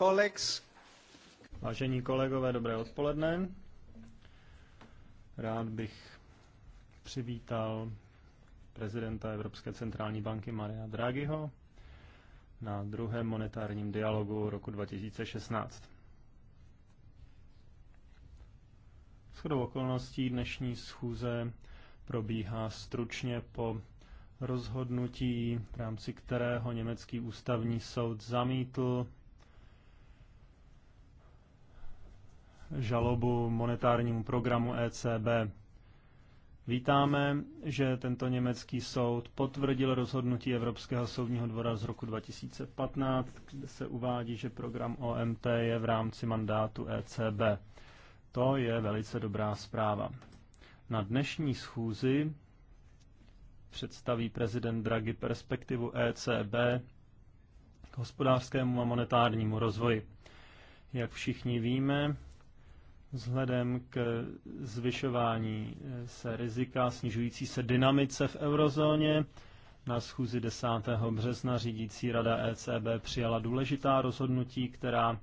colleagues. Vážení kolegové, dobré odpoledne. Rád bych přivítal prezidenta Evropské centrální banky Maria Draghiho na druhém monetárním dialogu roku 2016. Shodou okolností dnešní schůze probíhá stručně po rozhodnutí, v rámci kterého německý ústavní soud zamítl žalobu monetárnímu programu ECB. Vítáme, že tento německý soud potvrdil rozhodnutí Evropského soudního dvora z roku 2015, kde se uvádí, že program OMT je v rámci mandátu ECB. To je velice dobrá zpráva. Na dnešní schůzi představí prezident Draghi perspektivu ECB k hospodářskému a monetárnímu rozvoji. Jak všichni víme, vzhledem k zvyšování eh, se rizika, snižující se dynamice v eurozóně. Na schůzi 10. března řídící rada ECB přijala důležitá rozhodnutí, která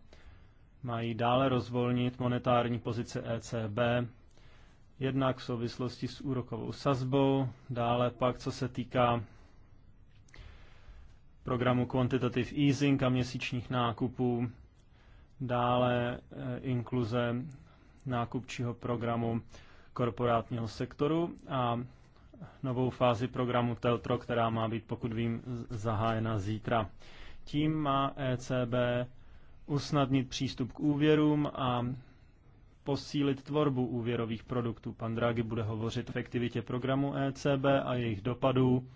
mají dále rozvolnit monetární pozice ECB, jednak v souvislosti s úrokovou sazbou, dále pak co se týká programu Quantitative Easing a měsíčních nákupů, dále eh, inkluze nákupčího programu korporátního sektoru a novou fázi programu Teltro, která má být, pokud vím, zahájena zítra. Tím má ECB usnadnit přístup k úvěrům a posílit tvorbu úvěrových produktů. Pan Draghi bude hovořit o efektivitě programu ECB a jejich dopadů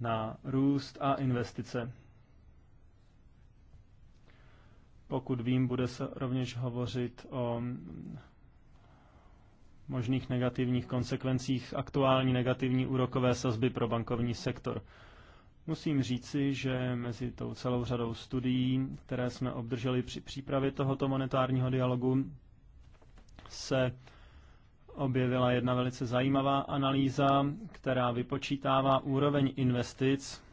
na růst a investice. Pokud vím, bude se rovněž hovořit o možných negativních konsekvencích aktuální negativní úrokové sazby pro bankovní sektor. Musím říci, že mezi tou celou řadou studií, které jsme obdrželi při přípravě tohoto monetárního dialogu, se objevila jedna velice zajímavá analýza, která vypočítává úroveň investic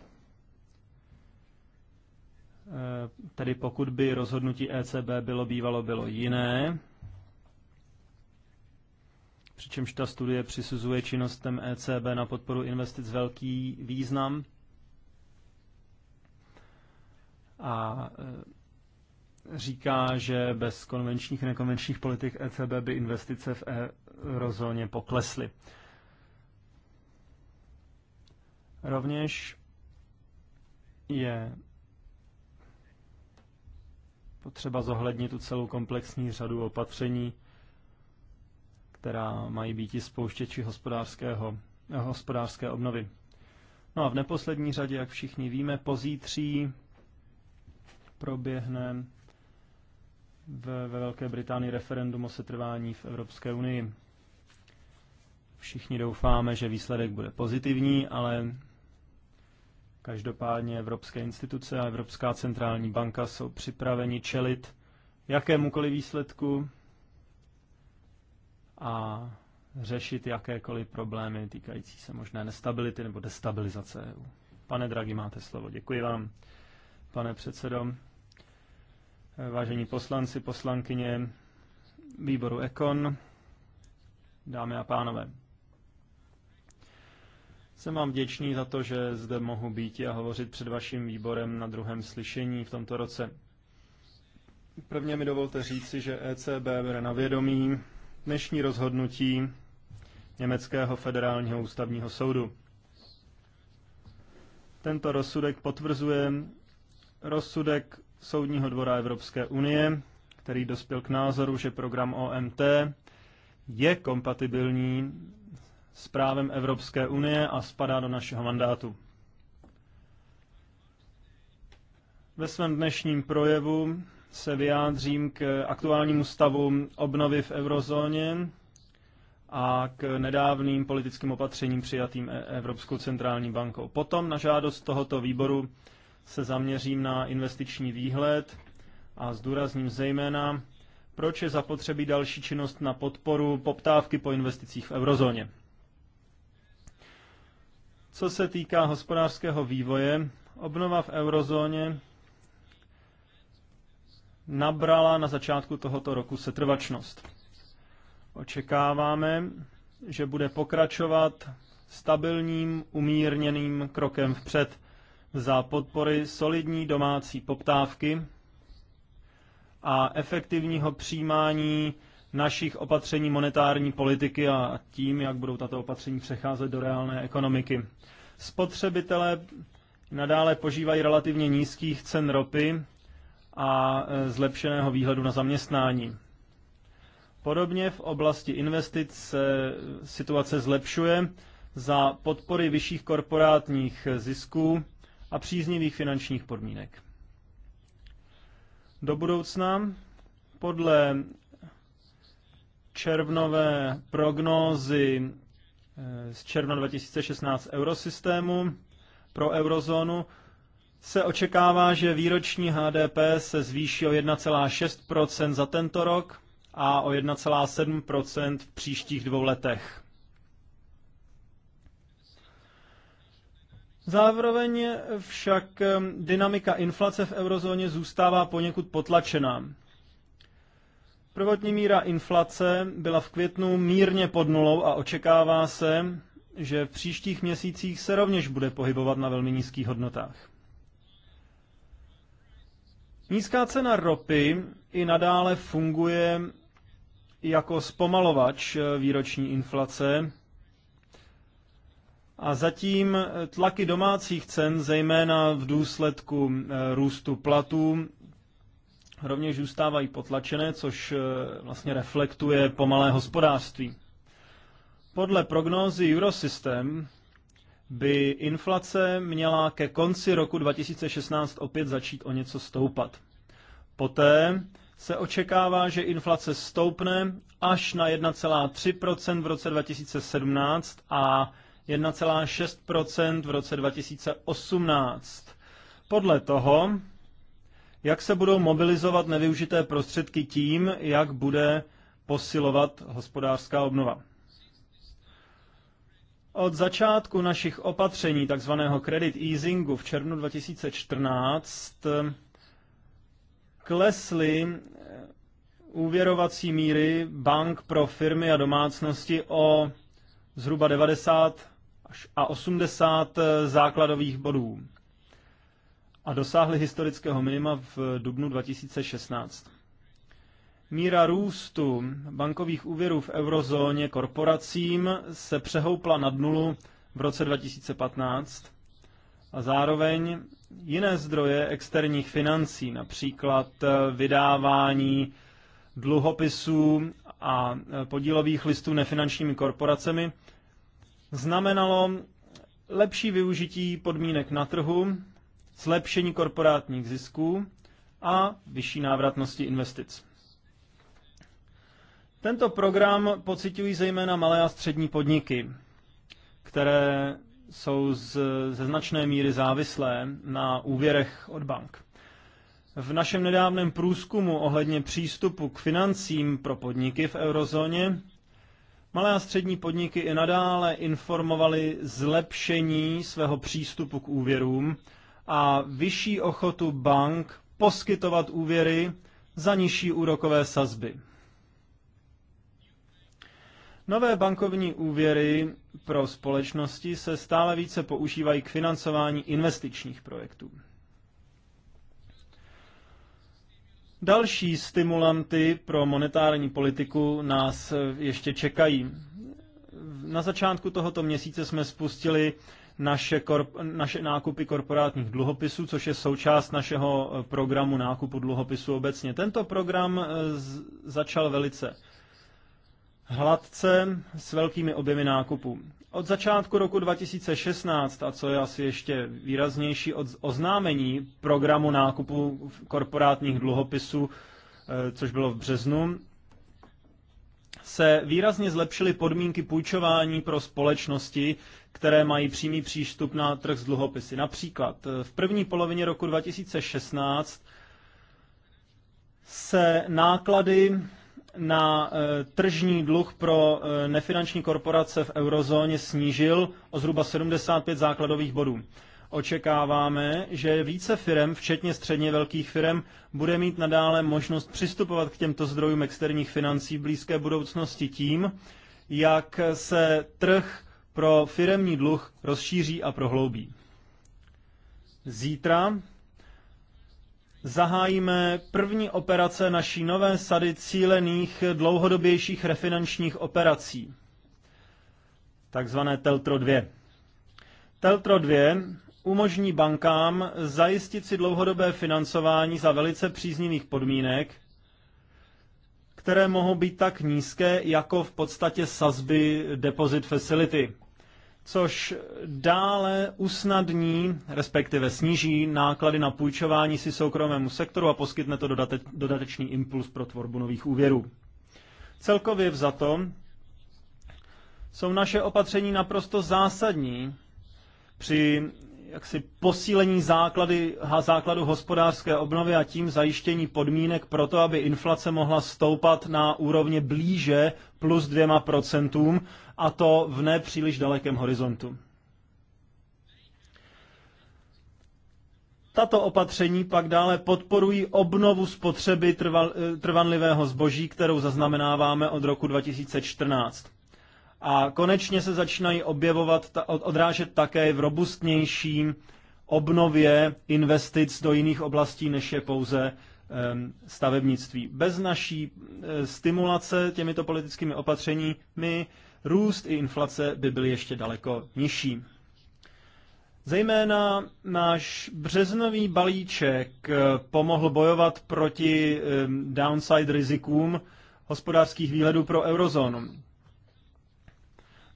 Eh, tedy pokud by rozhodnutí ECB bylo bývalo bylo jiné, přičemž ta studie přisuzuje činnostem ECB na podporu investic velký význam. A eh, říká, že bez konvenčních a nekonvenčních politik ECB by investice v eurozóně poklesly. Rovněž je potřeba zohlednit tu celou komplexní řadu opatření, která mají být i spouštěči hospodářského, hospodářské obnovy. No a v neposlední řadě, jak všichni víme, pozítří proběhne ve, ve Velké Británii referendum o setrvání v Evropské unii. Všichni doufáme, že výsledek bude pozitivní, ale Každopádně evropské instituce a Evropská centrální banka jsou připraveni čelit jakémukoliv výsledku a řešit jakékoliv problémy týkající se možné nestability nebo destabilizace EU. Pane Dragi, máte slovo. Děkuji vám, pane předsedo. Vážení poslanci, poslankyně výboru Ekon, dámy a pánové. Jsem vám vděčný za to, že zde mohu být a hovořit před vaším výborem na druhém slyšení v tomto roce. Prvně mi dovolte říci, že ECB bere na vědomí dnešní rozhodnutí Německého federálního ústavního soudu. Tento rozsudek potvrzuje rozsudek Soudního dvora Evropské unie, který dospěl k názoru, že program OMT je kompatibilní s právem Evropské unie a spadá do našeho mandátu. Ve svém dnešním projevu se vyjádřím k aktuálnímu stavu obnovy v eurozóně a k nedávným politickým opatřením přijatým e- Evropskou centrální bankou. Potom na žádost tohoto výboru se zaměřím na investiční výhled a zdůrazním zejména, proč je zapotřebí další činnost na podporu poptávky po investicích v eurozóně. Co se týká hospodářského vývoje, obnova v eurozóně nabrala na začátku tohoto roku setrvačnost. Očekáváme, že bude pokračovat stabilním, umírněným krokem vpřed za podpory solidní domácí poptávky a efektivního přijímání našich opatření monetární politiky a tím, jak budou tato opatření přecházet do reálné ekonomiky. Spotřebitelé nadále požívají relativně nízkých cen ropy a e, zlepšeného výhledu na zaměstnání. Podobně v oblasti investic se situace zlepšuje za podpory vyšších korporátních zisků a příznivých finančních podmínek. Do budoucna podle červnové prognózy eh, z června 2016 eurosystému pro eurozónu se očekává, že výroční HDP se zvýší o 1,6 za tento rok a o 1,7 v příštích dvou letech. Zároveň však eh, dynamika inflace v eurozóně zůstává poněkud potlačená. Prvotní míra inflace byla v květnu mírně pod nulou a očekává se, že v příštích měsících se rovněž bude pohybovat na velmi nízkých hodnotách. Nízká cena ropy i nadále funguje jako zpomalovač výroční inflace a zatím tlaky domácích cen, zejména v důsledku eh, růstu platů, rovněž zůstávají potlačené, což eh, vlastně reflektuje pomalé hospodářství. Podle prognózy Eurosystem by inflace měla ke konci roku 2016 opět začít o něco stoupat. Poté se očekává, že inflace stoupne až na 1,3 v roce 2017 a 1,6 v roce 2018. Podle toho jak se budou mobilizovat nevyužité prostředky tím, jak bude posilovat hospodářská obnova? Od začátku našich opatření, takzvaného credit easingu v červnu 2014, klesly úvěrovací míry bank pro firmy a domácnosti o zhruba 90 až a 80 základových bodů a dosáhly historického minima v dubnu 2016. Míra růstu bankových úvěrů v eurozóně korporacím se přehoupla nad nulu v roce 2015 a zároveň jiné zdroje externích financí, například eh, vydávání dluhopisů a eh, podílových listů nefinančními korporacemi, znamenalo lepší využití podmínek na trhu zlepšení korporátních zisků a vyšší návratnosti investic. Tento program pocitují zejména malé a střední podniky, které jsou z, ze značné míry závislé na úvěrech od bank. V našem nedávném průzkumu ohledně přístupu k financím pro podniky v eurozóně malé a střední podniky i nadále informovaly zlepšení svého přístupu k úvěrům a vyšší ochotu bank poskytovat úvěry za nižší úrokové sazby. Nové bankovní úvěry pro společnosti se stále více používají k financování investičních projektů. Další stimulanty pro monetární politiku nás ještě čekají. Na začátku tohoto měsíce jsme spustili naše, korp- naše nákupy korporátních dluhopisů, což je součást našeho eh, programu nákupu dluhopisů obecně. Tento program eh, začal velice hladce s velkými objemy nákupů. Od začátku roku 2016, a co je asi ještě výraznější, od oznámení programu nákupu korporátních dluhopisů, eh, což bylo v březnu, se výrazně zlepšily podmínky půjčování pro společnosti, které mají přímý přístup na trh s dluhopisy. Například eh, v první polovině roku 2016 se náklady na eh, tržní dluh pro eh, nefinanční korporace v eurozóně snížil o zhruba 75 základových bodů. Očekáváme, že více firm, včetně středně velkých firm, bude mít nadále možnost přistupovat k těmto zdrojům externích financí v blízké budoucnosti tím, jak se trh pro firemní dluh rozšíří a prohloubí. Zítra zahájíme první operace naší nové sady cílených dlouhodobějších refinančních operací, takzvané Teltro 2. Teltro 2 umožní bankám zajistit si dlouhodobé financování za velice příznivých podmínek, které mohou být tak nízké jako v podstatě sazby deposit facility což dále usnadní, respektive sníží náklady na půjčování si soukromému sektoru a poskytne to dodate, dodatečný impuls pro tvorbu nových úvěrů. Celkově vzato jsou naše opatření naprosto zásadní při jaksi posílení základy, základu hospodářské obnovy a tím zajištění podmínek pro to, aby inflace mohla stoupat na úrovně blíže plus dvěma procentům a to v nepříliš dalekém horizontu. Tato opatření pak dále podporují obnovu spotřeby trval, eh, trvanlivého zboží, kterou zaznamenáváme od roku 2014 a konečně se začínají objevovat, odrážet také v robustnějším obnově investic do jiných oblastí, než je pouze stavebnictví. Bez naší e, stimulace těmito politickými opatřeními růst i inflace by byly ještě daleko nižší. Zejména náš březnový balíček e, pomohl bojovat proti downside rizikům hospodářských výhledů pro eurozónu.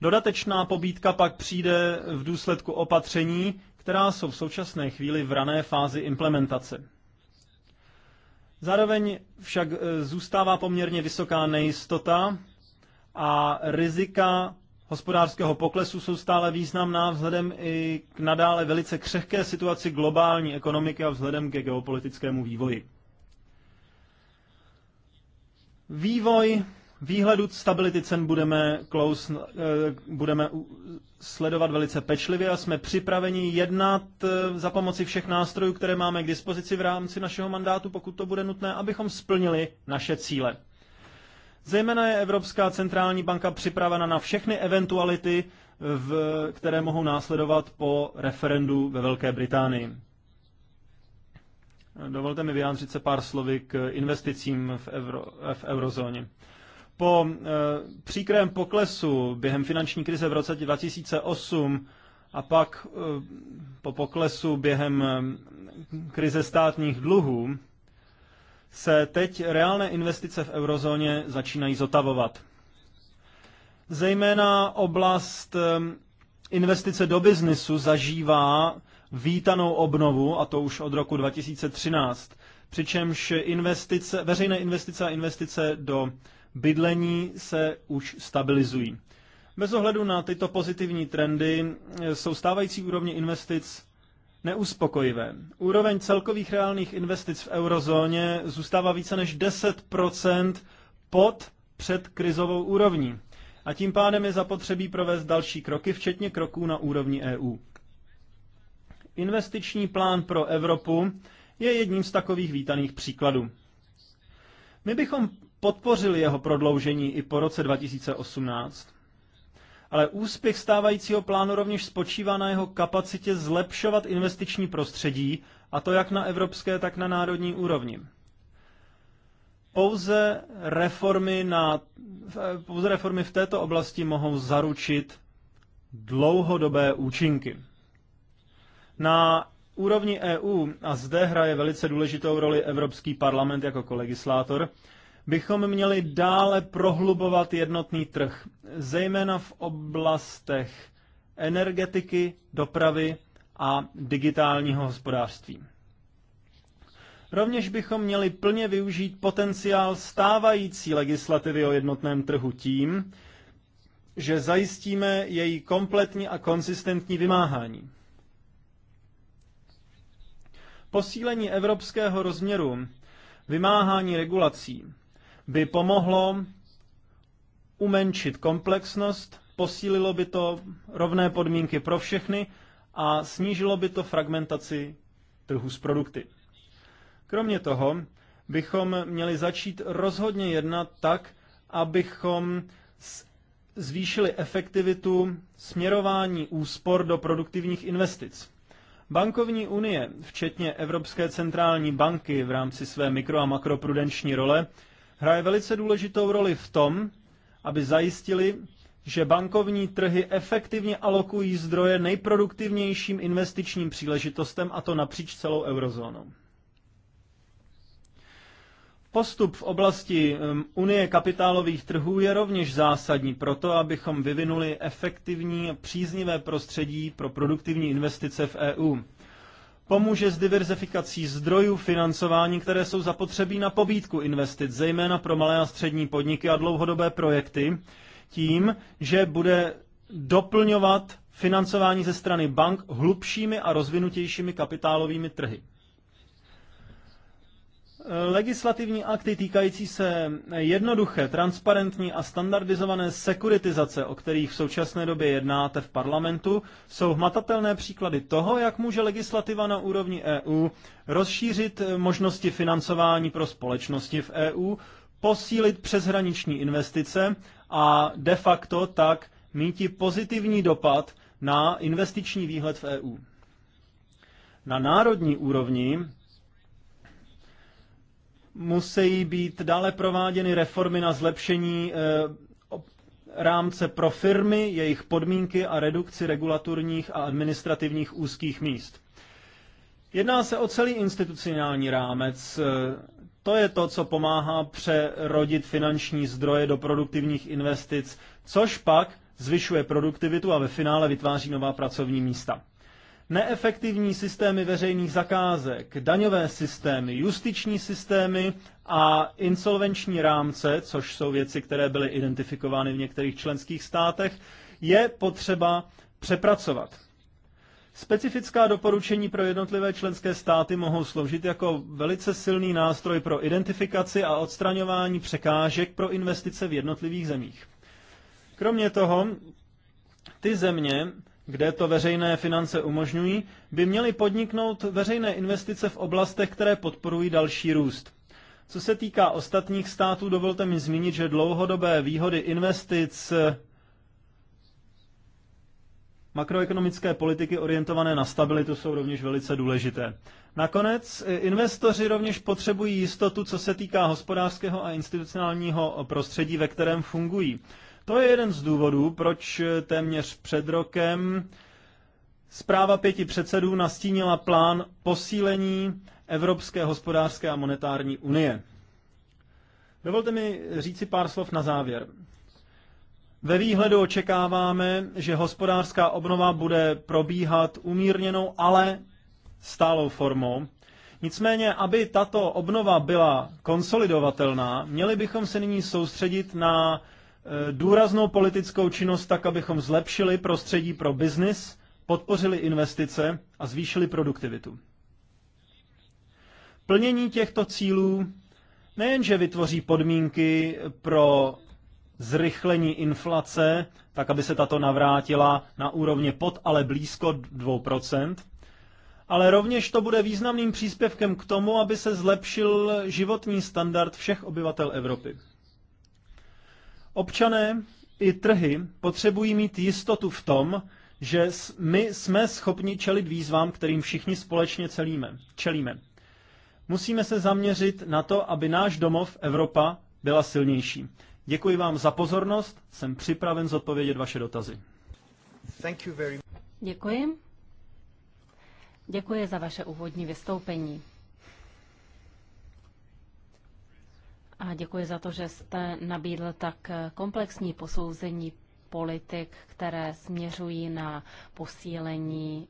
Dodatečná pobídka pak přijde v důsledku opatření, která jsou v současné chvíli v rané fázi implementace. Zároveň však e, zůstává poměrně vysoká nejistota a rizika hospodářského poklesu jsou stále významná vzhledem i k nadále velice křehké situaci globální ekonomiky a vzhledem ke geopolitickému vývoji. Vývoj Výhledu stability cen budeme, close, eh, budeme sledovat velice pečlivě a jsme připraveni jednat eh, za pomoci všech nástrojů, které máme k dispozici v rámci našeho mandátu, pokud to bude nutné, abychom splnili naše cíle. Zejména je Evropská centrální banka připravena na všechny eventuality, eh, v, které mohou následovat po referendu ve Velké Británii. Dovolte mi vyjádřit se pár slovy k investicím v, euro, v eurozóně. Po eh, příkrém poklesu během finanční krize v roce 2008 a pak eh, po poklesu během eh, krize státních dluhů se teď reálné investice v eurozóně začínají zotavovat. Zejména oblast investice do biznisu zažívá vítanou obnovu, a to už od roku 2013. Přičemž investice, veřejné investice a investice do bydlení se už stabilizují. Bez ohledu na tyto pozitivní trendy eh, jsou stávající úrovně investic neuspokojivé. Úroveň celkových reálných investic v eurozóně zůstává více než 10 pod předkrizovou úrovní. A tím pádem je zapotřebí provést další kroky, včetně kroků na úrovni EU. Investiční plán pro Evropu je jedním z takových vítaných příkladů. My bychom podpořili jeho prodloužení i po roce 2018. Ale úspěch stávajícího plánu rovněž spočívá na jeho kapacitě zlepšovat investiční prostředí, a to jak na evropské, tak na národní úrovni. Pouze reformy, na, pouze reformy v této oblasti mohou zaručit dlouhodobé účinky. Na úrovni EU, a zde hraje velice důležitou roli Evropský parlament jako kolegislátor, bychom měli dále prohlubovat jednotný trh, zejména v oblastech energetiky, dopravy a digitálního hospodářství. Rovněž bychom měli plně využít potenciál stávající legislativy o jednotném trhu tím, že zajistíme její kompletní a konsistentní vymáhání. Posílení evropského rozměru, vymáhání regulací by pomohlo umenšit komplexnost, posílilo by to rovné podmínky pro všechny a snížilo by to fragmentaci trhu s produkty. Kromě toho bychom měli začít rozhodně jednat tak, abychom zvýšili efektivitu směrování úspor do produktivních investic. Bankovní unie, včetně Evropské centrální banky v rámci své mikro- a makroprudenční role, hraje velice důležitou roli v tom, aby zajistili, že bankovní trhy efektivně alokují zdroje nejproduktivnějším investičním příležitostem, a to napříč celou eurozónou. Postup v oblasti Unie kapitálových trhů je rovněž zásadní pro to, abychom vyvinuli efektivní příznivé prostředí pro produktivní investice v EU pomůže s diverzifikací zdrojů financování, které jsou zapotřebí na pobídku investic, zejména pro malé a střední podniky a dlouhodobé projekty, tím, že bude doplňovat financování ze strany bank hlubšími a rozvinutějšími kapitálovými trhy. Legislativní akty týkající se jednoduché, transparentní a standardizované sekuritizace, o kterých v současné době jednáte v parlamentu, jsou hmatatelné příklady toho, jak může legislativa na úrovni EU rozšířit možnosti financování pro společnosti v EU, posílit přeshraniční investice a de facto tak míti pozitivní dopad na investiční výhled v EU. Na národní úrovni musí být dále prováděny reformy na zlepšení eh, rámce pro firmy, jejich podmínky a redukci regulatorních a administrativních úzkých míst. Jedná se o celý institucionální rámec. Eh, to je to, co pomáhá přerodit finanční zdroje do produktivních investic, což pak zvyšuje produktivitu a ve finále vytváří nová pracovní místa neefektivní systémy veřejných zakázek, daňové systémy, justiční systémy a insolvenční rámce, což jsou věci, které byly identifikovány v některých členských státech, je potřeba přepracovat. Specifická doporučení pro jednotlivé členské státy mohou sloužit jako velice silný nástroj pro identifikaci a odstraňování překážek pro investice v jednotlivých zemích. Kromě toho, ty země, kde to veřejné finance umožňují, by měly podniknout veřejné investice v oblastech, které podporují další růst. Co se týká ostatních států, dovolte mi zmínit, že dlouhodobé výhody investic makroekonomické politiky orientované na stabilitu jsou rovněž velice důležité. Nakonec, eh, investoři rovněž potřebují jistotu, co se týká hospodářského a institucionálního prostředí, ve kterém fungují. To je jeden z důvodů, proč téměř před rokem zpráva pěti předsedů nastínila plán posílení Evropské hospodářské a monetární unie. Dovolte mi říci pár slov na závěr. Ve výhledu očekáváme, že hospodářská obnova bude probíhat umírněnou, ale stálou formou. Nicméně, aby tato obnova byla konsolidovatelná, měli bychom se nyní soustředit na Eh, důraznou politickou činnost tak, abychom zlepšili prostředí pro biznis, podpořili investice a zvýšili produktivitu. Plnění těchto cílů nejenže vytvoří podmínky pro zrychlení inflace, tak aby se tato navrátila na úrovně pod, ale blízko 2%, ale rovněž to bude významným příspěvkem k tomu, aby se zlepšil životní standard všech obyvatel Evropy. Občané i trhy potřebují mít jistotu v tom, že my jsme schopni čelit výzvám, kterým všichni společně celíme, čelíme. Musíme se zaměřit na to, aby náš domov Evropa byla silnější. Děkuji vám za pozornost, jsem připraven zodpovědět vaše dotazy. Děkuji. Děkuji za vaše úvodní vystoupení. A děkuji za to, že jste nabídl tak komplexní posouzení politik, které směřují na posílení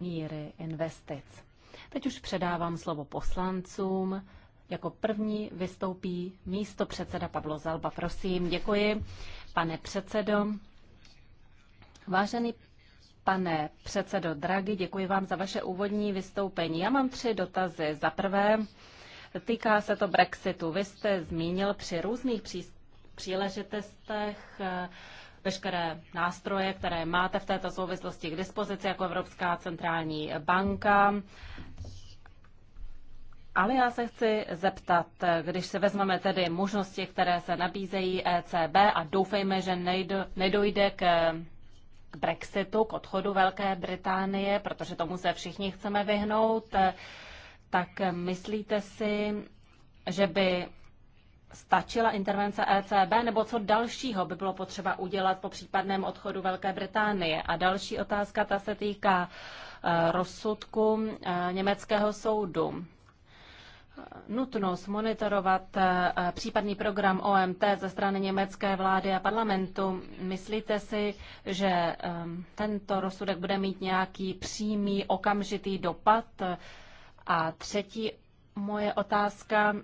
míry investic. Teď už předávám slovo poslancům. Jako první vystoupí místo předseda Pavlo Zalba. Prosím, děkuji. Pane předsedo, vážený pane předsedo Dragi, děkuji vám za vaše úvodní vystoupení. Já mám tři dotazy. Za prvé, Týká se to Brexitu. Vy jste zmínil při různých příležitostech eh, veškeré nástroje, které máte v této souvislosti k dispozici jako Evropská centrální banka. Ale já se chci zeptat, eh, když se vezmeme tedy možnosti, které se nabízejí ECB a doufejme, že nedojde k eh, k Brexitu, k odchodu Velké Británie, protože tomu se všichni chceme vyhnout tak myslíte si, že by stačila intervence ECB, nebo co dalšího by bylo potřeba udělat po případném odchodu Velké Británie? A další otázka, ta se týká eh, rozsudku eh, německého soudu. Nutnost monitorovat eh, případný program OMT ze strany německé vlády a parlamentu. Myslíte si, že tento rozsudek bude mít nějaký přímý okamžitý dopad? A třetí moje otázka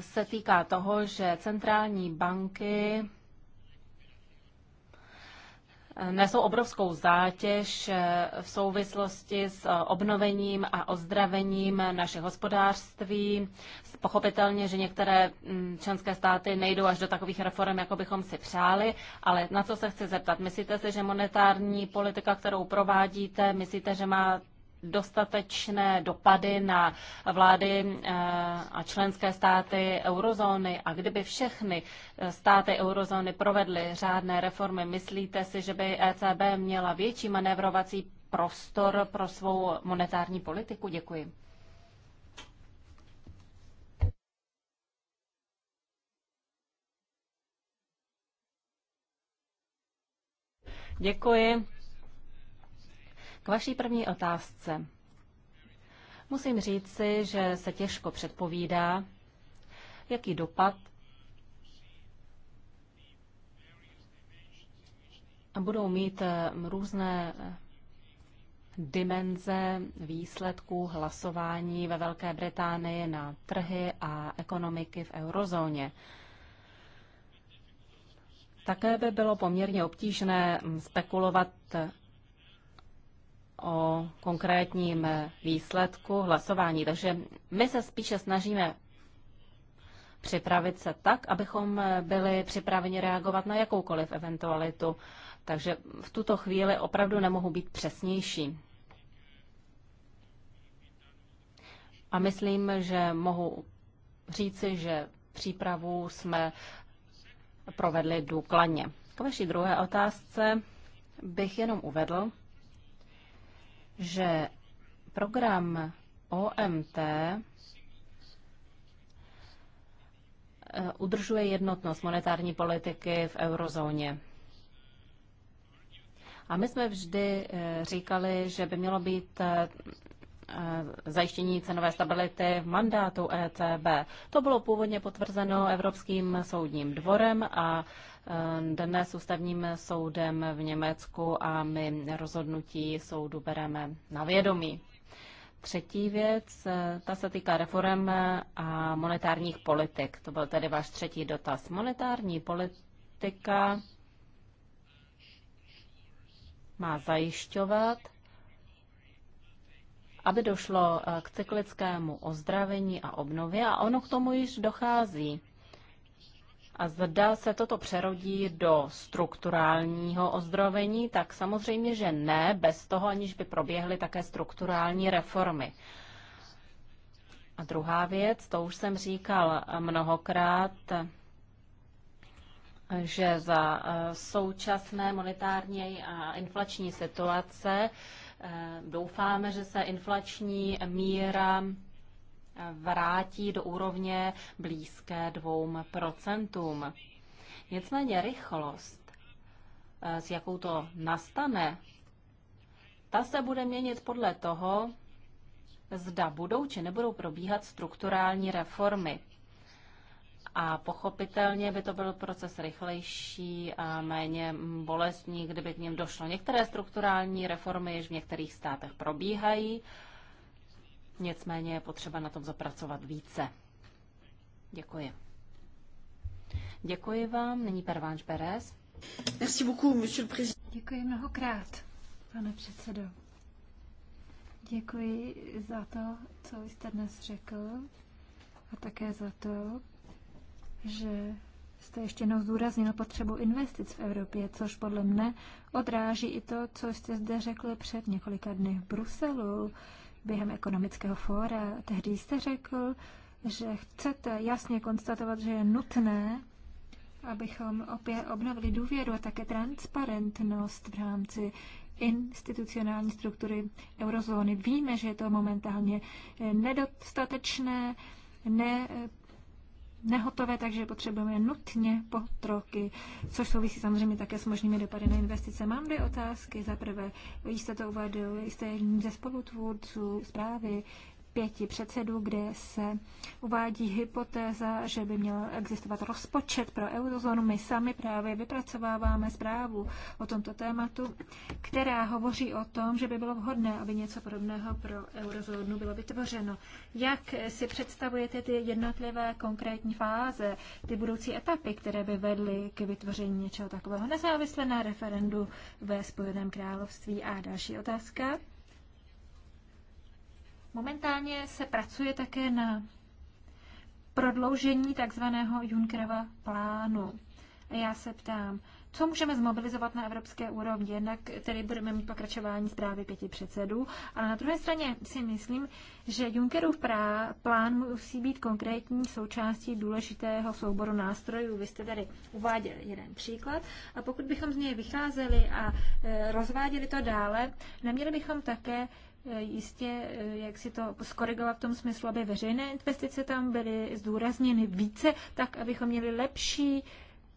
se týká toho, že centrální banky nesou obrovskou zátěž v souvislosti s obnovením a ozdravením našich hospodářství. Pochopitelně, že některé mm, členské státy nejdou až do takových reform, jako bychom si přáli, ale na co se chci zeptat? Myslíte si, že monetární politika, kterou provádíte, myslíte, že má dostatečné dopady na vlády eh, a členské státy eurozóny a kdyby všechny eh, státy eurozóny provedly řádné reformy, myslíte si, že by ECB měla větší manévrovací prostor pro svou monetární politiku? Děkuji. Děkuji. K vaší první otázce. Musím říci, že se těžko předpovídá, jaký dopad budou mít eh, různé eh, dimenze výsledků hlasování ve Velké Británii na trhy a ekonomiky v eurozóně. Také by bylo poměrně obtížné hm, spekulovat o konkrétním výsledku hlasování. Takže my se spíše snažíme připravit se tak, abychom byli připraveni reagovat na jakoukoliv eventualitu. Takže v tuto chvíli opravdu nemohu být přesnější. A myslím, že mohu říci, že přípravu jsme provedli důkladně. K vaší druhé otázce bych jenom uvedl, že program OMT eh, udržuje jednotnost monetární politiky v eurozóně. A my jsme vždy eh, říkali, že by mělo být eh, zajištění cenové stability v mandátu ECB. To bylo původně potvrzeno Evropským soudním dvorem a Eh, dnes ústavním soudem v Německu a my rozhodnutí soudu bereme na vědomí. Třetí věc, eh, ta se týká reform a monetárních politik. To byl tedy váš třetí dotaz. Monetární politika má zajišťovat, aby došlo eh, k cyklickému ozdravení a obnově a ono k tomu již dochází a zda se toto přerodí do strukturálního ozdravení, tak samozřejmě, že ne, bez toho, aniž by proběhly také strukturální reformy. A druhá věc, to už jsem říkal mnohokrát, že za eh, současné monetární a inflační situace eh, doufáme, že se inflační míra vrátí do úrovně blízké dvou procentům. Nicméně rychlost, eh, s jakou to nastane, ta se bude měnit podle toho, zda budou či nebudou probíhat strukturální reformy. A pochopitelně by to byl proces rychlejší a méně bolestní, kdyby k něm došlo. Některé strukturální reformy již v některých státech probíhají, nicméně je potřeba na tom zapracovat více. Děkuji. Děkuji vám. Nyní Pervánč Perez. Merci beaucoup, monsieur le président. Děkuji mnohokrát, pane předsedo. Děkuji za to, co jste dnes řekl a také za to, že jste ještě jednou zdůraznil potřebu investic v Evropě, což podle mne odráží i to, co jste zde řekl před několika dny v Bruselu během ekonomického fóra. Tehdy jste řekl, že chcete jasně konstatovat, že je nutné, abychom opět obnovili důvěru a také transparentnost v rámci institucionální struktury eurozóny. Víme, že je to momentálně nedostatečné, ne nehotové, takže potřebujeme nutně potroky, což souvisí samozřejmě také s možnými dopady na investice. Mám dvě otázky. Za prvé, jste to uvedl, jste jedním ze spolutvůrců zprávy, pěti předsedů, kde se uvádí hypotéza, že by měl existovat rozpočet pro eurozónu. My sami právě vypracováváme zprávu o tomto tématu, která hovoří o tom, že by bylo vhodné, aby něco podobného pro eurozónu bylo vytvořeno. Jak si představujete ty jednotlivé konkrétní fáze, ty budoucí etapy, které by vedly k vytvoření něčeho takového nezávisle na referendu ve Spojeném království? A další otázka. Momentálně se pracuje také na prodloužení takzvaného Junckerova plánu. A já se ptám, co můžeme zmobilizovat na evropské úrovni? Jednak tedy budeme mít pokračování zprávy pěti předsedů, ale na druhé straně si myslím, že Junckerův plán musí být konkrétní součástí důležitého souboru nástrojů. Vy jste tady uváděl jeden příklad a pokud bychom z něj vycházeli a e, rozváděli to dále, neměli bychom také Eh, jistě, eh, jak si to skorigovat v tom smyslu, aby veřejné investice tam byly zdůrazněny více, tak abychom měli lepší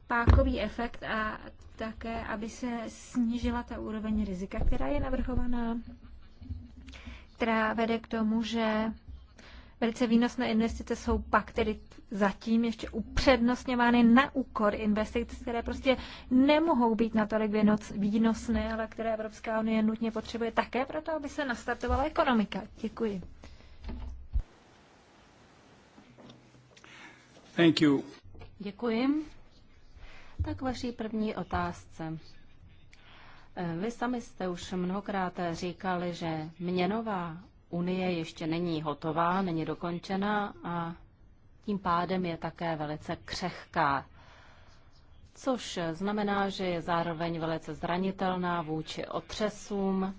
pákový efekt a také, aby se snížila ta úroveň rizika, která je navrhovaná, která vede k tomu, že velice výnosné investice jsou pak tedy zatím ještě upřednostňovány na úkor investic, které prostě nemohou být natolik výnosné, ale které Evropská unie nutně potřebuje také proto, aby se nastartovala ekonomika. Děkuji. Thank you. Děkuji. Tak vaší první otázce. Eh, vy sami jste už mnohokrát říkali, že měnová unie ještě není hotová, není dokončena a tím pádem je také velice křehká, což znamená, že je zároveň velice zranitelná vůči otřesům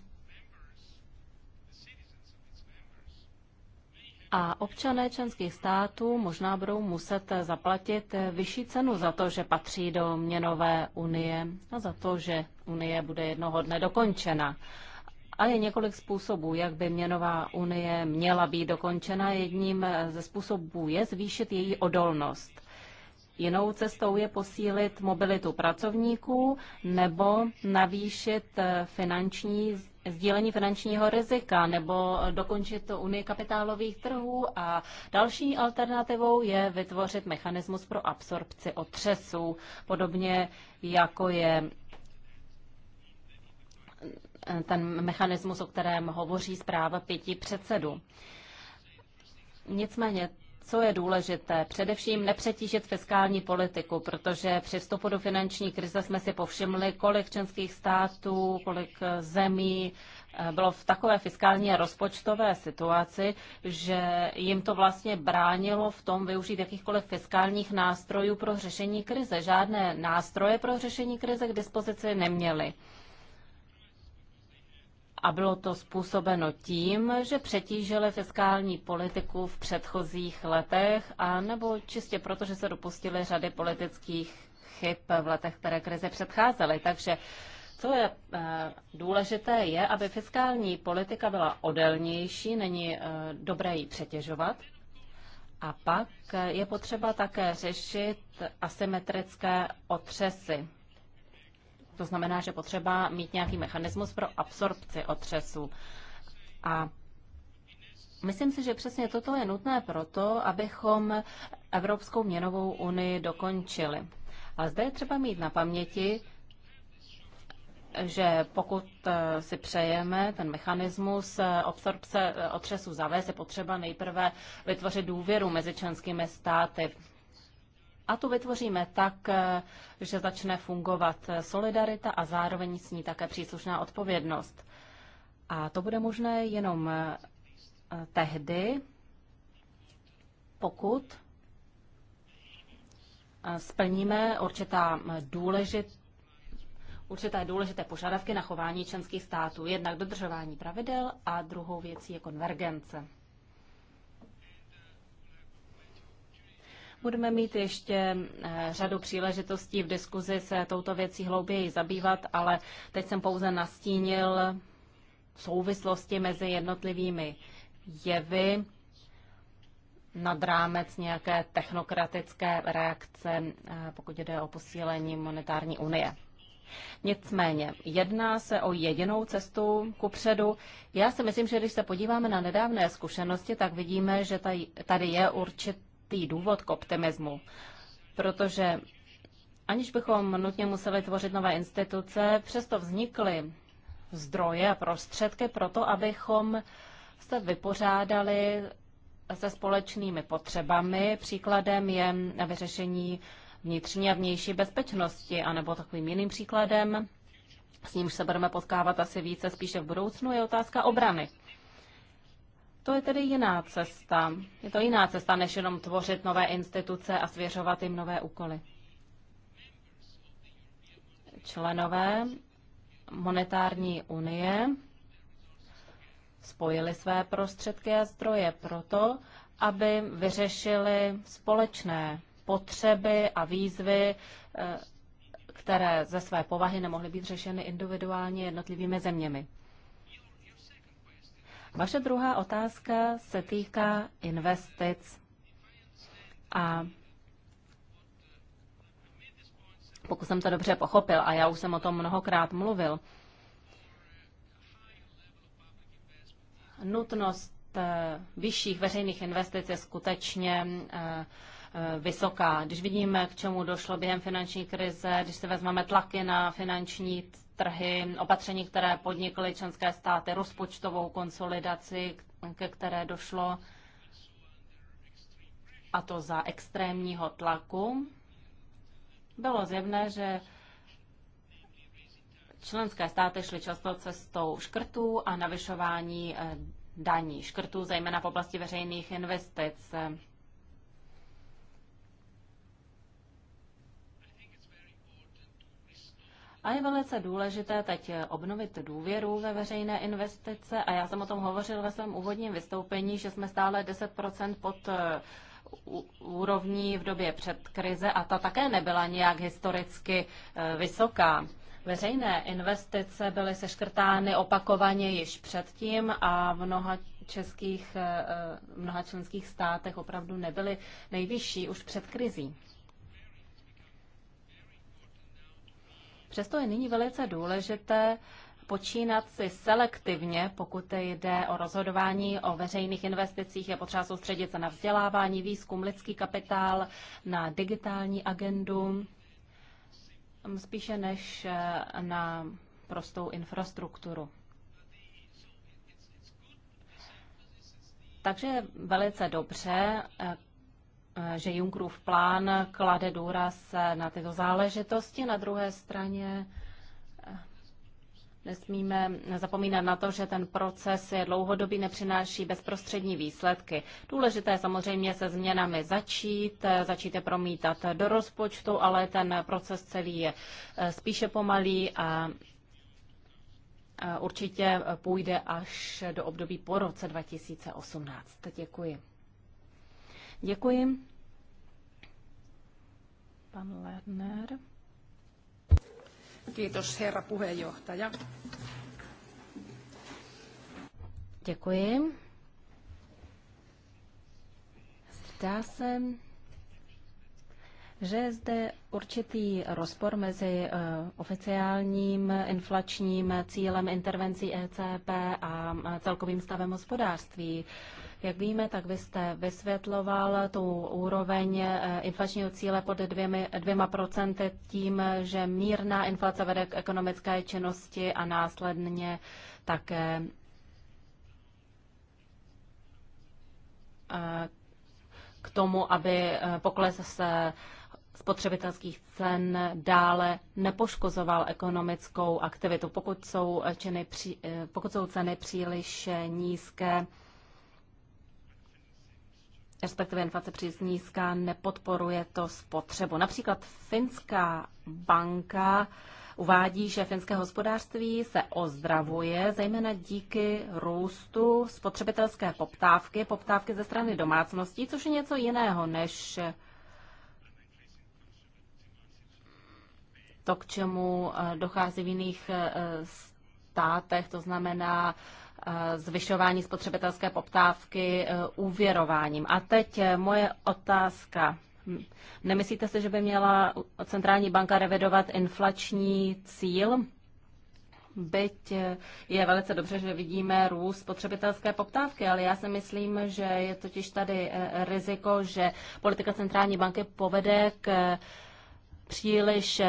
a občané členských států možná budou muset zaplatit vyšší cenu za to, že patří do měnové unie a za to, že unie bude jednoho dne dokončena. A je několik způsobů, jak by měnová unie měla být dokončena. Jedním ze způsobů je zvýšit její odolnost. Jinou cestou je posílit mobilitu pracovníků nebo navýšit eh, finanční, sdílení finančního rizika nebo dokončit unii kapitálových trhů a další alternativou je vytvořit mechanismus pro absorpci otřesů, podobně jako je Eh, ten mechanismus, o kterém hovoří zpráva pěti předsedů. Nicméně co je důležité? Především nepřetížit fiskální politiku, protože při vstupu do finanční krize jsme si povšimli, kolik členských států, kolik eh, zemí eh, bylo v takové fiskální a rozpočtové situaci, že jim to vlastně bránilo v tom využít jakýchkoliv fiskálních nástrojů pro řešení krize. Žádné nástroje pro řešení krize k dispozici neměli a bylo to způsobeno tím, že přetížili fiskální politiku v předchozích letech a nebo čistě proto, že se dopustili řady politických chyb v letech, které krize předcházely. Takže co je eh, důležité, je, aby fiskální politika byla odelnější, není eh, dobré ji přetěžovat. A pak je potřeba také řešit asymetrické otřesy. To znamená, že potřeba mít nějaký mechanismus pro absorpci otřesu. A myslím si, že přesně toto je nutné proto, abychom Evropskou měnovou unii dokončili. A zde je třeba mít na paměti, že pokud eh, si přejeme ten mechanismus eh, absorpce eh, otřesu zavést, je potřeba nejprve vytvořit důvěru mezi členskými státy a tu vytvoříme tak, eh, že začne fungovat solidarita a zároveň s ní také příslušná odpovědnost. A to bude možné jenom eh, tehdy, pokud eh, splníme určitá důležit, určité důležité požadavky na chování členských států, jednak dodržování pravidel a druhou věcí je konvergence. budeme mít ještě eh, řadu příležitostí v diskuzi se touto věcí hlouběji zabývat, ale teď jsem pouze nastínil souvislosti mezi jednotlivými jevy nad rámec nějaké technokratické reakce, eh, pokud jde o posílení monetární unie. Nicméně, jedná se o jedinou cestu ku předu. Já si myslím, že když se podíváme na nedávné zkušenosti, tak vidíme, že tady je určitě Tý důvod k optimismu, protože aniž bychom nutně museli tvořit nové instituce, přesto vznikly zdroje a prostředky pro to, abychom se vypořádali se společnými potřebami. Příkladem je vyřešení vnitřní a vnější bezpečnosti, anebo takovým jiným příkladem, s nímž se budeme potkávat asi více spíše v budoucnu, je otázka obrany. To je tedy jiná cesta. Je to jiná cesta, než jenom tvořit nové instituce a svěřovat jim nové úkoly. Členové monetární unie spojili své prostředky a zdroje proto, aby vyřešili společné potřeby a výzvy, eh, které ze své povahy nemohly být řešeny individuálně jednotlivými zeměmi. Vaše druhá otázka se týká investic a pokud jsem to dobře pochopil, a já už jsem o tom mnohokrát mluvil, nutnost eh, vyšších veřejných investic je skutečně eh, eh, vysoká. Když vidíme, k čemu došlo během finanční krize, když se vezmeme tlaky na finanční trhy, opatření, které podnikly členské státy, rozpočtovou konsolidaci, ke které došlo, a to za extrémního tlaku, bylo zjevné, že členské státy šly často cestou škrtů a navyšování eh, daní. Škrtů zejména v oblasti veřejných investic. A je velice důležité teď obnovit důvěru ve veřejné investice a já jsem o tom hovořil ve svém úvodním vystoupení, že jsme stále 10% pod eh, úrovní v době před krize a ta také nebyla nějak historicky eh, vysoká. Veřejné investice byly seškrtány opakovaně již předtím a v mnoha českých, eh, mnoha členských státech opravdu nebyly nejvyšší už před krizí. Přesto je nyní velice důležité počínat si selektivně, pokud jde o rozhodování o veřejných investicích. Je potřeba soustředit se na vzdělávání, výzkum, lidský kapitál, na digitální agendu, spíše než eh, na prostou infrastrukturu. Takže velice dobře, eh, Eh, že Junckerův plán klade důraz eh, na tyto záležitosti. Na druhé straně eh, nesmíme zapomínat na to, že ten proces je dlouhodobý, nepřináší bezprostřední výsledky. Důležité je samozřejmě se změnami začít, začít je promítat do rozpočtu, ale ten proces celý je spíše pomalý a určitě půjde až do období po roce 2018. Děkuji. Děkuji. Pan Lerner. Kýtos, herra puheenjohtaja. Děkuji. Zdá se, že je zde určitý rozpor mezi eh, oficiálním inflačním cílem intervencí ECB a eh, celkovým stavem hospodářství. Jak víme, tak vy jste vysvětloval tu úroveň eh, inflačního cíle pod dvěmi, dvěma procenty tím, že mírná inflace vede k ekonomické činnosti a následně také eh, k tomu, aby eh, pokles se spotřebitelských cen dále nepoškozoval ekonomickou aktivitu. Pokud jsou, činy, pokud jsou ceny příliš nízké, respektive inflace příliš nízká, nepodporuje to spotřebu. Například finská banka uvádí, že finské hospodářství se ozdravuje, zejména díky růstu spotřebitelské poptávky, poptávky ze strany domácností, což je něco jiného než to, k čemu eh, dochází v jiných eh, státech, to znamená Eh, zvyšování spotřebitelské poptávky eh, úvěrováním. A teď eh, moje otázka. Hm, nemyslíte si, že by měla centrální banka revidovat inflační cíl? Byť je velice dobře, že vidíme růst spotřebitelské poptávky, ale já si myslím, že je totiž tady riziko, že politika centrální banky povede k příliš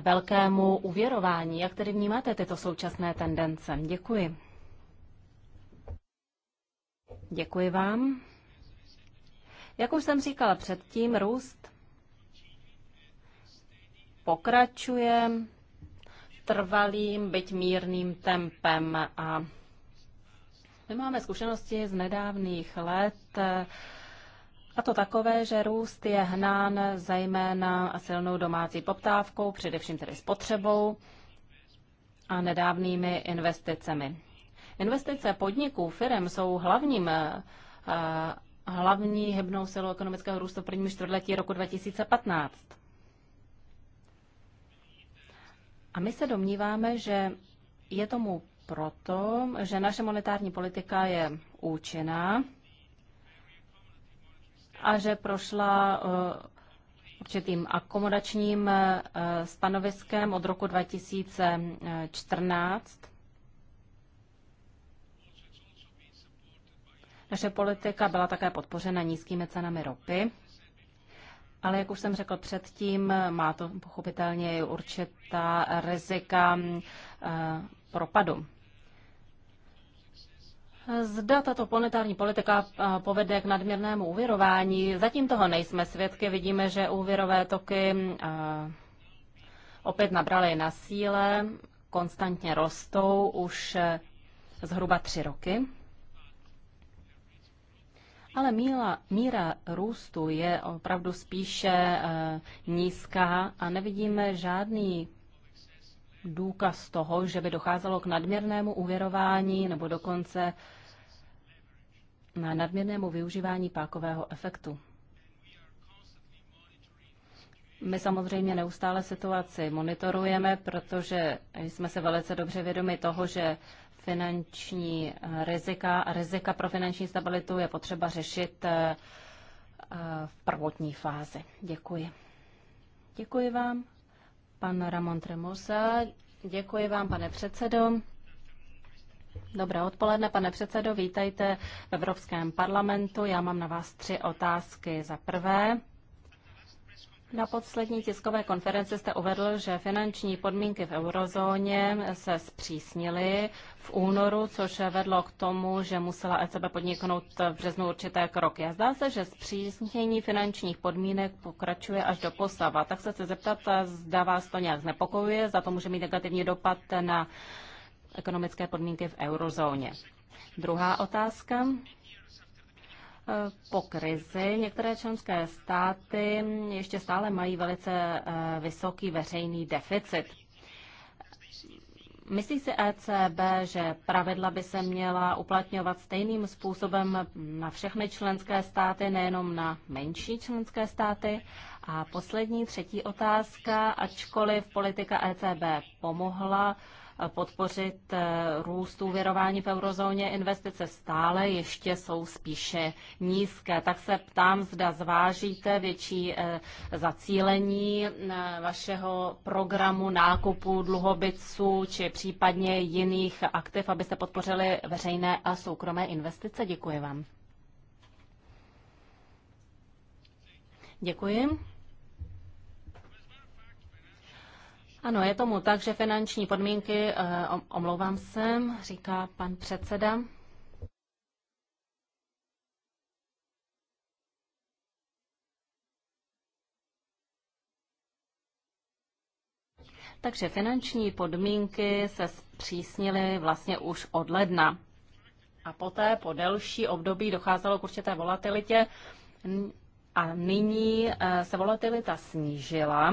velkému uvěrování. Jak tedy vnímáte tyto současné tendence? Děkuji. Děkuji vám. Jak už jsem říkala předtím, růst pokračuje trvalým, byť mírným tempem a my máme zkušenosti z nedávných let a to takové, že růst je hnán zejména silnou domácí poptávkou, především tedy spotřebou a nedávnými investicemi. Investice podniků, firm jsou hlavním eh, hlavní hebnou silou ekonomického růstu v prvním čtvrtletí roku 2015. A my se domníváme, že je tomu proto, že naše monetární politika je účinná a že prošla eh, určitým akomodačním eh, stanoviskem od roku 2014 Naše politika byla také podpořena nízkými cenami ropy, ale jak už jsem řekl předtím, má to pochopitelně i určitá rizika eh, propadu. Zda tato planetární politika eh, povede k nadměrnému úvěrování, zatím toho nejsme svědky. Vidíme, že úvěrové toky eh, opět nabraly na síle, konstantně rostou už zhruba tři roky ale míla, míra růstu je opravdu spíše eh, nízká a nevidíme žádný důkaz toho, že by docházelo k nadměrnému uvěrování nebo dokonce na nadměrnému využívání pákového efektu. My samozřejmě neustále situaci monitorujeme, protože jsme se velice dobře vědomi toho, že finanční eh, rizika a rizika pro finanční stabilitu je potřeba řešit eh, eh, v prvotní fázi. Děkuji. Děkuji vám, pan Ramon Tremosa. Děkuji vám, pane předsedo. Dobré odpoledne, pane předsedo, vítejte v Evropském parlamentu. Já mám na vás tři otázky. Za prvé, na poslední tiskové konferenci jste uvedl, že finanční podmínky v eurozóně se zpřísnily v únoru, což vedlo k tomu, že musela ECB podniknout v březnu určité kroky. A zdá se, že zpřísnění finančních podmínek pokračuje až do posava. Tak se chci zeptat, zda vás to nějak znepokojuje, za to může mít negativní dopad na ekonomické podmínky v eurozóně. Druhá otázka po krizi některé členské státy ještě stále mají velice eh, vysoký veřejný deficit. Myslí si ECB, že pravidla by se měla uplatňovat stejným způsobem na všechny členské státy, nejenom na menší členské státy? A poslední, třetí otázka, ačkoliv politika ECB pomohla, podpořit eh, růst úvěrování v eurozóně. Investice stále ještě jsou spíše nízké. Tak se ptám, zda zvážíte větší eh, zacílení eh, vašeho programu nákupu dluhobyců či případně jiných aktiv, abyste podpořili veřejné a soukromé investice. Děkuji vám. Děkuji. Ano, je tomu tak, že finanční podmínky, eh, omlouvám se, říká pan předseda. Takže finanční podmínky se zpřísnily vlastně už od ledna. A poté po delší období docházelo k určité volatilitě a nyní eh, se volatilita snížila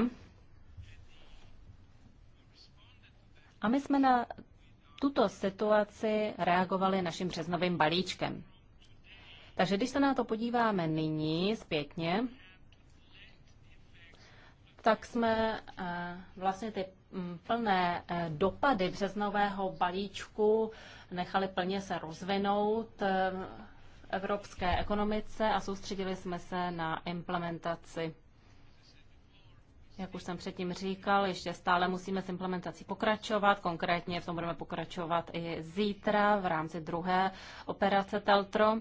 A my jsme na tuto situaci reagovali naším březnovým balíčkem. Takže když se na to podíváme nyní zpětně, tak jsme eh, vlastně ty mm, plné eh, dopady březnového balíčku nechali plně se rozvinout eh, v evropské ekonomice a soustředili jsme se na implementaci jak už jsem předtím říkal, ještě stále musíme s implementací pokračovat. Konkrétně v tom budeme pokračovat i zítra v rámci druhé operace Teltro.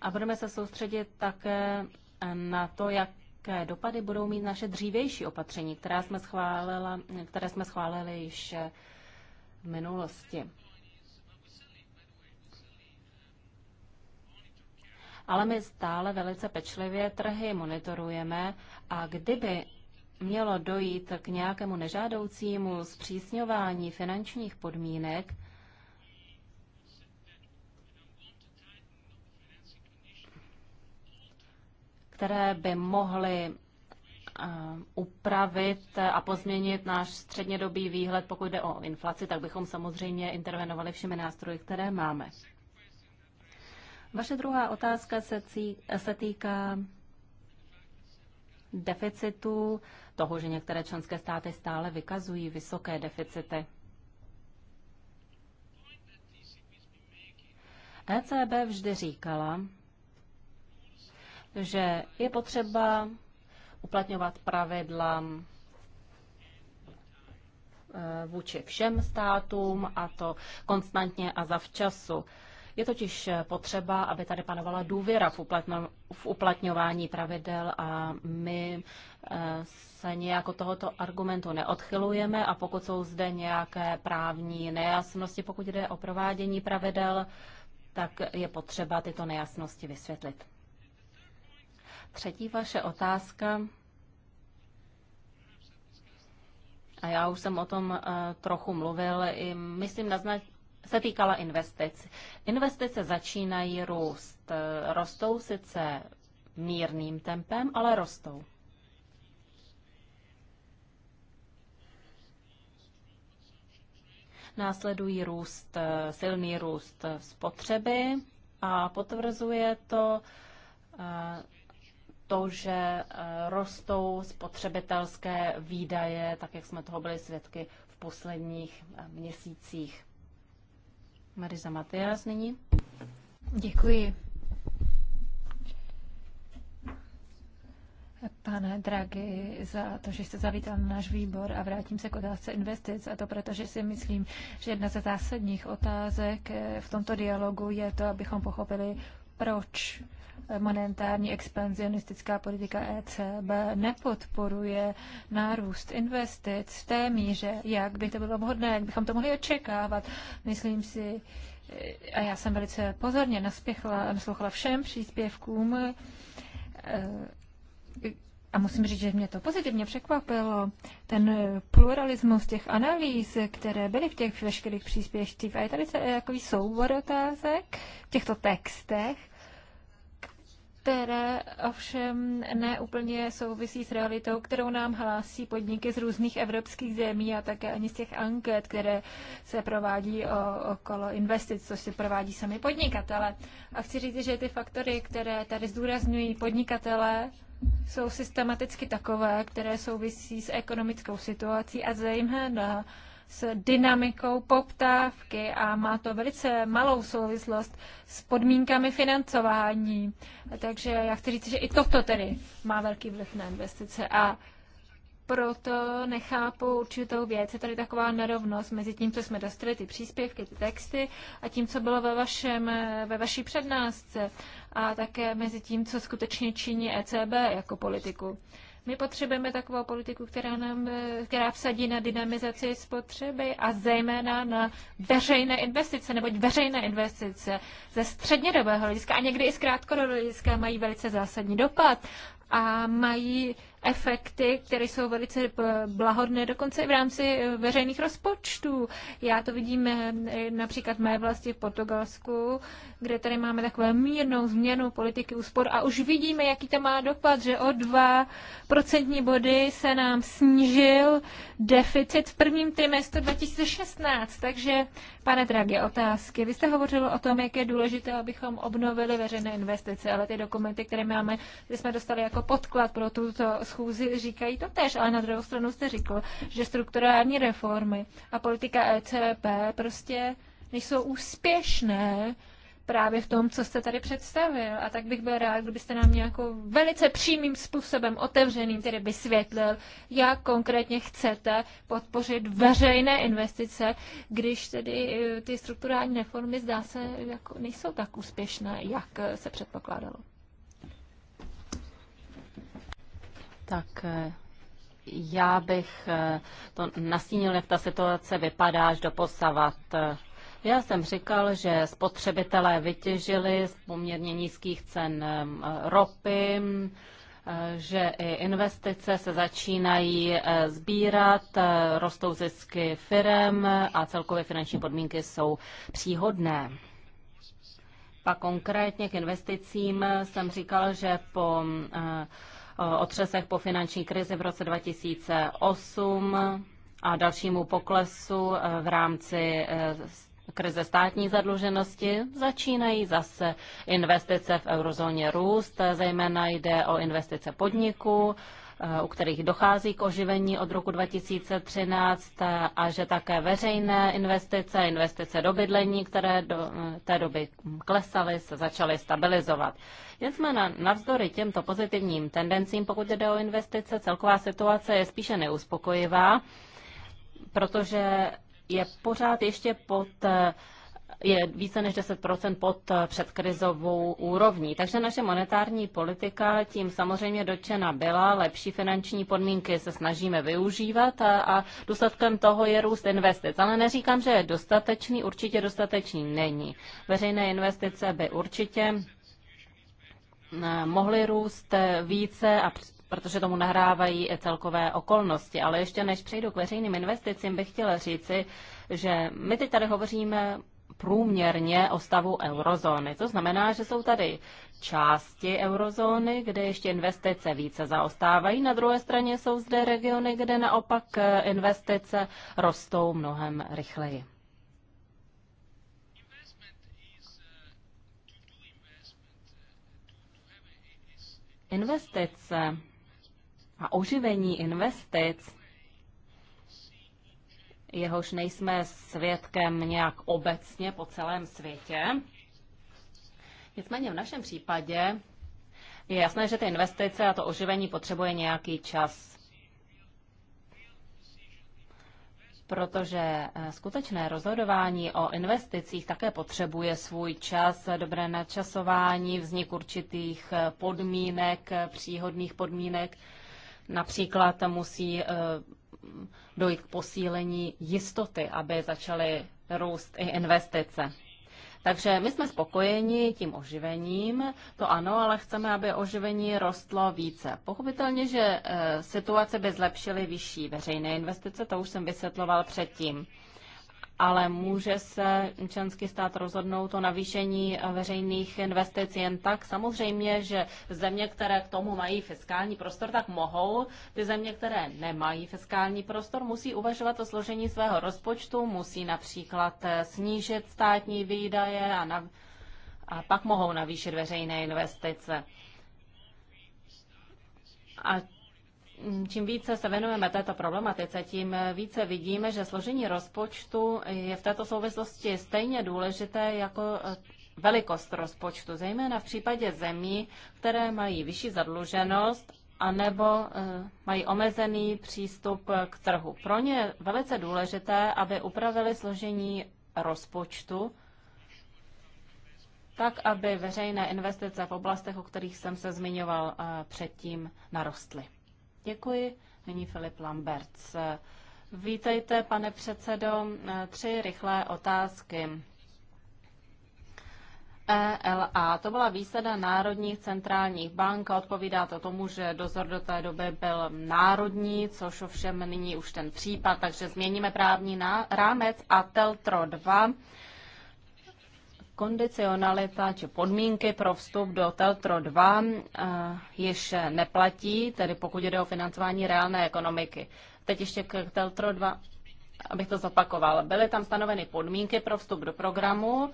A budeme se soustředit také na to, jaké dopady budou mít naše dřívější opatření, která jsme schválila, které jsme schválili již v minulosti. ale my stále velice pečlivě trhy monitorujeme a kdyby mělo dojít k nějakému nežádoucímu zpřísňování finančních podmínek, které by mohly eh, upravit a pozměnit náš střednědobý výhled, pokud jde o inflaci, tak bychom samozřejmě intervenovali všemi nástroji, které máme. Vaše druhá otázka se, se týká deficitu, toho, že některé členské státy stále vykazují vysoké deficity. ECB vždy říkala, že je potřeba uplatňovat pravidla eh, vůči všem státům a to konstantně a zavčasu. Je totiž eh, potřeba, aby tady panovala důvěra v, uplatno, v uplatňování pravidel a my eh, se nějak od tohoto argumentu neodchylujeme a pokud jsou zde nějaké právní nejasnosti, pokud jde o provádění pravidel, tak je potřeba tyto nejasnosti vysvětlit. Třetí vaše otázka. A já už jsem o tom eh, trochu mluvil. I, myslím, naznač, se týkala investic. Investice začínají růst. Eh, rostou sice mírným tempem, ale rostou. Následují růst, eh, silný růst spotřeby a potvrzuje to eh, to, že rostou spotřebitelské výdaje, tak jak jsme toho byli svědky v posledních měsících. Marisa Mateas nyní. Děkuji. Pane Draghi, za to, že jste zavítal na náš výbor a vrátím se k otázce investic a to proto, že si myslím, že jedna ze zásadních otázek v tomto dialogu je to, abychom pochopili, proč monetární expanzionistická politika ECB nepodporuje nárůst investic v té míře, jak by to bylo vhodné, jak bychom to mohli očekávat. Myslím si, a já jsem velice pozorně naspěchla, naslouchala všem příspěvkům eh, a musím říct, že mě to pozitivně překvapilo, ten pluralismus těch analýz, které byly v těch veškerých příspěvcích. A je tady takový soubor otázek v těchto textech, které ovšem neúplně souvisí s realitou, kterou nám hlásí podniky z různých evropských zemí a také ani z těch anket, které se provádí o, okolo investic, což se provádí sami podnikatele. A chci říct, že ty faktory, které tady zdůrazňují podnikatele, jsou systematicky takové, které souvisí s ekonomickou situací a zejména s dynamikou poptávky a má to velice malou souvislost s podmínkami financování. Takže já chci říct, že i toto tedy má velký vliv na investice a proto nechápu určitou věc. Je tady taková nerovnost mezi tím, co jsme dostali, ty příspěvky, ty texty, a tím, co bylo ve, vašem, ve vaší přednášce a také mezi tím, co skutečně činí ECB jako politiku. My potřebujeme takovou politiku, která, nám, eh, která vsadí na dynamizaci spotřeby a zejména na veřejné investice, neboť veřejné investice ze střednědobého hlediska a někdy i z krátkodobého hlediska mají velice zásadní dopad a mají efekty, které jsou velice eh, blahodné dokonce i v rámci eh, veřejných rozpočtů. Já to vidím eh, například v mé vlasti v Portugalsku, kde tady máme takovou mírnou změnu politiky úspor a už vidíme, jaký to má dopad, že o dva procentní body se nám snížil deficit v prvním trimestru 2016. Takže, pane Draghi, otázky. Vy jste hovořil o tom, jak je důležité, abychom obnovili veřejné investice, ale ty dokumenty, které máme, které jsme dostali jako podklad pro tuto schůzi říkají to tež, ale na druhou stranu jste řekl, že strukturální reformy a politika ECB prostě nejsou úspěšné právě v tom, co jste tady představil. A tak bych byl rád, kdybyste nám nějakou velice přímým způsobem, otevřeným, tedy vysvětlil, jak konkrétně chcete podpořit veřejné investice, když tedy e, ty strukturální reformy zdá se, jako nejsou tak úspěšné, jak se předpokládalo. tak eh, já bych eh, to nastínil, jak ta situace vypadá až do posavat. Eh, já jsem říkal, že spotřebitelé vytěžili z poměrně nízkých cen ropy, že i investice se začínají sbírat, rostou zisky firem a celkově finanční podmínky jsou příhodné. Pak konkrétně k investicím jsem říkal, že po třesech po finanční krizi v roce 2008 a dalšímu poklesu e, v rámci e, krize státní zadluženosti začínají zase investice v eurozóně růst, e, zejména jde o investice podniků u kterých dochází k oživení od roku 2013 a že také veřejné investice, investice do bydlení, které do té doby klesaly, se začaly stabilizovat. Nicméně navzdory těmto pozitivním tendencím, pokud jde o investice, celková situace je spíše neuspokojivá, protože je pořád ještě pod je více než 10 pod eh, předkrizovou úrovní. Takže naše monetární politika tím samozřejmě dočena byla. Lepší finanční podmínky se snažíme využívat a, a důsledkem toho je růst investic. Ale neříkám, že je dostatečný, určitě dostatečný není. Veřejné investice by určitě eh, mohly růst eh, více a protože tomu nahrávají celkové okolnosti. Ale ještě než přejdu k veřejným investicím, bych chtěla říci, že my teď tady hovoříme průměrně o stavu eurozóny. To znamená, že jsou tady části eurozóny, kde ještě investice více zaostávají. Na druhé straně jsou zde regiony, kde naopak eh, investice rostou mnohem rychleji. Investice a oživení investic jehož nejsme svědkem nějak obecně po celém světě. Nicméně v našem případě je jasné, že ty investice a to oživení potřebuje nějaký čas. Protože eh, skutečné rozhodování o investicích také potřebuje svůj čas, dobré načasování, vznik určitých eh, podmínek, eh, příhodných podmínek. Například musí dojít k posílení jistoty, aby začaly růst i investice. Takže my jsme spokojeni tím oživením, to ano, ale chceme, aby oživení rostlo více. Pochopitelně, že eh, situace by zlepšily vyšší veřejné investice, to už jsem vysvětloval předtím ale může se členský stát rozhodnout o navýšení veřejných investic jen tak. Samozřejmě, že země, které k tomu mají fiskální prostor, tak mohou. Ty země, které nemají fiskální prostor, musí uvažovat o složení svého rozpočtu, musí například eh, snížit státní výdaje a, na, a pak mohou navýšit veřejné investice. A Mm, čím více se věnujeme této problematice, tím více vidíme, že složení rozpočtu je v této souvislosti stejně důležité jako e, velikost rozpočtu, zejména v případě zemí, které mají vyšší zadluženost anebo e, mají omezený přístup k trhu. Pro ně je velice důležité, aby upravili složení rozpočtu tak, aby veřejné investice v oblastech, o kterých jsem se zmiňoval e, předtím, narostly. Děkuji. Nyní Filip Lambert. Vítejte, pane předsedo. Tři rychlé otázky. ELA. To byla výsada národních centrálních bank a odpovídá to tomu, že dozor do té doby byl národní, což ovšem nyní už ten případ, takže změníme právní rámec a Teltro 2 Kondicionalita či podmínky pro vstup do Teltro 2 eh, již neplatí, tedy pokud jde o financování reálné ekonomiky. Teď ještě k Teltro 2, abych to zopakoval. Byly tam stanoveny podmínky pro vstup do programu,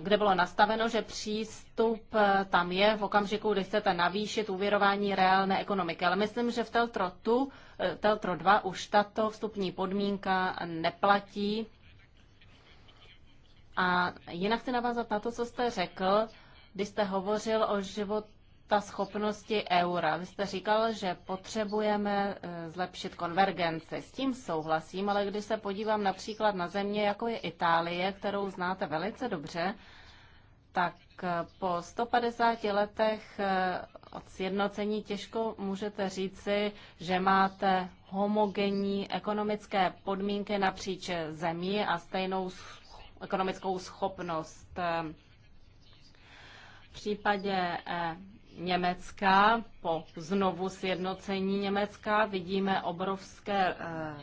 kde bylo nastaveno, že přístup eh, tam je v okamžiku, kdy chcete navýšit uvěrování reálné ekonomiky. Ale myslím, že v Teltro, tu, eh, Teltro 2 už tato vstupní podmínka neplatí a jinak chci navázat na to, co jste řekl, když jste hovořil o život schopnosti eura. Vy jste říkal, že potřebujeme eh, zlepšit konvergenci. S tím souhlasím, ale když se podívám například na země, jako je Itálie, kterou znáte velice dobře, tak eh, po 150 letech eh, od sjednocení těžko můžete říci, že máte homogenní ekonomické podmínky napříč zemí a stejnou ekonomickou schopnost. V případě eh, Německa po znovu sjednocení Německa vidíme obrovské eh,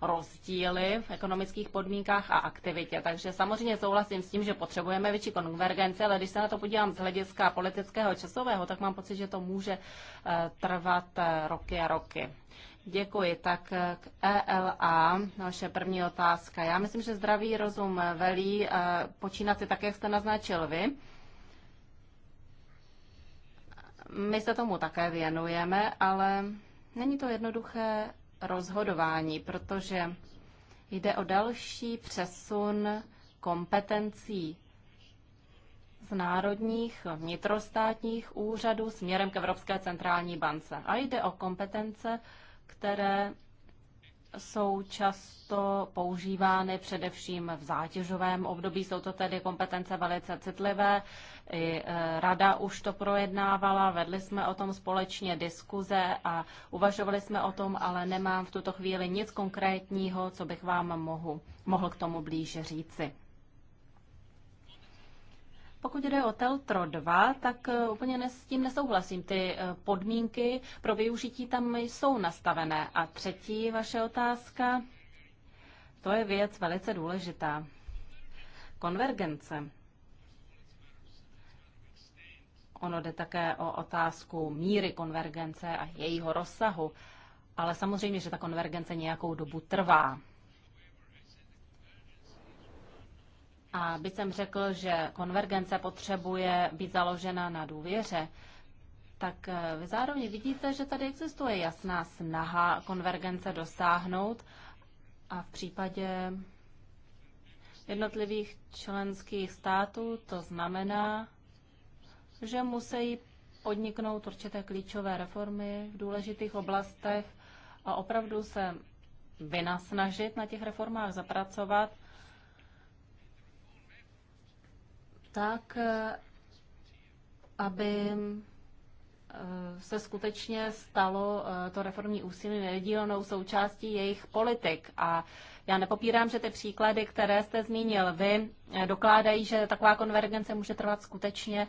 rozdíly v ekonomických podmínkách a aktivitě. Takže samozřejmě souhlasím s tím, že potřebujeme větší konvergence. ale když se na to podívám z hlediska politického časového, tak mám pocit, že to může eh, trvat roky a roky. Děkuji. Tak eh, k ELA, naše první otázka. Já myslím, že zdravý rozum velí eh, počínat si tak, jak jste naznačil vy. My se tomu také věnujeme, ale není to jednoduché rozhodování, protože jde o další přesun kompetencí z národních vnitrostátních úřadů směrem k Evropské centrální bance. A jde o kompetence, které jsou často používány především v zátěžovém období. Jsou to tedy kompetence velice citlivé. I e, rada už to projednávala, vedli jsme o tom společně diskuze a uvažovali jsme o tom, ale nemám v tuto chvíli nic konkrétního, co bych vám mohu, mohl k tomu blíže říci. Pokud jde o Teltro 2, tak eh, úplně ne, s tím nesouhlasím. Ty eh, podmínky pro využití tam jsou nastavené. A třetí vaše otázka, to je věc velice důležitá. Konvergence. Ono jde také o otázku míry konvergence a jejího rozsahu, ale samozřejmě, že ta konvergence nějakou dobu trvá. A by jsem řekl, že konvergence potřebuje být založena na důvěře, tak eh, vy zároveň vidíte, že tady existuje jasná snaha konvergence dosáhnout a v případě jednotlivých členských států to znamená, že musí podniknout určité klíčové reformy v důležitých oblastech a opravdu se vynasnažit na těch reformách zapracovat, tak, eh, aby eh, se skutečně stalo eh, to reformní úsilí nedílnou součástí jejich politik. A já nepopírám, že ty příklady, které jste zmínil vy, dokládají, že taková konvergence může trvat skutečně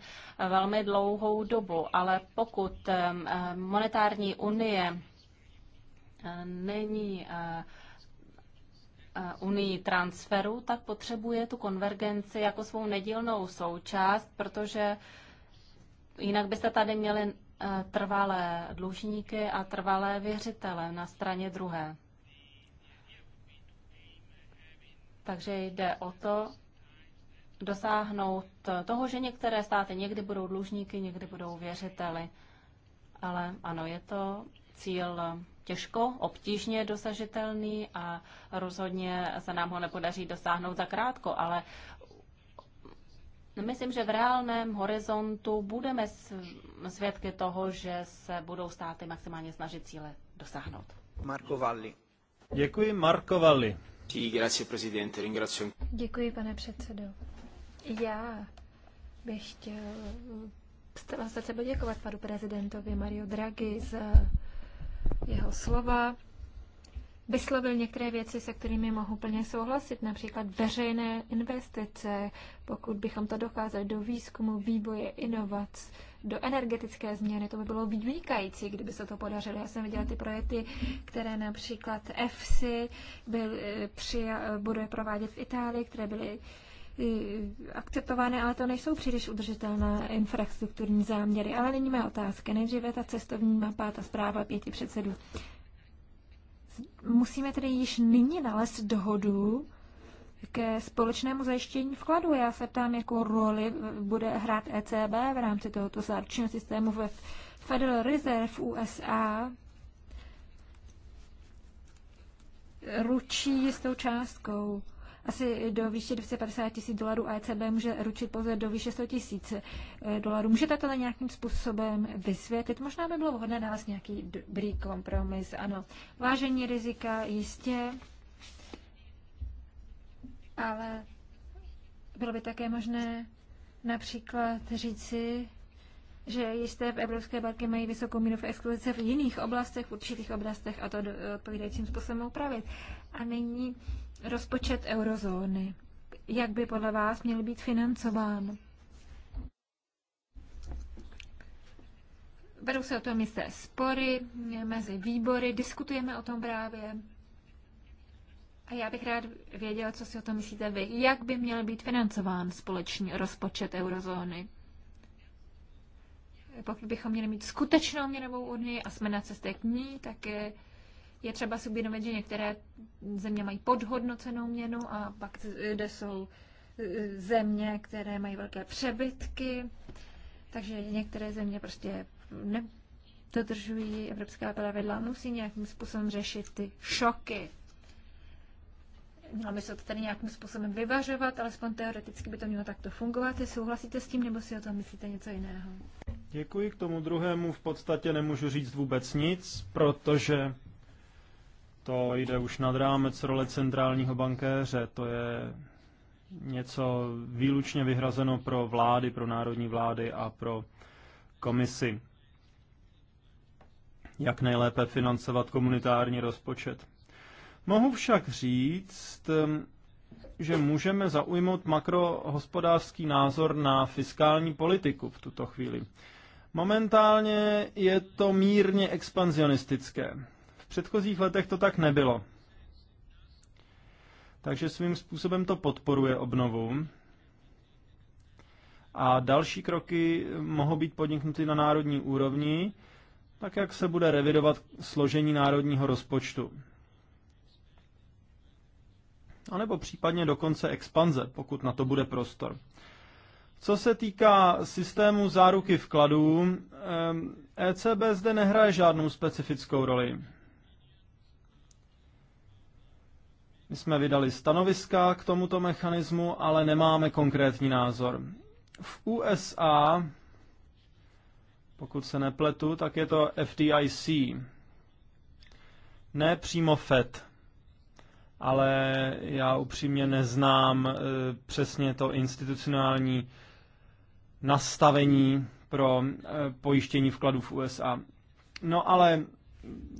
velmi dlouhou dobu. Ale pokud monetární unie není Eh, unii transferu, tak potřebuje tu konvergenci jako svou nedílnou součást, protože jinak byste tady měli eh, trvalé dlužníky a trvalé věřitele na straně druhé. Takže jde o to dosáhnout toho, že některé státy někdy budou dlužníky, někdy budou věřiteli. Ale ano, je to cíl těžko, obtížně dosažitelný a rozhodně se nám ho nepodaří dosáhnout za krátko, ale myslím, že v reálném horizontu budeme svědky toho, že se budou státy maximálně snažit cíle dosáhnout. Marko Valli. Děkuji, Marko Valli. Děkuji, pane předsedo. Já bych chtěl vás se poděkovat panu prezidentovi Mario Draghi za jeho slova. Vyslovil některé věci, se kterými mohu plně souhlasit, například veřejné investice, pokud bychom to dokázali do výzkumu, vývoje, inovací, do energetické změny. To by bylo vynikající, kdyby se to podařilo. Já jsem viděla ty projekty, které například EFSI byl, eh, přija, eh, bude provádět v Itálii, které byly akceptovány, ale to nejsou příliš udržitelné infrastrukturní záměry. Ale nyní má otázka, Nejdříve ta cestovní mapa, ta zpráva pěti předsedů. Musíme tedy již nyní nalézt dohodu ke společnému zajištění vkladu. Já se ptám, jakou roli bude hrát ECB v rámci tohoto záručního systému ve Federal Reserve USA. Ručí jistou částkou asi do výše 250 tisíc dolarů a ECB může ručit pouze do výše 100 tisíc eh, dolarů. Můžete to nějakým způsobem vysvětlit? Možná by bylo vhodné nalézt nějaký dobrý kompromis. Ano, vážení rizika, jistě, ale bylo by také možné například říci, že jisté v evropské banky mají vysokou míru v exkluzice v jiných oblastech, v určitých oblastech a to odpovídajícím způsobem upravit. A nyní Rozpočet eurozóny. Jak by podle vás měl být financován? Vedou se o tom jisté spory mezi výbory, diskutujeme o tom právě. A já bych rád věděl, co si o tom myslíte vy. Jak by měl být financován společný rozpočet eurozóny? Pokud bychom měli mít skutečnou měnovou unii a jsme na cestě k ní, tak je je třeba si uvědomit, že některé země mají podhodnocenou měnu a pak kde jsou e, země, které mají velké přebytky, takže některé země prostě nedodržují evropská pravidla, musí nějakým způsobem řešit ty šoky. Měla by se to tady nějakým způsobem vyvažovat, alespoň teoreticky by to mělo takto fungovat. Jestli souhlasíte s tím, nebo si o tom myslíte něco jiného? Děkuji. K tomu druhému v podstatě nemůžu říct vůbec nic, protože to jde už nad rámec role centrálního bankéře, to je něco výlučně vyhrazeno pro vlády, pro národní vlády a pro komisi. Jak nejlépe financovat komunitární rozpočet. Mohu však říct, že můžeme zaujmout makrohospodářský názor na fiskální politiku v tuto chvíli. Momentálně je to mírně expanzionistické předchozích letech to tak nebylo. Takže svým způsobem to podporuje obnovu. A další kroky mohou být podniknuty na národní úrovni, tak jak se bude revidovat složení národního rozpočtu. A nebo případně dokonce expanze, pokud na to bude prostor. Co se týká systému záruky vkladů, ECB eh, e zde nehraje žádnou specifickou roli. My jsme vydali stanoviska k tomuto mechanismu, ale nemáme konkrétní názor. V USA, pokud se nepletu, tak je to FDIC. Ne přímo FED, ale já upřímně neznám e, přesně to institucionální nastavení pro e, pojištění vkladů v USA. No ale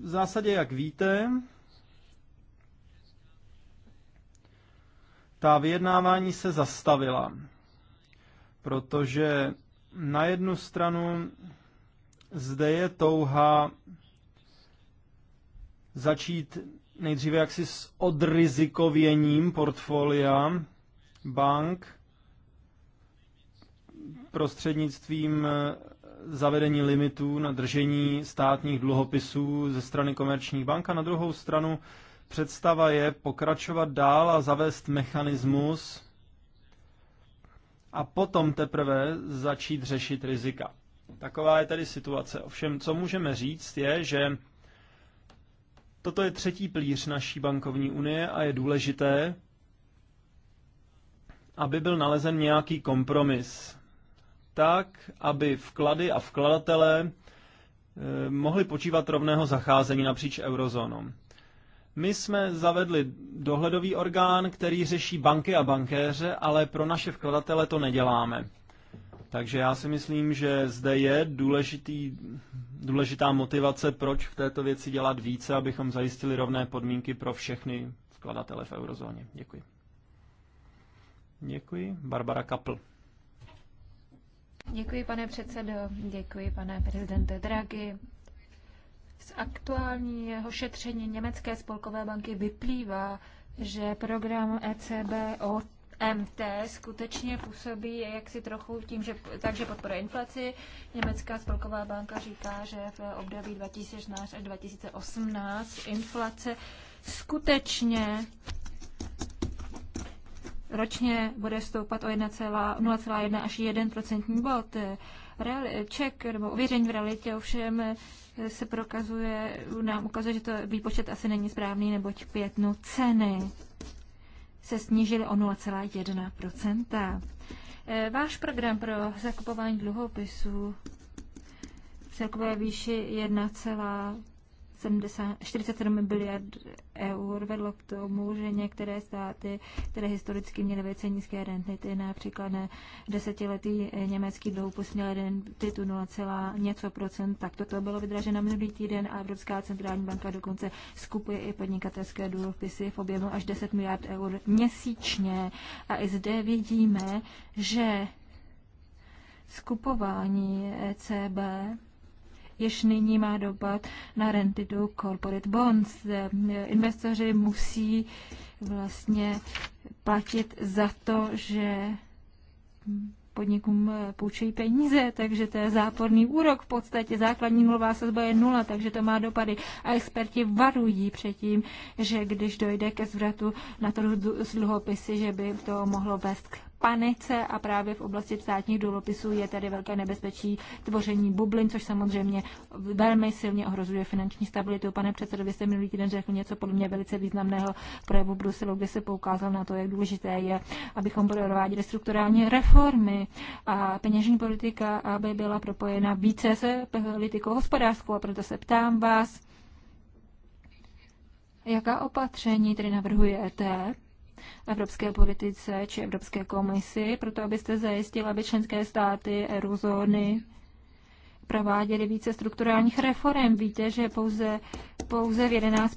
v zásadě, jak víte, Ta vyjednávání se zastavila, protože na jednu stranu zde je touha začít nejdříve jaksi s odrizikověním portfolia bank prostřednictvím zavedení limitů na držení státních dluhopisů ze strany komerčních bank a na druhou stranu představa je pokračovat dál a zavést mechanismus a potom teprve začít řešit rizika. Taková je tedy situace. Ovšem, co můžeme říct, je, že toto je třetí plíř naší bankovní unie a je důležité, aby byl nalezen nějaký kompromis, tak, aby vklady a vkladatelé eh, mohli počívat rovného zacházení napříč eurozónou. My jsme zavedli dohledový orgán, který řeší banky a bankéře, ale pro naše vkladatele to neděláme. Takže já si myslím, že zde je důležitý, důležitá motivace, proč v této věci dělat více, abychom zajistili rovné podmínky pro všechny vkladatele v eurozóně. Děkuji. Děkuji. Barbara Kapl. Děkuji, pane předsedo. Děkuji, pane prezidente Draghi. Z aktuálního šetření Německé spolkové banky vyplývá, že program ECB OMT MT skutečně působí jaksi trochu tím, že, takže podporuje inflaci. Německá spolková banka říká, že v období 2016 až 2018 inflace skutečně ročně bude stoupat o 0,1 až 1 procentní bod reali- ček nebo ověření v realitě ovšem eh, se prokazuje, nám ukazuje, že to výpočet asi není správný, neboť pětnu ceny se snížily o 0,1 eh, Váš program pro zakupování dluhopisů v celkové výši 70, 47 miliard eur vedlo k tomu, že některé státy, které historicky měly velice nízké rentity, například na desetiletý německý dluhopisy měl rentitu 0, něco procent, tak toto bylo vydraženo minulý týden a Evropská centrální banka dokonce skupuje i podnikatelské dluhopisy v objemu až 10 miliard eur měsíčně. A i zde vidíme, že skupování ECB jež nyní má dopad na renty do corporate bonds. Investoři musí vlastně platit za to, že podnikům půjčejí peníze, takže to je záporný úrok. V podstatě základní nulová sazba je nula, takže to má dopady. A experti varují před tím, že když dojde ke zvratu na trhu s dluhopisy, že by to mohlo vést k panice a právě v oblasti státních dluhopisů je tady velké nebezpečí tvoření bublin, což samozřejmě velmi silně ohrožuje finanční stabilitu. Pane předsedo, vy jste minulý týden řekl něco podle mě velice významného projevu Bruselu, kde se poukázal na to, jak důležité je, abychom prováděli strukturální reformy a peněžní politika, aby byla propojena více se politikou hospodářskou. A proto se ptám vás, jaká opatření tedy navrhujete, evropské politice či Evropské komisi, proto abyste zajistila, aby členské státy eurozóny prováděli více strukturálních reform. Víte, že pouze, pouze v 11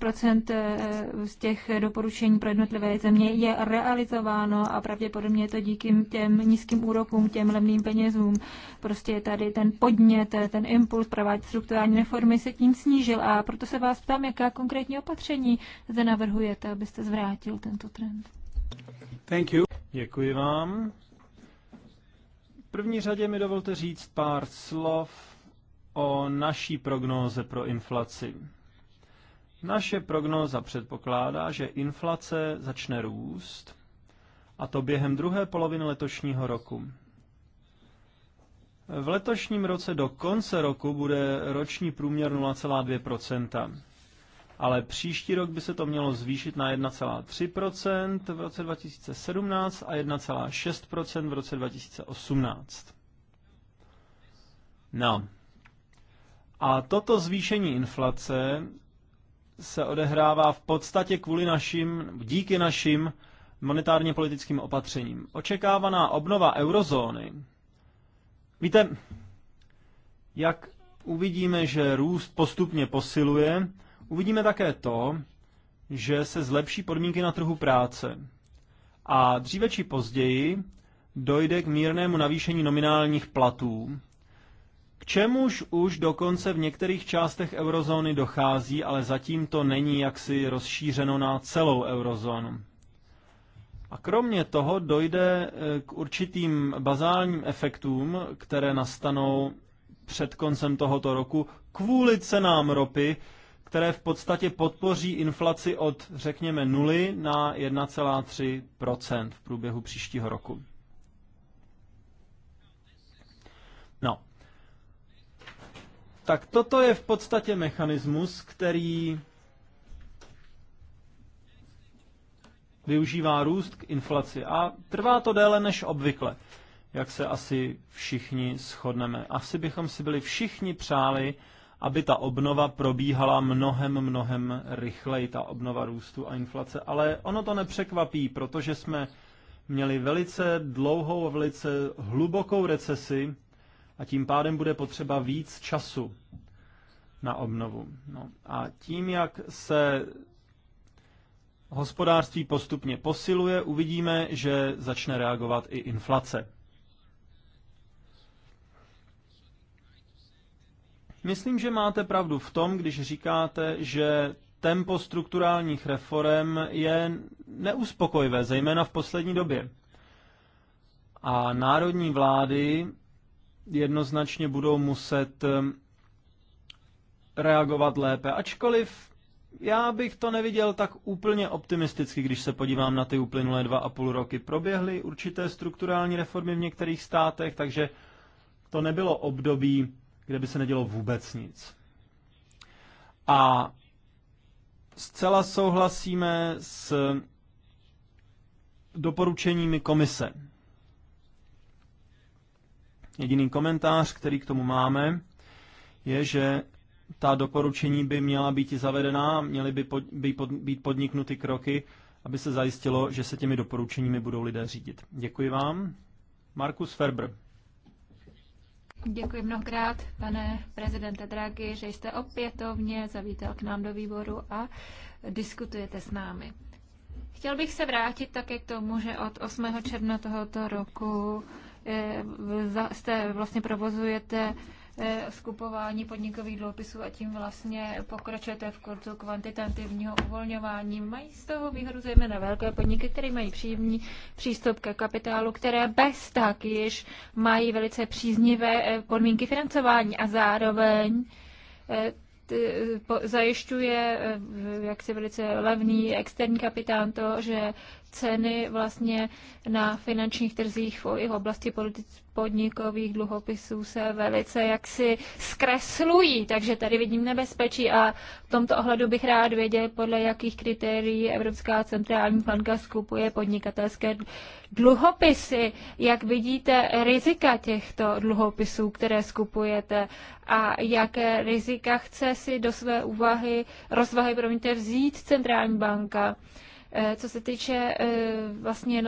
eh, z těch doporučení pro jednotlivé země je realizováno a pravděpodobně je to díky těm nízkým úrokům, těm levným penězům. Prostě je tady ten podnět, eh, ten impuls provádět strukturální reformy se tím snížil a proto se vás ptám, jaká konkrétní opatření zde navrhujete, abyste zvrátil tento trend. Thank you. Děkuji vám. V první řadě mi dovolte říct pár slov o naší prognóze pro inflaci. Naše prognóza předpokládá, že inflace začne růst, a to během druhé poloviny letošního roku. V letošním roce do konce roku bude roční průměr 0,2 ale příští rok by se to mělo zvýšit na 1,3 v roce 2017 a 1,6 v roce 2018. No, a toto zvýšení inflace se odehrává v podstatě kvůli našim, díky našim monetárně politickým opatřením. Očekávaná obnova eurozóny. Víte, jak uvidíme, že růst postupně posiluje, uvidíme také to, že se zlepší podmínky na trhu práce. A dříve či později dojde k mírnému navýšení nominálních platů, čemuž už dokonce v některých částech eurozóny dochází, ale zatím to není jaksi rozšířeno na celou eurozónu. A kromě toho dojde e, k určitým bazálním efektům, které nastanou před koncem tohoto roku kvůli cenám ropy, které v podstatě podpoří inflaci od, řekněme, 0 na 1,3 v průběhu příštího roku. tak toto je v podstatě mechanismus, který využívá růst k inflaci a trvá to déle než obvykle, jak se asi všichni shodneme. Asi bychom si byli všichni přáli, aby ta obnova probíhala mnohem, mnohem rychleji, ta obnova růstu a inflace. Ale ono to nepřekvapí, protože jsme měli velice dlouhou a velice hlubokou recesi, a tím pádem bude potřeba víc času na obnovu. No a tím, jak se hospodářství postupně posiluje, uvidíme, že začne reagovat i inflace. Myslím, že máte pravdu v tom, když říkáte, že tempo strukturálních reform je neuspokojivé, zejména v poslední době. A národní vlády jednoznačně budou muset eh, reagovat lépe. Ačkoliv já bych to neviděl tak úplně optimisticky, když se podívám na ty uplynulé dva a půl roky. Proběhly určité strukturální reformy v některých státech, takže to nebylo období, kde by se nedělo vůbec nic. A zcela souhlasíme s doporučeními komise. Jediný komentář, který k tomu máme, je, že ta doporučení by měla být zavedená, měly by, pod, by pod, být podniknuty kroky, aby se zajistilo, že se těmi doporučeními budou lidé řídit. Děkuji vám. Markus Ferber. Děkuji mnohokrát, pane prezidente Draghi, že jste opětovně zavítal k nám do výboru a diskutujete s námi. Chtěl bych se vrátit také k tomu, že od 8. června tohoto roku Eh, jste, vlastně provozujete eh, skupování podnikových dloupisů a tím vlastně pokračujete v kurzu kvantitativního uvolňování. Mají z toho výhodu zejména velké podniky, které mají příjemný přístup ke kapitálu, které bez tak již mají velice příznivé eh, podmínky financování a zároveň zajišťuje jaksi velice levný externí kapitán to, že ceny vlastně na finančních trzích v oblasti podnikových dluhopisů se velice jaksi zkreslují, takže tady vidím nebezpečí a v tomto ohledu bych rád věděl, podle jakých kritérií Evropská centrální banka skupuje podnikatelské dluhopisy, jak vidíte rizika těchto dluhopisů, které skupujete a jaké rizika chce si do své úvahy, rozvahy promiňte, vzít centrální banka. Eh, co se týče eh, vlastně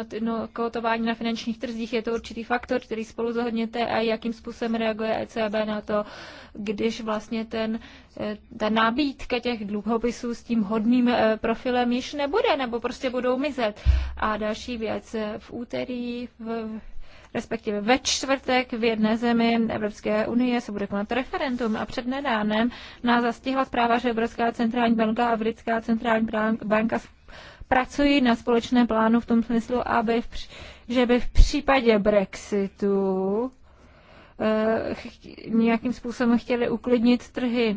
kotování na finančních trzích, je to určitý faktor, který spolu zohodněte a jakým způsobem reaguje ECB na to, když vlastně ten, eh, ta nabídka těch dluhopisů s tím hodným profilem již nebude, nebo prostě budou mizet. A další věc, v úterý v respektive ve čtvrtek v jedné zemi Evropské unie se bude konat referendum a před nedánem nás zastihla zpráva, že Evropská centrální banka a Britská centrální banka pracují na společném plánu v tom smyslu, aby v, že by v případě Brexitu eh, nějakým způsobem chtěli uklidnit trhy.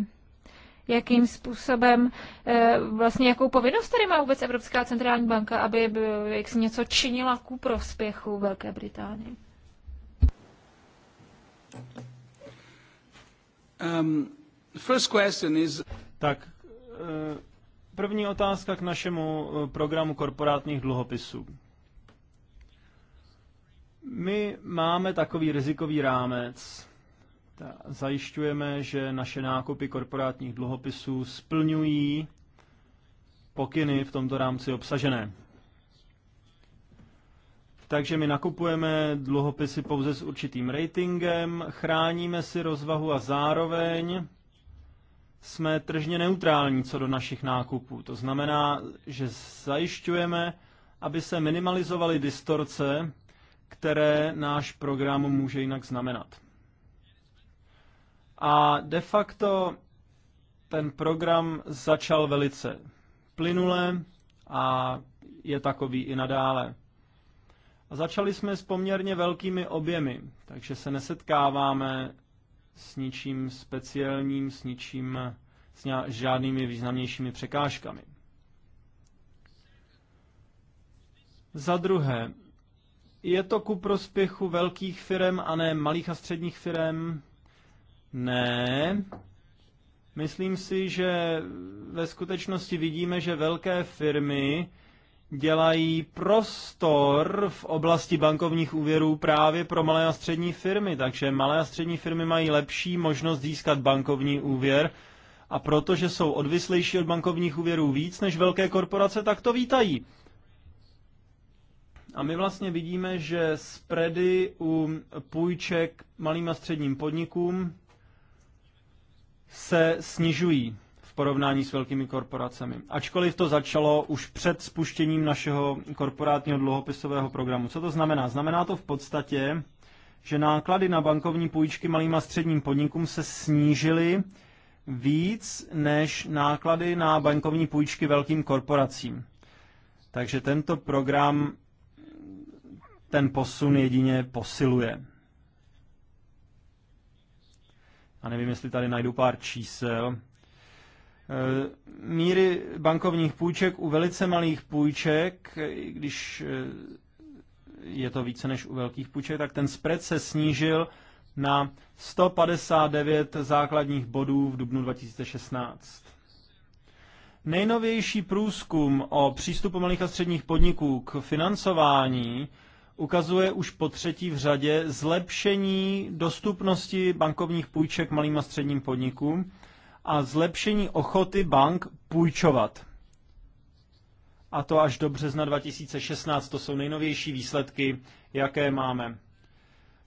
Jakým způsobem, eh, vlastně jakou povinnost tady má vůbec Evropská centrální banka, aby jak si něco činila ku prospěchu Velké Británie? Um, first question is... Tak, uh První otázka k našemu eh, programu korporátních dluhopisů. My máme takový rizikový rámec. Zajišťujeme, že naše nákupy korporátních dluhopisů splňují pokyny v tomto rámci obsažené. Takže my nakupujeme dluhopisy pouze s určitým ratingem, chráníme si rozvahu a zároveň jsme tržně neutrální co do našich nákupů. To znamená, že zajišťujeme, aby se minimalizovaly distorce, které náš program může jinak znamenat. A de facto ten program začal velice plynule a je takový i nadále. A začali jsme s poměrně velkými objemy, takže se nesetkáváme s ničím speciálním, s ničím, s žádnými významnějšími překážkami. Za druhé, je to ku prospěchu velkých firm a ne malých a středních firm? Ne. Myslím si, že ve skutečnosti vidíme, že velké firmy dělají prostor v oblasti bankovních úvěrů právě pro malé a střední firmy. Takže malé a střední firmy mají lepší možnost získat bankovní úvěr a protože jsou odvislejší od bankovních úvěrů víc než velké korporace, tak to vítají. A my vlastně vidíme, že spready u půjček malým a středním podnikům se snižují porovnání s velkými korporacemi. Ačkoliv to začalo už před spuštěním našeho korporátního dluhopisového programu. Co to znamená? Znamená to v podstatě, že náklady na bankovní půjčky malým a středním podnikům se snížily víc než náklady na bankovní půjčky velkým korporacím. Takže tento program ten posun jedině posiluje. A nevím, jestli tady najdu pár čísel. Eh, míry bankovních půjček u velice malých půjček, když eh, je to více než u velkých půjček, tak ten spread se snížil na 159 základních bodů v dubnu 2016. Nejnovější průzkum o přístupu malých a středních podniků k financování ukazuje už po třetí v řadě zlepšení dostupnosti bankovních půjček malým a středním podnikům a zlepšení ochoty bank půjčovat. A to až do března 2016, to jsou nejnovější výsledky, jaké máme.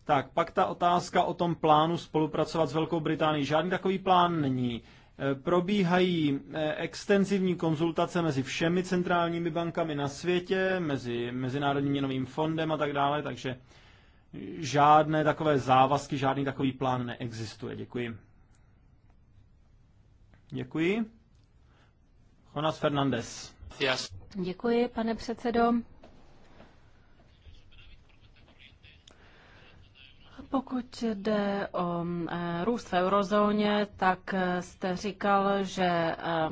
Tak, pak ta otázka o tom plánu spolupracovat s Velkou Británií. Žádný takový plán není. E, probíhají e, extenzivní konzultace mezi všemi centrálními bankami na světě, mezi Mezinárodním měnovým fondem a tak dále, takže žádné takové závazky, žádný takový plán neexistuje. Děkuji. Děkuji. Jonas Fernandez. Yes. Děkuji, pane předsedo. Pokud jde o eh, růst v eurozóně, tak eh, jste říkal, že, eh,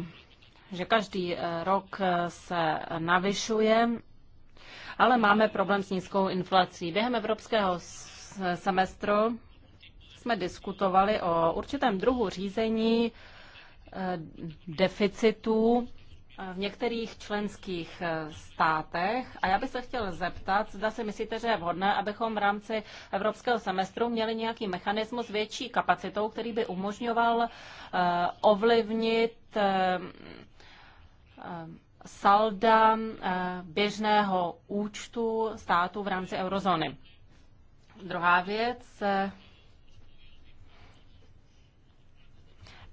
že každý rok se navyšuje, ale máme problém s nízkou inflací. Během evropského semestru jsme diskutovali o určitém druhu řízení Eh, deficitů eh, v některých členských eh, státech. A já bych se chtěl zeptat, zda si myslíte, že je vhodné, abychom v rámci evropského semestru měli nějaký mechanismus větší kapacitou, který by umožňoval ovlivnit salda běžného účtu státu v rámci eurozóny. Druhá věc,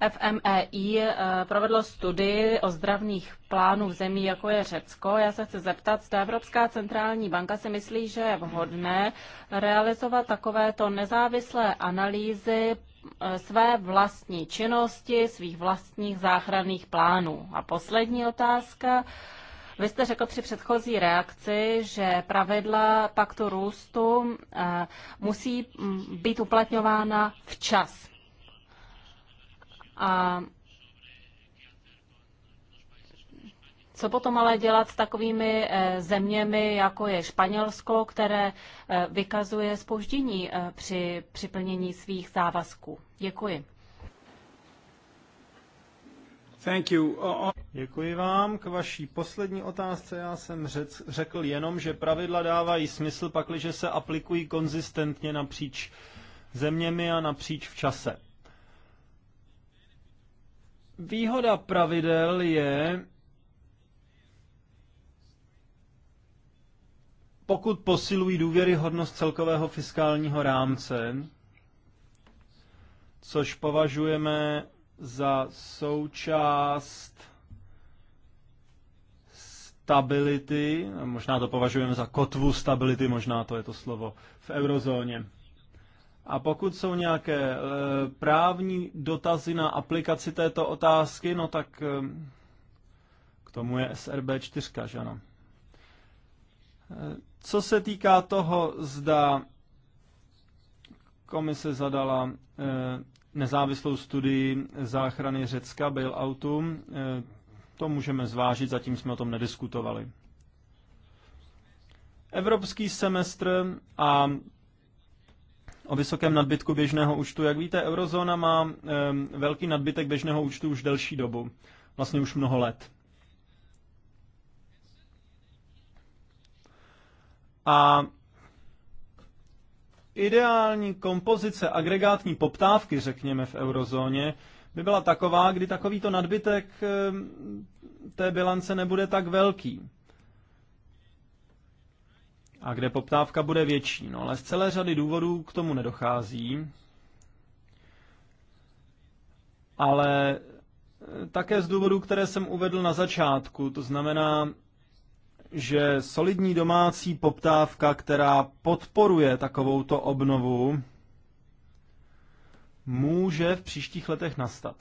FMEI eh, provedlo studii o zdravných plánů v zemí, jako je Řecko. Já se chci zeptat, zda Evropská centrální banka si myslí, že je vhodné realizovat takovéto nezávislé analýzy eh, své vlastní činnosti, svých vlastních záchranných plánů. A poslední otázka. Vy jste řekl při předchozí reakci, že pravidla paktu růstu eh, musí mm, být uplatňována včas. A co potom ale dělat s takovými eh, zeměmi, jako je Španělsko, které eh, vykazuje spoždění eh, při připlnění svých závazků? Děkuji. Thank you. Děkuji vám. K vaší poslední otázce já jsem řec, řekl jenom, že pravidla dávají smysl, pakliže se aplikují konzistentně napříč zeměmi a napříč v čase. Výhoda pravidel je, pokud posilují důvěryhodnost celkového fiskálního rámce, což považujeme za součást stability, možná to považujeme za kotvu stability, možná to je to slovo v eurozóně. A pokud jsou nějaké eh, právní dotazy na aplikaci této otázky, no tak eh, k tomu je SRB 4, že ano. Eh, co se týká toho, zda komise zadala nezávislou studii záchrany Řecka bailoutu, to můžeme zvážit, zatím jsme o tom nediskutovali. Evropský semestr a o vysokém nadbytku běžného účtu. Jak víte, eurozóna má velký nadbytek běžného účtu už delší dobu, vlastně už mnoho let. A ideální kompozice agregátní poptávky, řekněme, v eurozóně, by byla taková, kdy takovýto nadbytek té bilance nebude tak velký a kde poptávka bude větší. No ale z celé řady důvodů k tomu nedochází. Ale eh, také z důvodů, které jsem uvedl na začátku, to znamená, že solidní domácí poptávka, která podporuje takovouto obnovu, může v příštích letech nastat.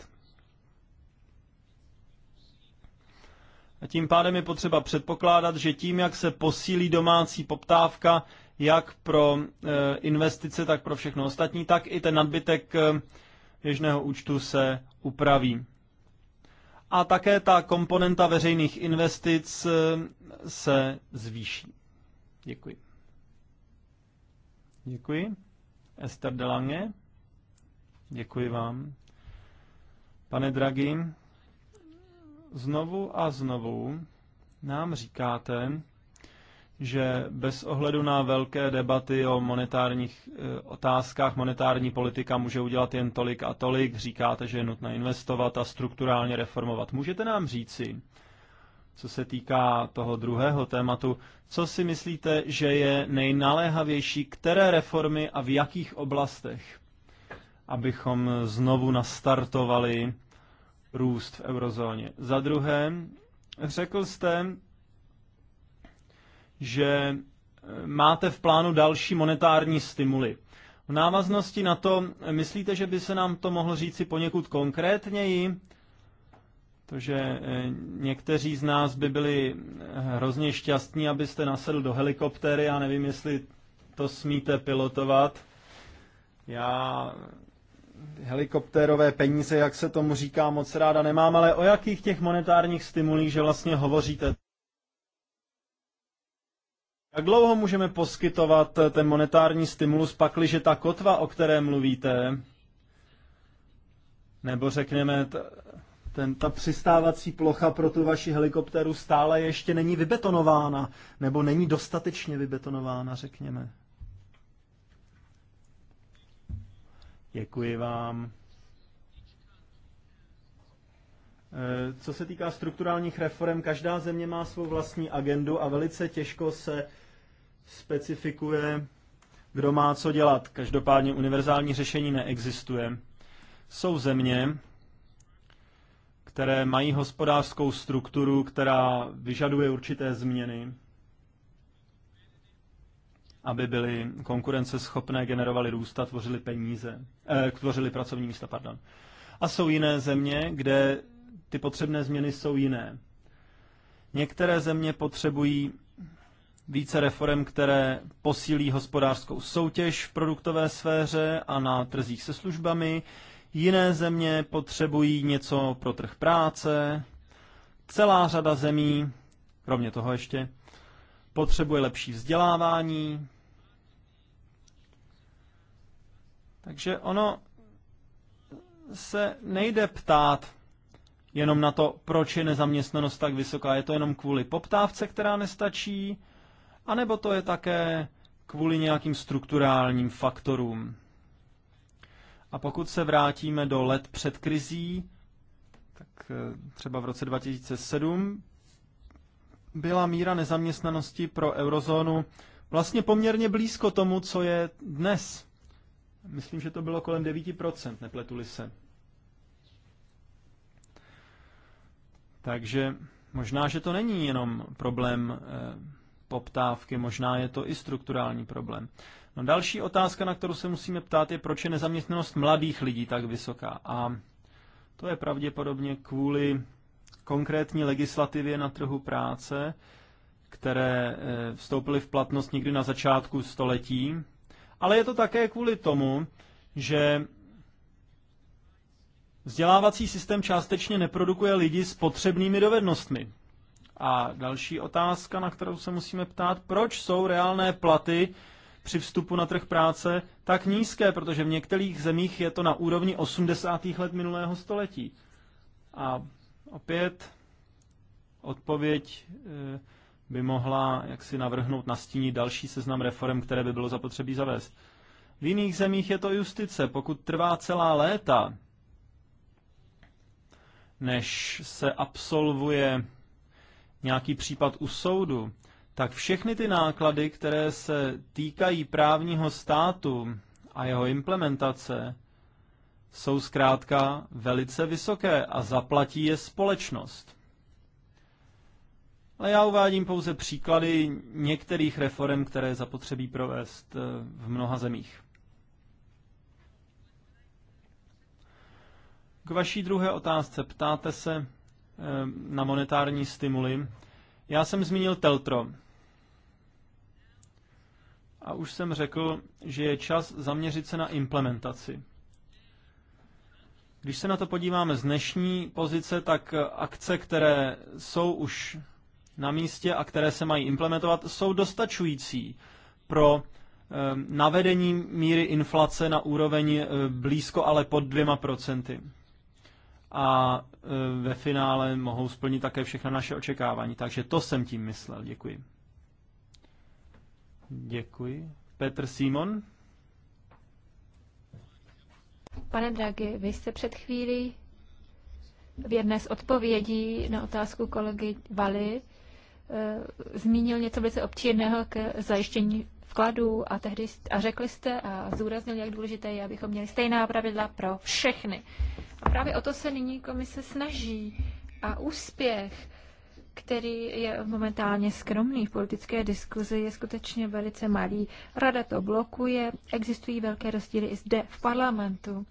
A tím pádem je potřeba předpokládat, že tím, jak se posílí domácí poptávka, jak pro eh, investice, tak pro všechno ostatní, tak i ten nadbytek eh, běžného účtu se upraví. A také ta komponenta veřejných investic eh, se zvýší. Děkuji. Děkuji. Esther Delange. Děkuji vám. Pane Draghi, znovu a znovu nám říkáte, že bez ohledu na velké debaty o monetárních eh, otázkách, monetární politika může udělat jen tolik a tolik. Říkáte, že je nutné investovat a strukturálně reformovat. Můžete nám říci, co se týká toho druhého tématu, co si myslíte, že je nejnaléhavější, které reformy a v jakých oblastech, abychom znovu nastartovali růst v eurozóně. Za druhé, řekl jste, že eh, máte v plánu další monetární stimuly. V návaznosti na to, myslíte, že by se nám to mohlo říci poněkud konkrétněji? Protože eh, někteří z nás by byli eh, hrozně šťastní, abyste nasedl do helikoptéry, já nevím, jestli to smíte pilotovat. Já helikoptérové peníze, jak se tomu říká, moc ráda nemám, ale o jakých těch monetárních stimulích, že vlastně hovoříte? Jak dlouho můžeme poskytovat eh, ten monetární stimulus, pakliže ta kotva, o které mluvíte, nebo řekněme, ten, ta přistávací plocha pro tu vaši helikoptéru stále ještě není vybetonována, nebo není dostatečně vybetonována, řekněme. Děkuji vám. Eh, co se týká strukturálních reform, každá země má svou vlastní agendu a velice těžko se specifikuje, kdo má co dělat. Každopádně univerzální řešení neexistuje. Jsou země, které mají hospodářskou strukturu, která vyžaduje určité změny, aby byly konkurenceschopné, generovaly růst a tvořily peníze, eh, tvořily pracovní místa, pardon. A jsou jiné země, kde ty potřebné změny jsou jiné. Některé země potřebují více reform, které posílí hospodářskou soutěž v produktové sféře a na trzích se službami. Jiné země potřebují něco pro trh práce. Celá řada zemí, kromě toho ještě, potřebuje lepší vzdělávání, Takže ono se nejde ptát jenom na to, proč je nezaměstnanost tak vysoká. Je to jenom kvůli poptávce, která nestačí, anebo to je také kvůli nějakým strukturálním faktorům. A pokud se vrátíme do let před krizí, tak eh, třeba v roce 2007 byla míra nezaměstnanosti pro eurozónu vlastně poměrně blízko tomu, co je dnes. Myslím, že to bylo kolem 9%, nepletuli se. Takže možná, že to není jenom problém eh, poptávky, možná je to i strukturální problém. No další otázka, na kterou se musíme ptát, je, proč je nezaměstnanost mladých lidí tak vysoká. A to je pravděpodobně kvůli konkrétní legislativě na trhu práce, které eh, vstoupily v platnost někdy na začátku století ale je to také kvůli tomu, že vzdělávací systém částečně neprodukuje lidi s potřebnými dovednostmi. A další otázka, na kterou se musíme ptát, proč jsou reálné platy při vstupu na trh práce tak nízké, protože v některých zemích je to na úrovni 80. let minulého století. A opět odpověď eh, by mohla jaksi navrhnout nastínit další seznam reform, které by bylo zapotřebí zavést. V jiných zemích je to justice. Pokud trvá celá léta, než se absolvuje nějaký případ u soudu, tak všechny ty náklady, které se týkají právního státu a jeho implementace, jsou zkrátka velice vysoké a zaplatí je společnost. Ale já uvádím pouze příklady některých reform, které zapotřebí provést eh, v mnoha zemích. K vaší druhé otázce ptáte se eh, na monetární stimuly. Já jsem zmínil Teltro. A už jsem řekl, že je čas zaměřit se na implementaci. Když se na to podíváme z dnešní pozice, tak akce, které jsou už na místě a které se mají implementovat, jsou dostačující pro ehm, navedení míry inflace na úroveň eh, blízko, ale pod dvěma procenty. A eh, ve finále mohou splnit také všechna naše očekávání. Takže to jsem tím myslel. Děkuji. Děkuji. Petr Simon. Pane Dragi, vy jste před chvílí v jedné z odpovědí na otázku kolegy Vali Eh, zmínil něco velice obtížného k zajištění vkladů a, tehdy, a řekli jste a zúraznil, jak důležité je, abychom měli stejná pravidla pro všechny. A právě o to se nyní komise snaží. A úspěch, který je momentálně skromný v politické diskuzi, je skutečně velice malý. Rada to blokuje, existují velké rozdíly i zde v parlamentu.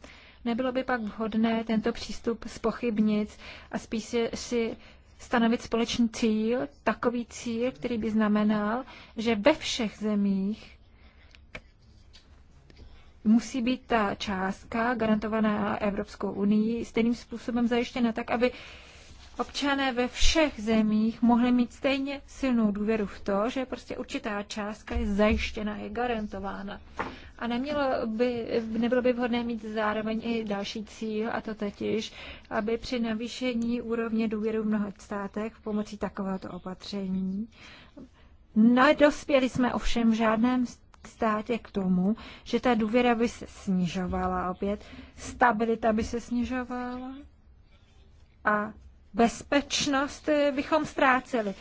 Nebylo by pak vhodné tento přístup spochybnit a spíše si stanovit společný cíl, takový cíl, který by znamenal, že ve všech zemích musí být ta částka garantovaná Evropskou unii stejným způsobem zajištěna tak, aby občané ve všech zemích mohli mít stejně silnou důvěru v to, že prostě určitá částka je zajištěna, je garantována. A nemělo by, nebylo by vhodné mít zároveň i další cíl, a to totiž, aby při navýšení úrovně důvěru v mnoha státech pomocí takovéhoto opatření nedospěli jsme ovšem v žádném státě k tomu, že ta důvěra by se snižovala opět, stabilita by se snižovala a bezpečnost eh, bychom ztráceli.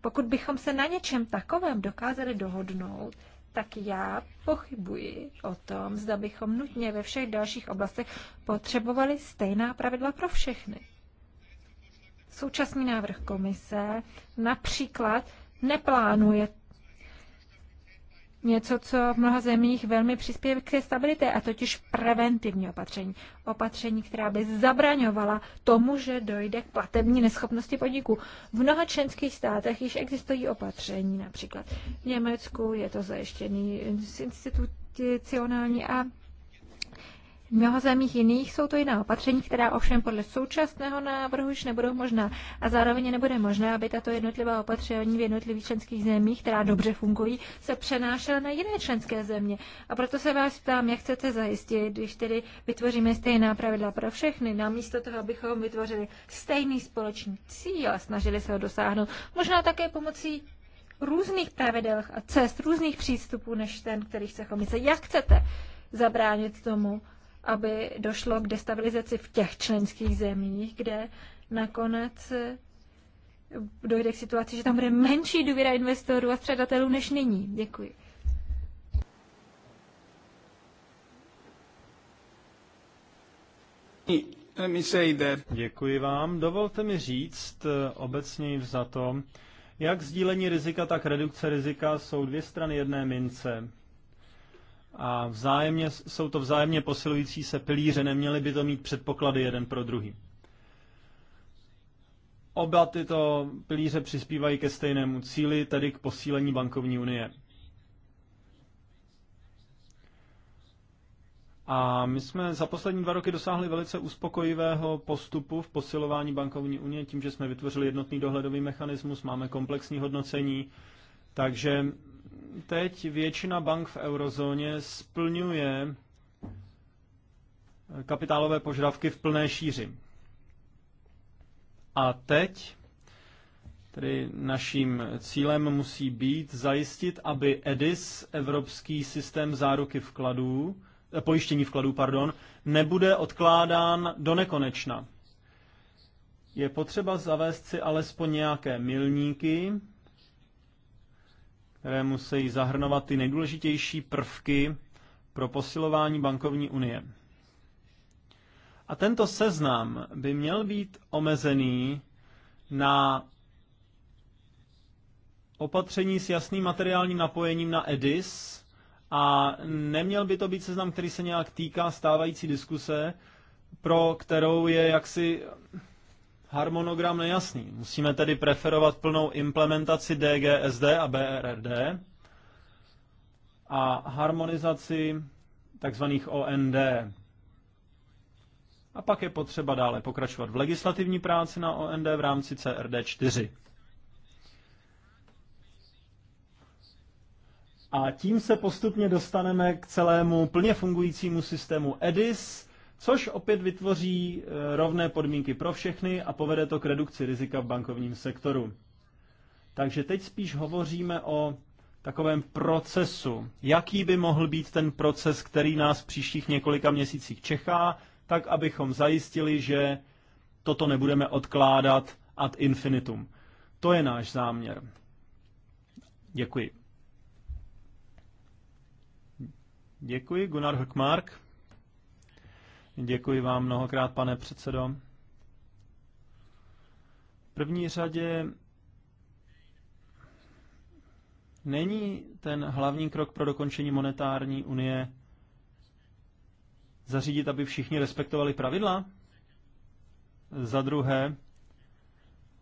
Pokud bychom se na něčem takovém dokázali dohodnout, tak já pochybuji o tom, zda bychom nutně ve všech dalších oblastech potřebovali stejná pravidla pro všechny. Současný návrh komise například neplánuje něco, co v mnoha zemích velmi přispěje k té stabilitě, a totiž preventivní opatření. Opatření, která by zabraňovala tomu, že dojde k platební neschopnosti podniků. V mnoha členských státech již existují opatření, například v Německu je to zajištěný institucionální a v mnoha zemích jiných jsou to jiná opatření, která ovšem podle současného návrhu již nebudou možná. A zároveň nebude možné, aby tato jednotlivá opatření v jednotlivých členských zemích, která dobře fungují, se přenášela na jiné členské země. A proto se vás ptám, jak chcete zajistit, když tedy vytvoříme stejná pravidla pro všechny, namísto toho, abychom vytvořili stejný společný cíl a snažili se ho dosáhnout, možná také pomocí různých pravidel a cest, různých přístupů než ten, který chce komise. Jak chcete zabránit tomu, aby došlo k destabilizaci v těch členských zemích, kde nakonec eh, dojde k situaci, že tam bude menší důvěra investorů a středatelů než nyní. Děkuji. Děkuji vám. Dovolte mi říct eh, obecně za to, jak sdílení rizika, tak redukce rizika jsou dvě strany jedné mince a vzájemně, jsou to vzájemně posilující se pilíře, neměly by to mít předpoklady jeden pro druhý. Oba tyto pilíře přispívají ke stejnému cíli, tedy k posílení bankovní unie. A my jsme za poslední dva roky dosáhli velice uspokojivého postupu v posilování bankovní unie tím, že jsme vytvořili jednotný dohledový mechanismus, máme komplexní hodnocení, takže teď většina bank v eurozóně splňuje eh, kapitálové požadavky v plné šíři. A teď tedy naším cílem musí být zajistit, aby EDIS, Evropský systém záruky vkladů, eh, pojištění vkladů, pardon, nebude odkládán do nekonečna. Je potřeba zavést si alespoň nějaké milníky, které musí zahrnovat ty nejdůležitější prvky pro posilování bankovní unie. A tento seznam by měl být omezený na opatření s jasným materiálním napojením na EDIS a neměl by to být seznam, který se nějak týká stávající diskuse, pro kterou je jaksi Harmonogram nejasný. Musíme tedy preferovat plnou implementaci DGSD a BRRD a harmonizaci tzv. OND. A pak je potřeba dále pokračovat v legislativní práci na OND v rámci CRD 4. A tím se postupně dostaneme k celému plně fungujícímu systému EDIS, což opět vytvoří eh, rovné podmínky pro všechny a povede to k redukci rizika v bankovním sektoru. Takže teď spíš hovoříme o takovém procesu. Jaký by mohl být ten proces, který nás v příštích několika měsících čeká, tak abychom zajistili, že toto nebudeme odkládat ad infinitum. To je náš záměr. Děkuji. Děkuji, Gunnar Hökmark. Děkuji vám mnohokrát, pane předsedo. V první řadě není ten hlavní krok pro dokončení monetární unie zařídit, aby všichni respektovali pravidla? Za druhé,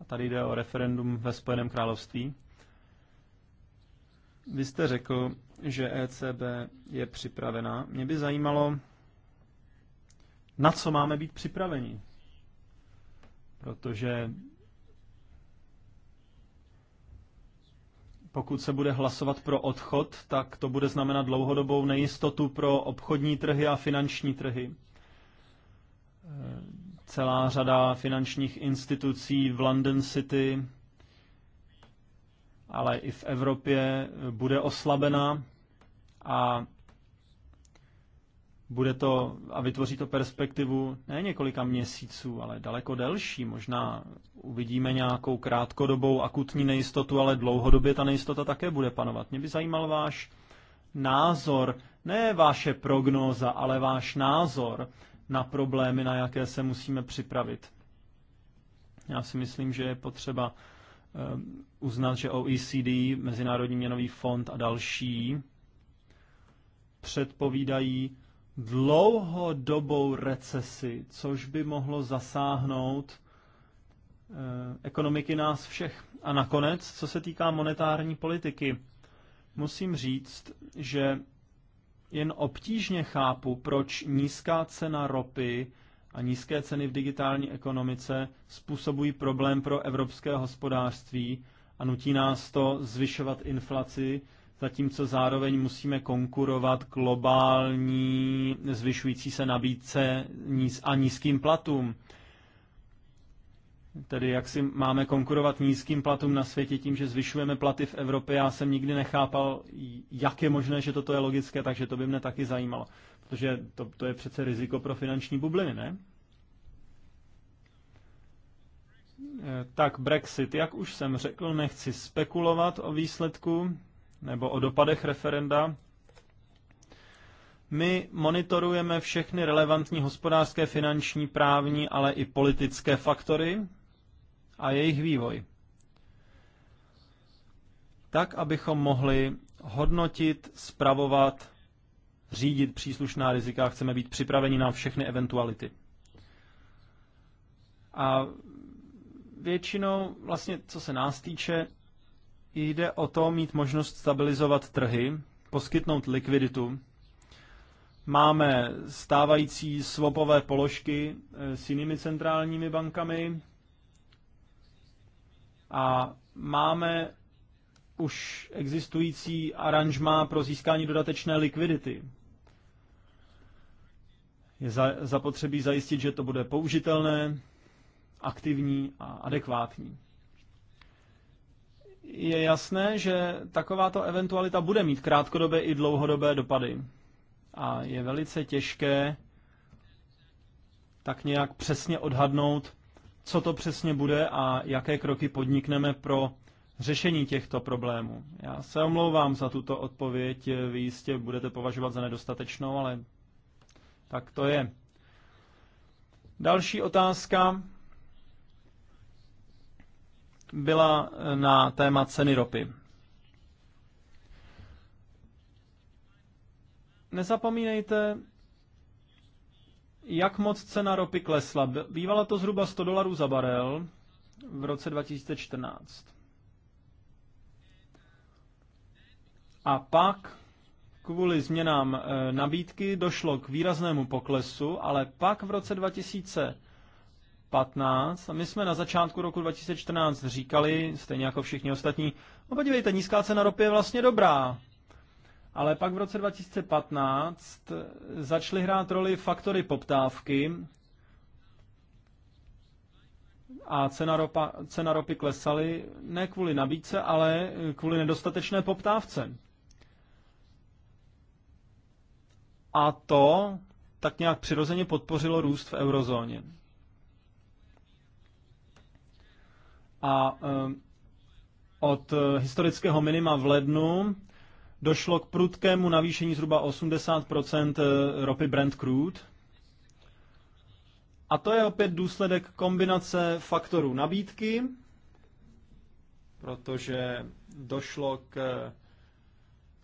a tady jde o referendum ve Spojeném království, vy jste řekl, že ECB je připravena. Mě by zajímalo, na co máme být připraveni. Protože pokud se bude hlasovat pro odchod, tak to bude znamenat dlouhodobou nejistotu pro obchodní trhy a finanční trhy. Celá řada finančních institucí v London City, ale i v Evropě bude oslabena a bude to a vytvoří to perspektivu ne několika měsíců, ale daleko delší. Možná uvidíme nějakou krátkodobou akutní nejistotu, ale dlouhodobě ta nejistota také bude panovat. Mě by zajímal váš názor, ne vaše prognóza, ale váš názor na problémy, na jaké se musíme připravit. Já si myslím, že je potřeba eh, uznat, že OECD, Mezinárodní měnový fond a další předpovídají dlouhodobou recesi, což by mohlo zasáhnout eh, ekonomiky nás všech. A nakonec, co se týká monetární politiky, musím říct, že jen obtížně chápu, proč nízká cena ropy a nízké ceny v digitální ekonomice způsobují problém pro evropské hospodářství a nutí nás to zvyšovat inflaci, zatímco zároveň musíme konkurovat globální zvyšující se nabídce a nízkým platům. Tedy jak si máme konkurovat nízkým platům na světě tím, že zvyšujeme platy v Evropě, já jsem nikdy nechápal, jak je možné, že toto je logické, takže to by mě taky zajímalo. Protože to, to je přece riziko pro finanční bubliny, ne? Eh, tak Brexit, jak už jsem řekl, nechci spekulovat o výsledku nebo o dopadech referenda. My monitorujeme všechny relevantní hospodářské, finanční, právní, ale i politické faktory a jejich vývoj. Tak, abychom mohli hodnotit, spravovat, řídit příslušná rizika, chceme být připraveni na všechny eventuality. A většinou, vlastně co se nás týče, Jde o to mít možnost stabilizovat trhy, poskytnout likviditu. Máme stávající swapové položky eh, s jinými centrálními bankami a máme už existující aranžma pro získání dodatečné likvidity. Je zapotřebí zajistit, že to bude použitelné, aktivní a adekvátní je jasné, že takováto eventualita bude mít krátkodobé i dlouhodobé dopady. A je velice těžké tak nějak přesně odhadnout, co to přesně bude a jaké kroky podnikneme pro řešení těchto problémů. Já se omlouvám za tuto odpověď, vy jistě budete považovat za nedostatečnou, ale tak to je. Další otázka byla eh, na téma ceny ropy. Nezapomínejte, jak moc cena ropy klesla. Bývala to zhruba 100 dolarů za barel v roce 2014. A pak kvůli změnám eh, nabídky došlo k výraznému poklesu, ale pak v roce 2000. 15 a my jsme na začátku roku 2014 říkali, stejně jako všichni ostatní, no podívejte, nízká cena ropy je vlastně dobrá. Ale pak v roce 2015 začaly hrát roli faktory poptávky a cena, ropa, cena ropy klesaly ne kvůli nabídce, ale kvůli nedostatečné poptávce. A to tak nějak přirozeně podpořilo růst v eurozóně. a ehm, od eh, historického minima v lednu došlo k prudkému navýšení zhruba 80 eh, ropy Brent Crude. A to je opět důsledek kombinace faktorů nabídky, protože došlo k eh,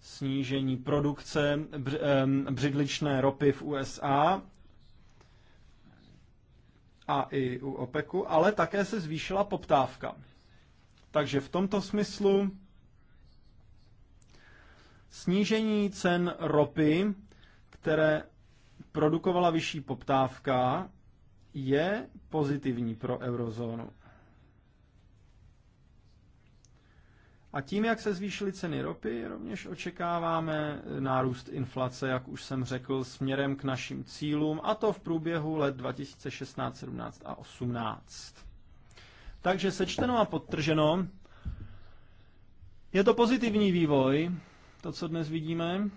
snížení produkce ehm, břidličné ropy v USA a i u OPECu, ale také se zvýšila poptávka. Takže v tomto smyslu snížení cen ropy, které produkovala vyšší poptávka, je pozitivní pro eurozónu. A tím, jak se zvýšily ceny ropy, rovněž očekáváme nárůst inflace, jak už jsem řekl, směrem k našim cílům, a to v průběhu let 2016, 17 a 18. Takže sečteno a podtrženo, je to pozitivní vývoj, to, co dnes vidíme.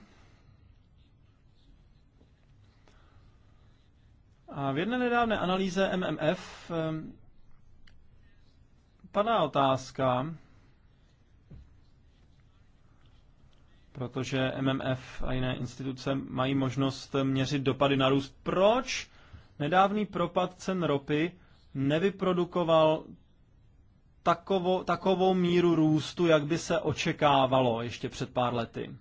A v jedné nedávné analýze MMF eh, padá otázka, protože MMF a jiné instituce mají možnost měřit dopady na růst. Proč nedávný propad cen ropy nevyprodukoval takovou, takovou míru růstu, jak by se očekávalo ještě před pár lety?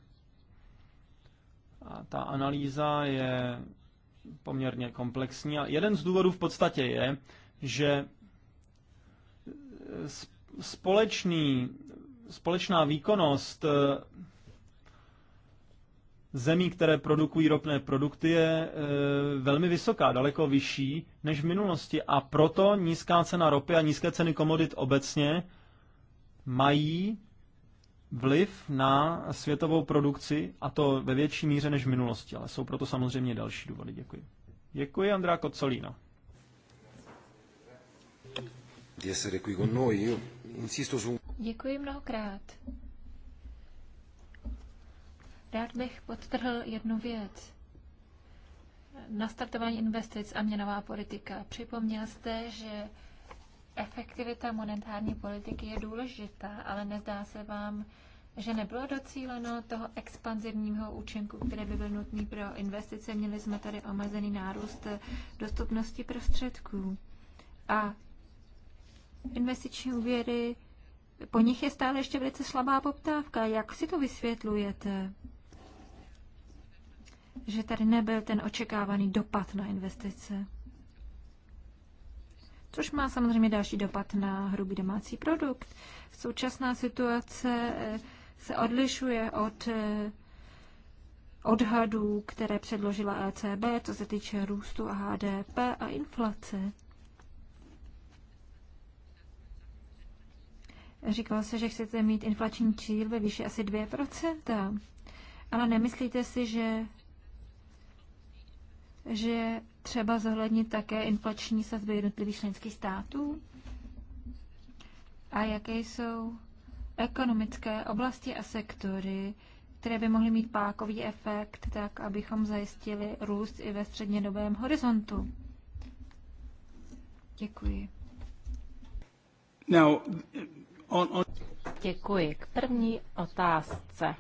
A ta analýza je poměrně komplexní. A jeden z důvodů v podstatě je, že společný, společná výkonnost zemí, které produkují ropné produkty, je e, velmi vysoká, daleko vyšší než v minulosti. A proto nízká cena ropy a nízké ceny komodit obecně mají vliv na světovou produkci, a to ve větší míře než v minulosti. Ale jsou proto samozřejmě další důvody. Děkuji. Děkuji, Andrá Kocolína. Děkuji mnohokrát. Rád bych podtrhl jednu věc. Nastartování investic a měnová politika. Připomněl jste, že efektivita monetární politiky je důležitá, ale nezdá se vám, že nebylo docíleno toho expanzivního účinku, který by byl nutný pro investice. Měli jsme tady omezený nárůst dostupnosti prostředků. A investiční úvěry, po nich je stále ještě velice slabá poptávka. Jak si to vysvětlujete? že tady nebyl ten očekávaný dopad na investice. Což má samozřejmě další dopad na hrubý domácí produkt. Současná situace eh, se odlišuje od eh, odhadů, které předložila ECB, co se týče růstu HDP a inflace. Říkalo se, že chcete mít inflační cíl ve výši asi 2%, ale nemyslíte si, že že třeba zohlednit také inflační sazby jednotlivých členských států? A jaké jsou ekonomické oblasti a sektory, které by mohly mít pákový efekt, tak abychom zajistili růst i ve střednědobém horizontu? Děkuji. Now, on, on... Děkuji. K první otázce.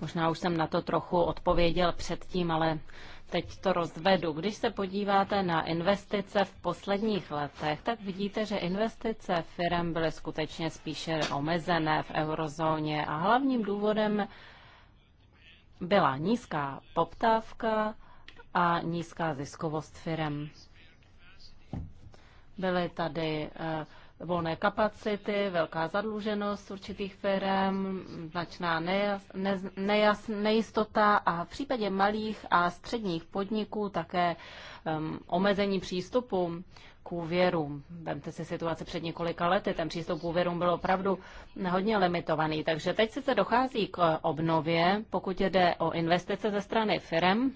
Možná už jsem na to trochu odpověděl předtím, ale Teď to rozvedu. Když se podíváte na investice v posledních letech, tak vidíte, že investice firm byly skutečně spíše omezené v eurozóně a hlavním důvodem byla nízká poptávka a nízká ziskovost firm. Byly tady uh, volné kapacity, velká zadluženost určitých firm, značná nejas, ne, nejas, nejistota a v případě malých a středních podniků také um, omezení přístupu k úvěrům. Vemte si situaci před několika lety, ten přístup k úvěrům byl opravdu hodně limitovaný. Takže teď se dochází k eh, obnově, pokud jde o investice ze strany firm,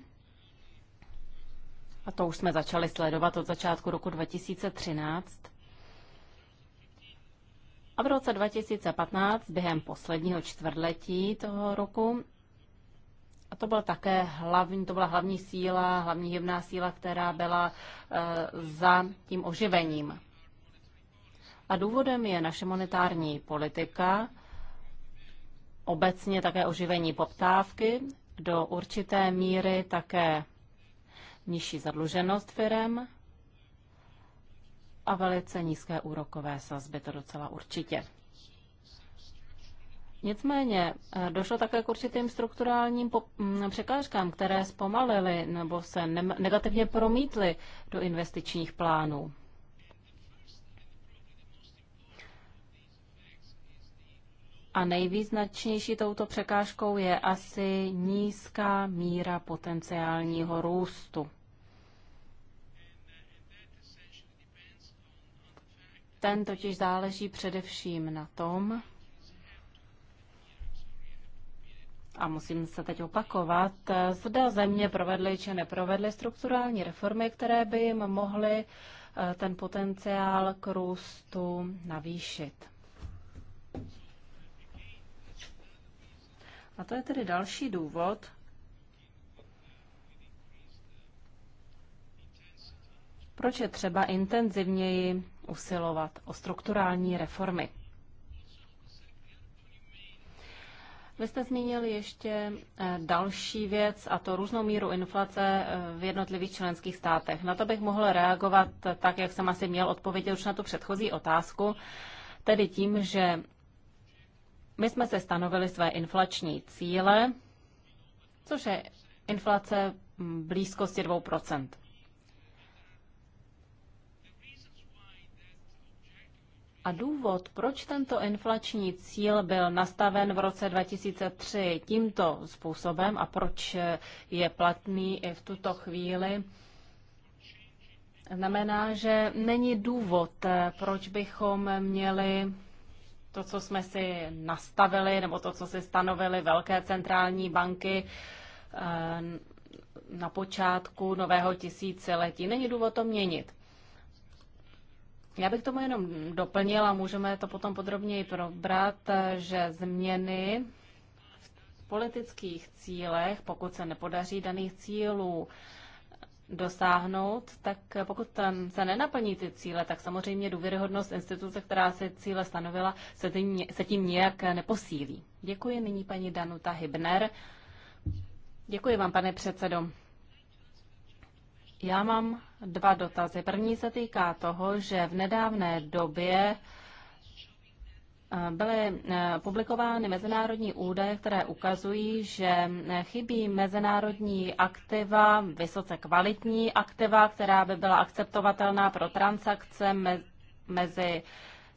a to už jsme začali sledovat od začátku roku 2013, a v roce 2015, během posledního čtvrtletí toho roku, a to byl také hlavní, to byla hlavní síla, hlavní jemná síla, která byla e, za tím oživením. A důvodem je naše monetární politika, obecně také oživení poptávky, do určité míry také nižší zadluženost firem a velice nízké úrokové sazby, to docela určitě. Nicméně eh, došlo také k určitým strukturálním mm, překážkám, které zpomalily nebo se ne negativně promítly do investičních plánů. A nejvýznačnější touto překážkou je asi nízká míra potenciálního růstu. Ten totiž záleží především na tom, a musím se teď opakovat, zda země provedly či neprovedly strukturální reformy, které by jim mohly eh, ten potenciál k růstu navýšit. A to je tedy další důvod, proč je třeba intenzivněji usilovat o strukturální reformy. Vy jste zmínili ještě eh, další věc, a to různou míru inflace eh, v jednotlivých členských státech. Na to bych mohl reagovat tak, jak jsem asi měl odpovědět už na tu předchozí otázku, tedy tím, že my jsme se stanovili své inflační cíle, což je inflace mm, blízkosti 2 A důvod, proč tento inflační cíl byl nastaven v roce 2003 tímto způsobem a proč je platný i v tuto chvíli, znamená, že není důvod, proč bychom měli to, co jsme si nastavili, nebo to, co si stanovili velké centrální banky eh, na počátku nového tisíciletí. Není důvod to měnit. Já bych tomu jenom doplnila, můžeme to potom podrobněji probrat, že změny v politických cílech, pokud se nepodaří daných cílů dosáhnout, tak pokud ten se nenaplní ty cíle, tak samozřejmě důvěryhodnost instituce, která si cíle stanovila, se tím, se tím nijak neposílí. Děkuji nyní paní Danuta Hybner. Děkuji vám, pane předsedo. Já mám dva dotazy. První se týká toho, že v nedávné době eh, byly eh, publikovány mezinárodní údaje, které ukazují, že eh, chybí mezinárodní aktiva, vysoce kvalitní aktiva, která by byla akceptovatelná pro transakce mezi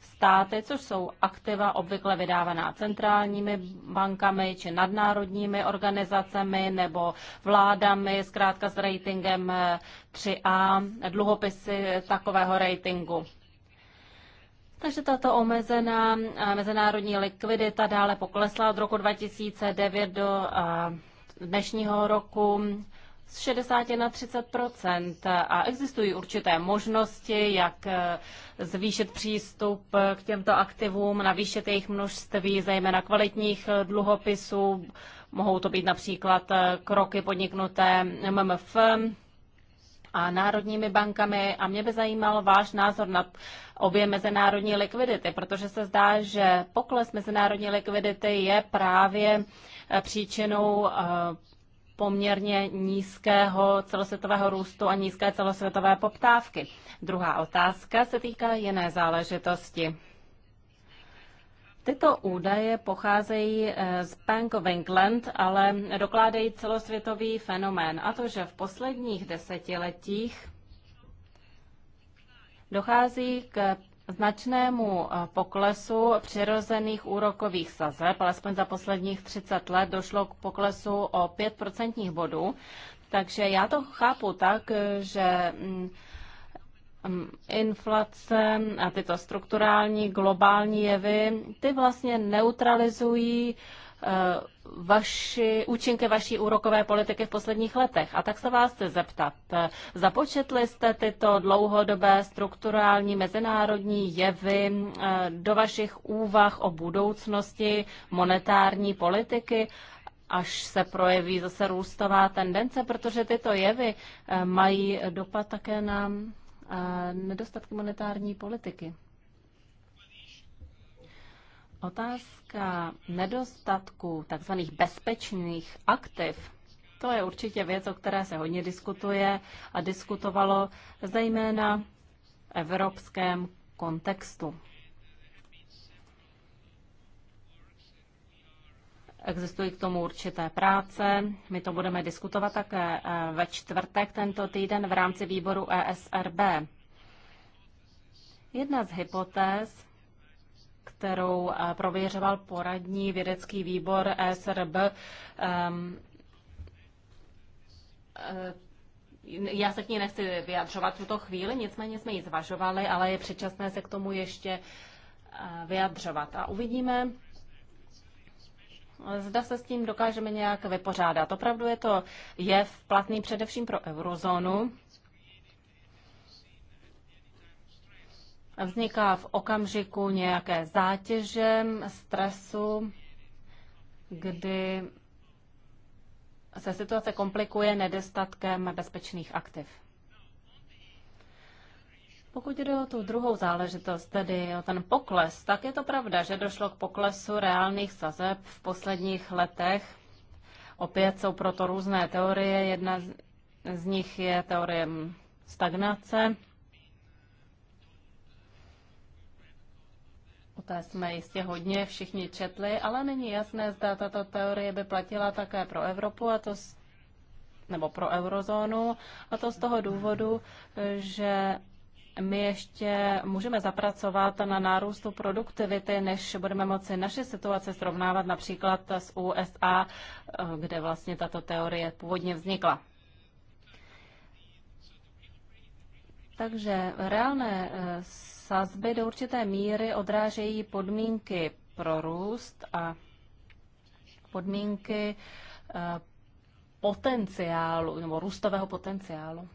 státy, což jsou aktiva obvykle vydávaná centrálními bankami či nadnárodními organizacemi nebo vládami, zkrátka s ratingem 3A, dluhopisy takového ratingu. Takže tato omezená mezinárodní likvidita dále poklesla od roku 2009 do dnešního roku z 60 na 30 a existují určité možnosti, jak eh, zvýšit přístup k těmto aktivům, navýšit jejich množství, zejména kvalitních eh, dluhopisů. Mohou to být například eh, kroky podniknuté MMF a národními bankami a mě by zajímal váš názor na obě mezinárodní likvidity, protože se zdá, že pokles mezinárodní likvidity je právě příčinou poměrně nízkého celosvětového růstu a nízké celosvětové poptávky. Druhá otázka se týká jiné záležitosti. Tyto údaje pocházejí eh, z Bank of England, ale dokládají celosvětový fenomén a to, že v posledních desetiletích dochází k značnému eh, poklesu přirozených úrokových sazeb, alespoň za posledních 30 let došlo k poklesu o 5 procentních bodů. Takže já to chápu tak, že mm, mm, inflace a tyto strukturální globální jevy, ty vlastně neutralizují uh, Eh, vaši, účinky vaší úrokové politiky v posledních letech. A tak se vás chci zeptat, eh, započetli jste tyto dlouhodobé strukturální mezinárodní jevy eh, do vašich úvah o budoucnosti monetární politiky? až se projeví zase růstová tendence, protože tyto jevy mají dopad také na nedostatky monetární politiky. Otázka nedostatku tzv. bezpečných aktiv, to je určitě věc, o které se hodně diskutuje a diskutovalo zejména v evropském kontextu. Existují k tomu určité práce. My to budeme diskutovat také eh, ve čtvrtek tento týden v rámci výboru ESRB. Jedna z hypotéz kterou eh, prověřoval poradní vědecký výbor ESRB, ehm, eh, já se k ní nechci vyjadřovat tuto chvíli, nicméně jsme ji zvažovali, ale je předčasné se k tomu ještě eh, vyjadřovat. A uvidíme, zda se s tím dokážeme nějak vypořádat. Opravdu je to jev platný především pro eurozónu, vzniká v okamžiku nějaké zátěže, stresu, kdy se situace komplikuje nedostatkem bezpečných aktiv. Pokud jde o tu druhou záležitost, tedy o ten pokles, tak je to pravda, že došlo k poklesu reálných sazeb v posledních letech. Opět jsou proto různé teorie. Jedna z nich je teorie stagnace, O té jsme jistě hodně všichni četli, ale není jasné, zda tato teorie by platila také pro Evropu a to z, nebo pro eurozónu a to z toho důvodu, že my ještě můžeme zapracovat na nárůstu produktivity, než budeme moci naše situace srovnávat například s USA, eh, kde vlastně tato teorie původně vznikla. Takže reálné eh, sazby do určité míry odrážejí podmínky pro růst a podmínky eh, potenciálu nebo růstového potenciálu.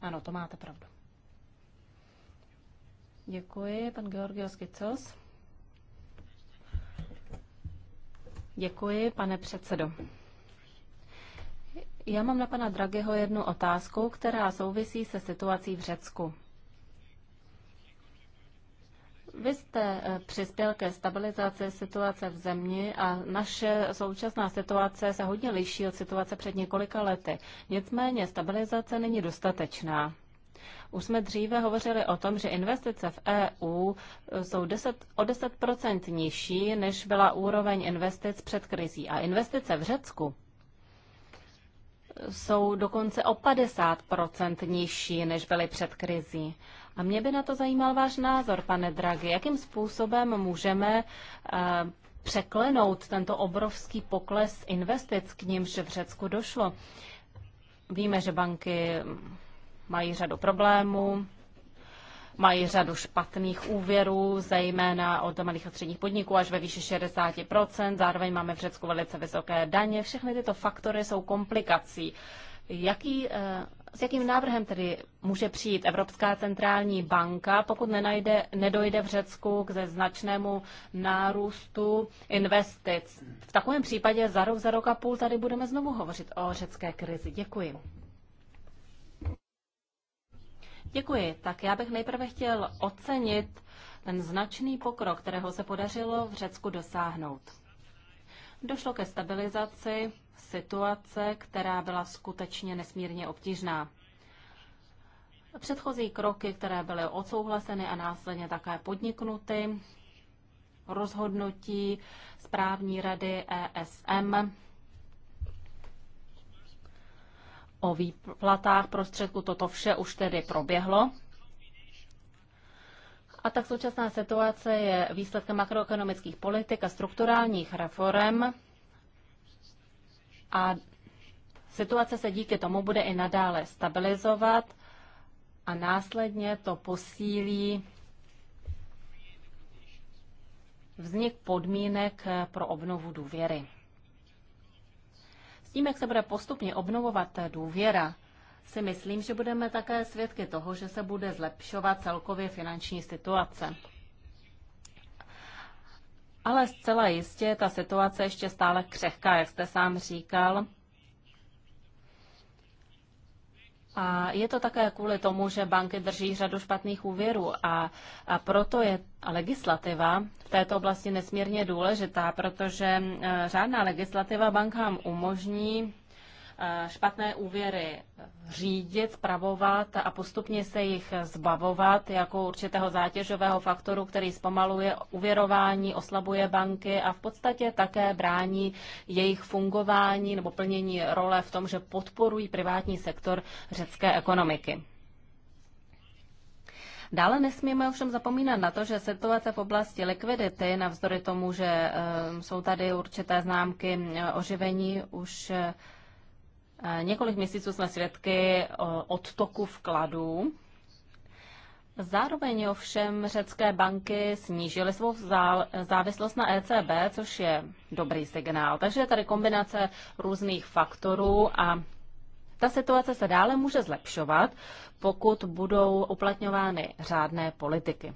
Ano, to máte pravdu. Děkuji, pan Georgios Kicos. Děkuji, pane předsedo. Já mám na pana Drageho jednu otázku, která souvisí se situací v Řecku. Vy jste eh, přispěl ke stabilizaci situace v zemi a naše současná situace se hodně liší od situace před několika lety. Nicméně stabilizace není dostatečná. Už jsme dříve hovořili o tom, že investice v EU eh, jsou 10, o 10 nižší, než byla úroveň investic před krizí. A investice v Řecku jsou dokonce o 50 nižší, než byly před krizí. A mě by na to zajímal váš názor, pane Draghi. Jakým způsobem můžeme eh, překlenout tento obrovský pokles investic, k nímž v Řecku došlo? Víme, že banky mají řadu problémů, mají řadu špatných úvěrů, zejména od malých a středních podniků až ve výši 60%. Zároveň máme v Řecku velice vysoké daně. Všechny tyto faktory jsou komplikací. Jaký, eh, s jakým návrhem tedy může přijít Evropská centrální banka, pokud nenajde, nedojde v Řecku k značnému nárůstu investic? V takovém případě za rok, za rok a půl tady budeme znovu hovořit o řecké krizi. Děkuji. Děkuji. Tak já bych nejprve chtěl ocenit ten značný pokrok, kterého se podařilo v Řecku dosáhnout. Došlo ke stabilizaci situace, která byla skutečně nesmírně obtížná. Předchozí kroky, které byly odsouhlaseny a následně také podniknuty, rozhodnutí správní rady ESM o výplatách prostředku. Toto vše už tedy proběhlo. A tak současná situace je výsledkem makroekonomických politik a strukturálních reform a situace se díky tomu bude i nadále stabilizovat a následně to posílí vznik podmínek pro obnovu důvěry. Tím, jak se bude postupně obnovovat důvěra, si myslím, že budeme také svědky toho, že se bude zlepšovat celkově finanční situace. Ale zcela jistě ta situace ještě stále křehká, jak jste sám říkal. A je to také kvůli tomu, že banky drží řadu špatných úvěrů a, a proto je legislativa v této oblasti nesmírně důležitá, protože eh, řádná legislativa bankám umožní Eh, špatné úvěry řídit, spravovat a postupně se jich zbavovat jako určitého zátěžového faktoru, který zpomaluje uvěrování, oslabuje banky a v podstatě také brání jejich fungování nebo plnění role v tom, že podporují privátní sektor řecké ekonomiky. Dále nesmíme ovšem zapomínat na to, že situace v oblasti likvidity, navzdory tomu, že eh, jsou tady určité známky eh, oživení, už Eh, několik měsíců jsme svědky eh, odtoku vkladů. Zároveň ovšem řecké banky snížily svou závislost na ECB, což je dobrý signál. Takže je tady kombinace různých faktorů a ta situace se dále může zlepšovat, pokud budou uplatňovány řádné politiky.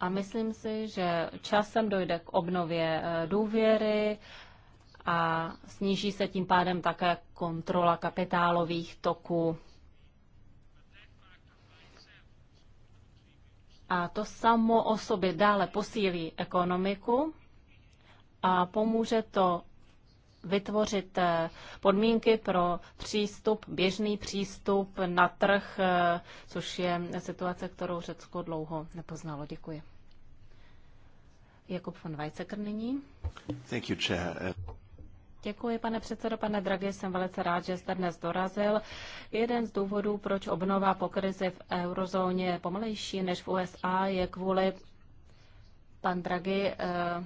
A myslím si, že časem dojde k obnově eh, důvěry a sníží se tím pádem také kontrola kapitálových toků. A to samo o sobě dále posílí ekonomiku a pomůže to vytvořit eh, podmínky pro přístup, běžný přístup na trh, eh, což je situace, kterou Řecko dlouho nepoznalo. Děkuji. Jakub von Weizsäcker nyní. Thank you, chair. Děkuji, pane předsedo, pane Draghi, jsem velice rád, že jste dnes dorazil. Jeden z důvodů, proč obnova po krizi v eurozóně je pomalejší než v USA, je kvůli pan Draghi eh,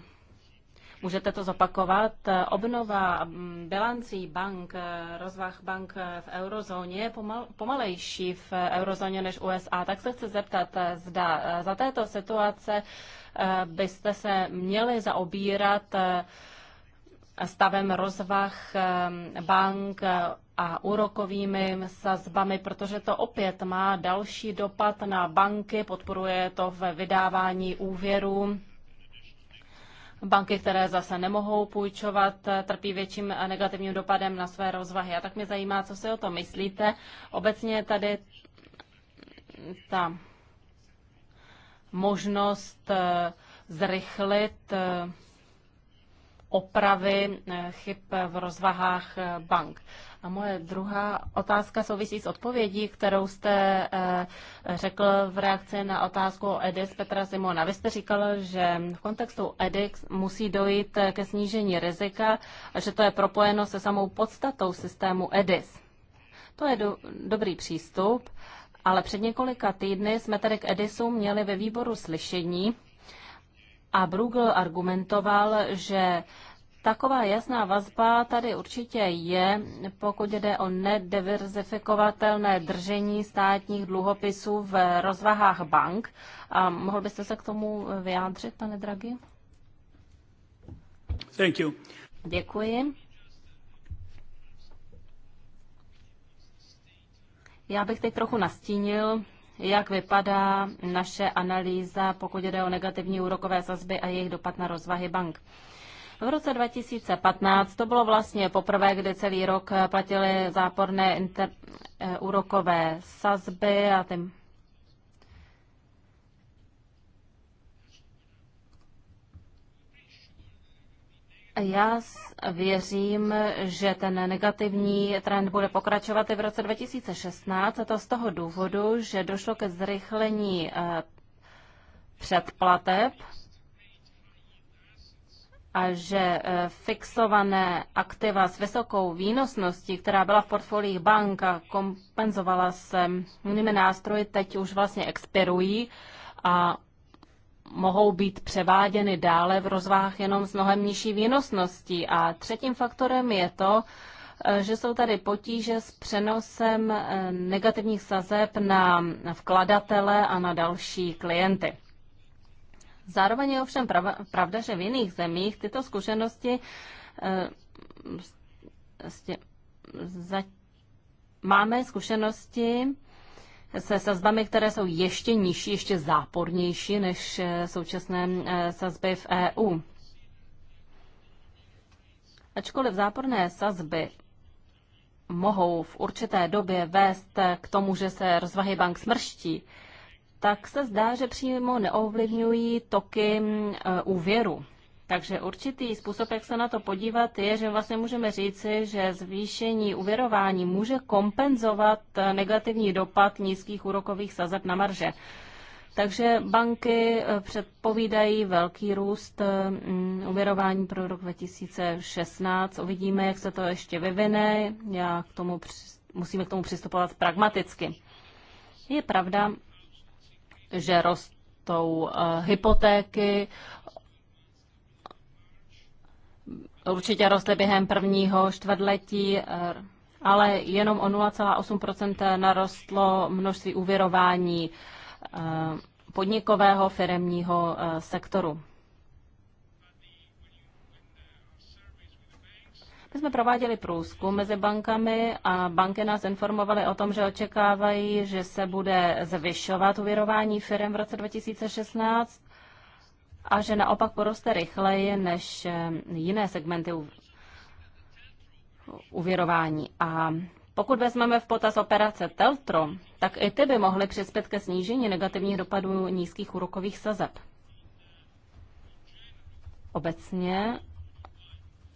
Můžete to zopakovat? Obnova bilancí bank, rozvah bank v eurozóně je pomal, pomalejší v eurozóně než USA. Tak se chci zeptat, zda za této situace eh, byste se měli zaobírat eh, stavem rozvah eh, bank a úrokovými sazbami, protože to opět má další dopad na banky, podporuje to ve vydávání úvěrů Banky, které zase nemohou půjčovat, trpí větším negativním dopadem na své rozvahy. A tak mě zajímá, co si o to myslíte. Obecně tady ta možnost eh, zrychlit eh, opravy eh, chyb v rozvahách bank. A moje druhá otázka souvisí s odpovědí, kterou jste eh, řekl v reakci na otázku o EDIS Petra Simona. Vy jste říkal, že v kontextu EDIX musí dojít eh, ke snížení rizika a že to je propojeno se samou podstatou systému EDIS. To je do, dobrý přístup, ale před několika týdny jsme tady k Edisu měli ve výboru slyšení a Bruegel argumentoval, že Taková jasná vazba tady určitě je, pokud jde o nediverzifikovatelné držení státních dluhopisů v rozvahách bank. A mohl byste se k tomu vyjádřit, pane Draghi? Thank you. Děkuji. Já bych teď trochu nastínil, jak vypadá naše analýza, pokud jde o negativní úrokové sazby a jejich dopad na rozvahy bank. V roce 2015 to bylo vlastně poprvé, kdy celý rok platili záporné inter, eh, úrokové sazby a ty Já věřím, že ten negativní trend bude pokračovat i v roce 2016, a to z toho důvodu, že došlo ke zrychlení eh, předplateb a že e, fixované aktiva s vysokou výnosností, která byla v portfoliích bank a kompenzovala se jinými nástroji, teď už vlastně expirují a mohou být převáděny dále v rozvách jenom s mnohem nižší výnosností. A třetím faktorem je to, e, že jsou tady potíže s přenosem e, negativních sazeb na vkladatele a na další klienty. Zároveň je ovšem pravda, že v jiných zemích tyto zkušenosti eh, máme zkušenosti se sazbami, které jsou ještě nižší, ještě zápornější než eh, současné eh, sazby v EU. Ačkoliv záporné sazby mohou v určité době vést k tomu, že se rozvahy bank smrští, tak se zdá, že přímo neovlivňují toky mm, e, úvěru. Takže určitý způsob, jak se na to podívat, je, že vlastně můžeme říci, že zvýšení uvěrování může kompenzovat e, negativní dopad nízkých úrokových sazeb na marže. Takže banky e, předpovídají velký růst uvěrování mm, pro rok 2016. Uvidíme, jak se to ještě vyvine. Já k tomu, musíme k tomu přistupovat pragmaticky. Je pravda, že rostou eh, hypotéky, určitě rostly během prvního čtvrtletí, eh, ale jenom o 0,8 narostlo množství úvěrování eh, podnikového firemního sektoru. My jsme prováděli průzkum mezi bankami a banky nás informovaly o tom, že očekávají, že se bude zvyšovat uvěrování firm v roce 2016 a že naopak poroste rychleji než eh, jiné segmenty uvěrování. A pokud vezmeme v potaz operace Teltro, tak i ty by mohly přispět ke snížení negativních dopadů nízkých úrokových sazeb. Obecně,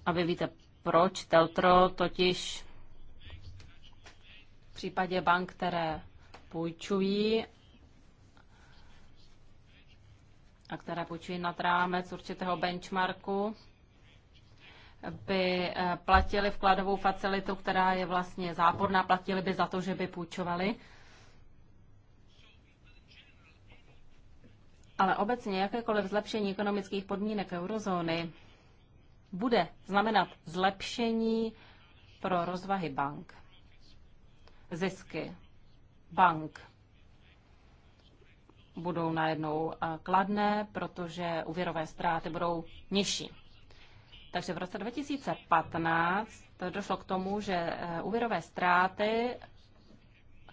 a vy víte proč Teltro totiž v případě bank, které půjčují a které půjčují nad rámec určitého benchmarku, by eh, platili vkladovou facilitu, která je vlastně záporná, platili by za to, že by půjčovali. Ale obecně jakékoliv zlepšení ekonomických podmínek eurozóny bude znamenat zlepšení pro rozvahy bank, zisky bank budou najednou eh, kladné, protože úvěrové ztráty budou nižší. Takže v roce 2015 to došlo k tomu, že eh, úvěrové ztráty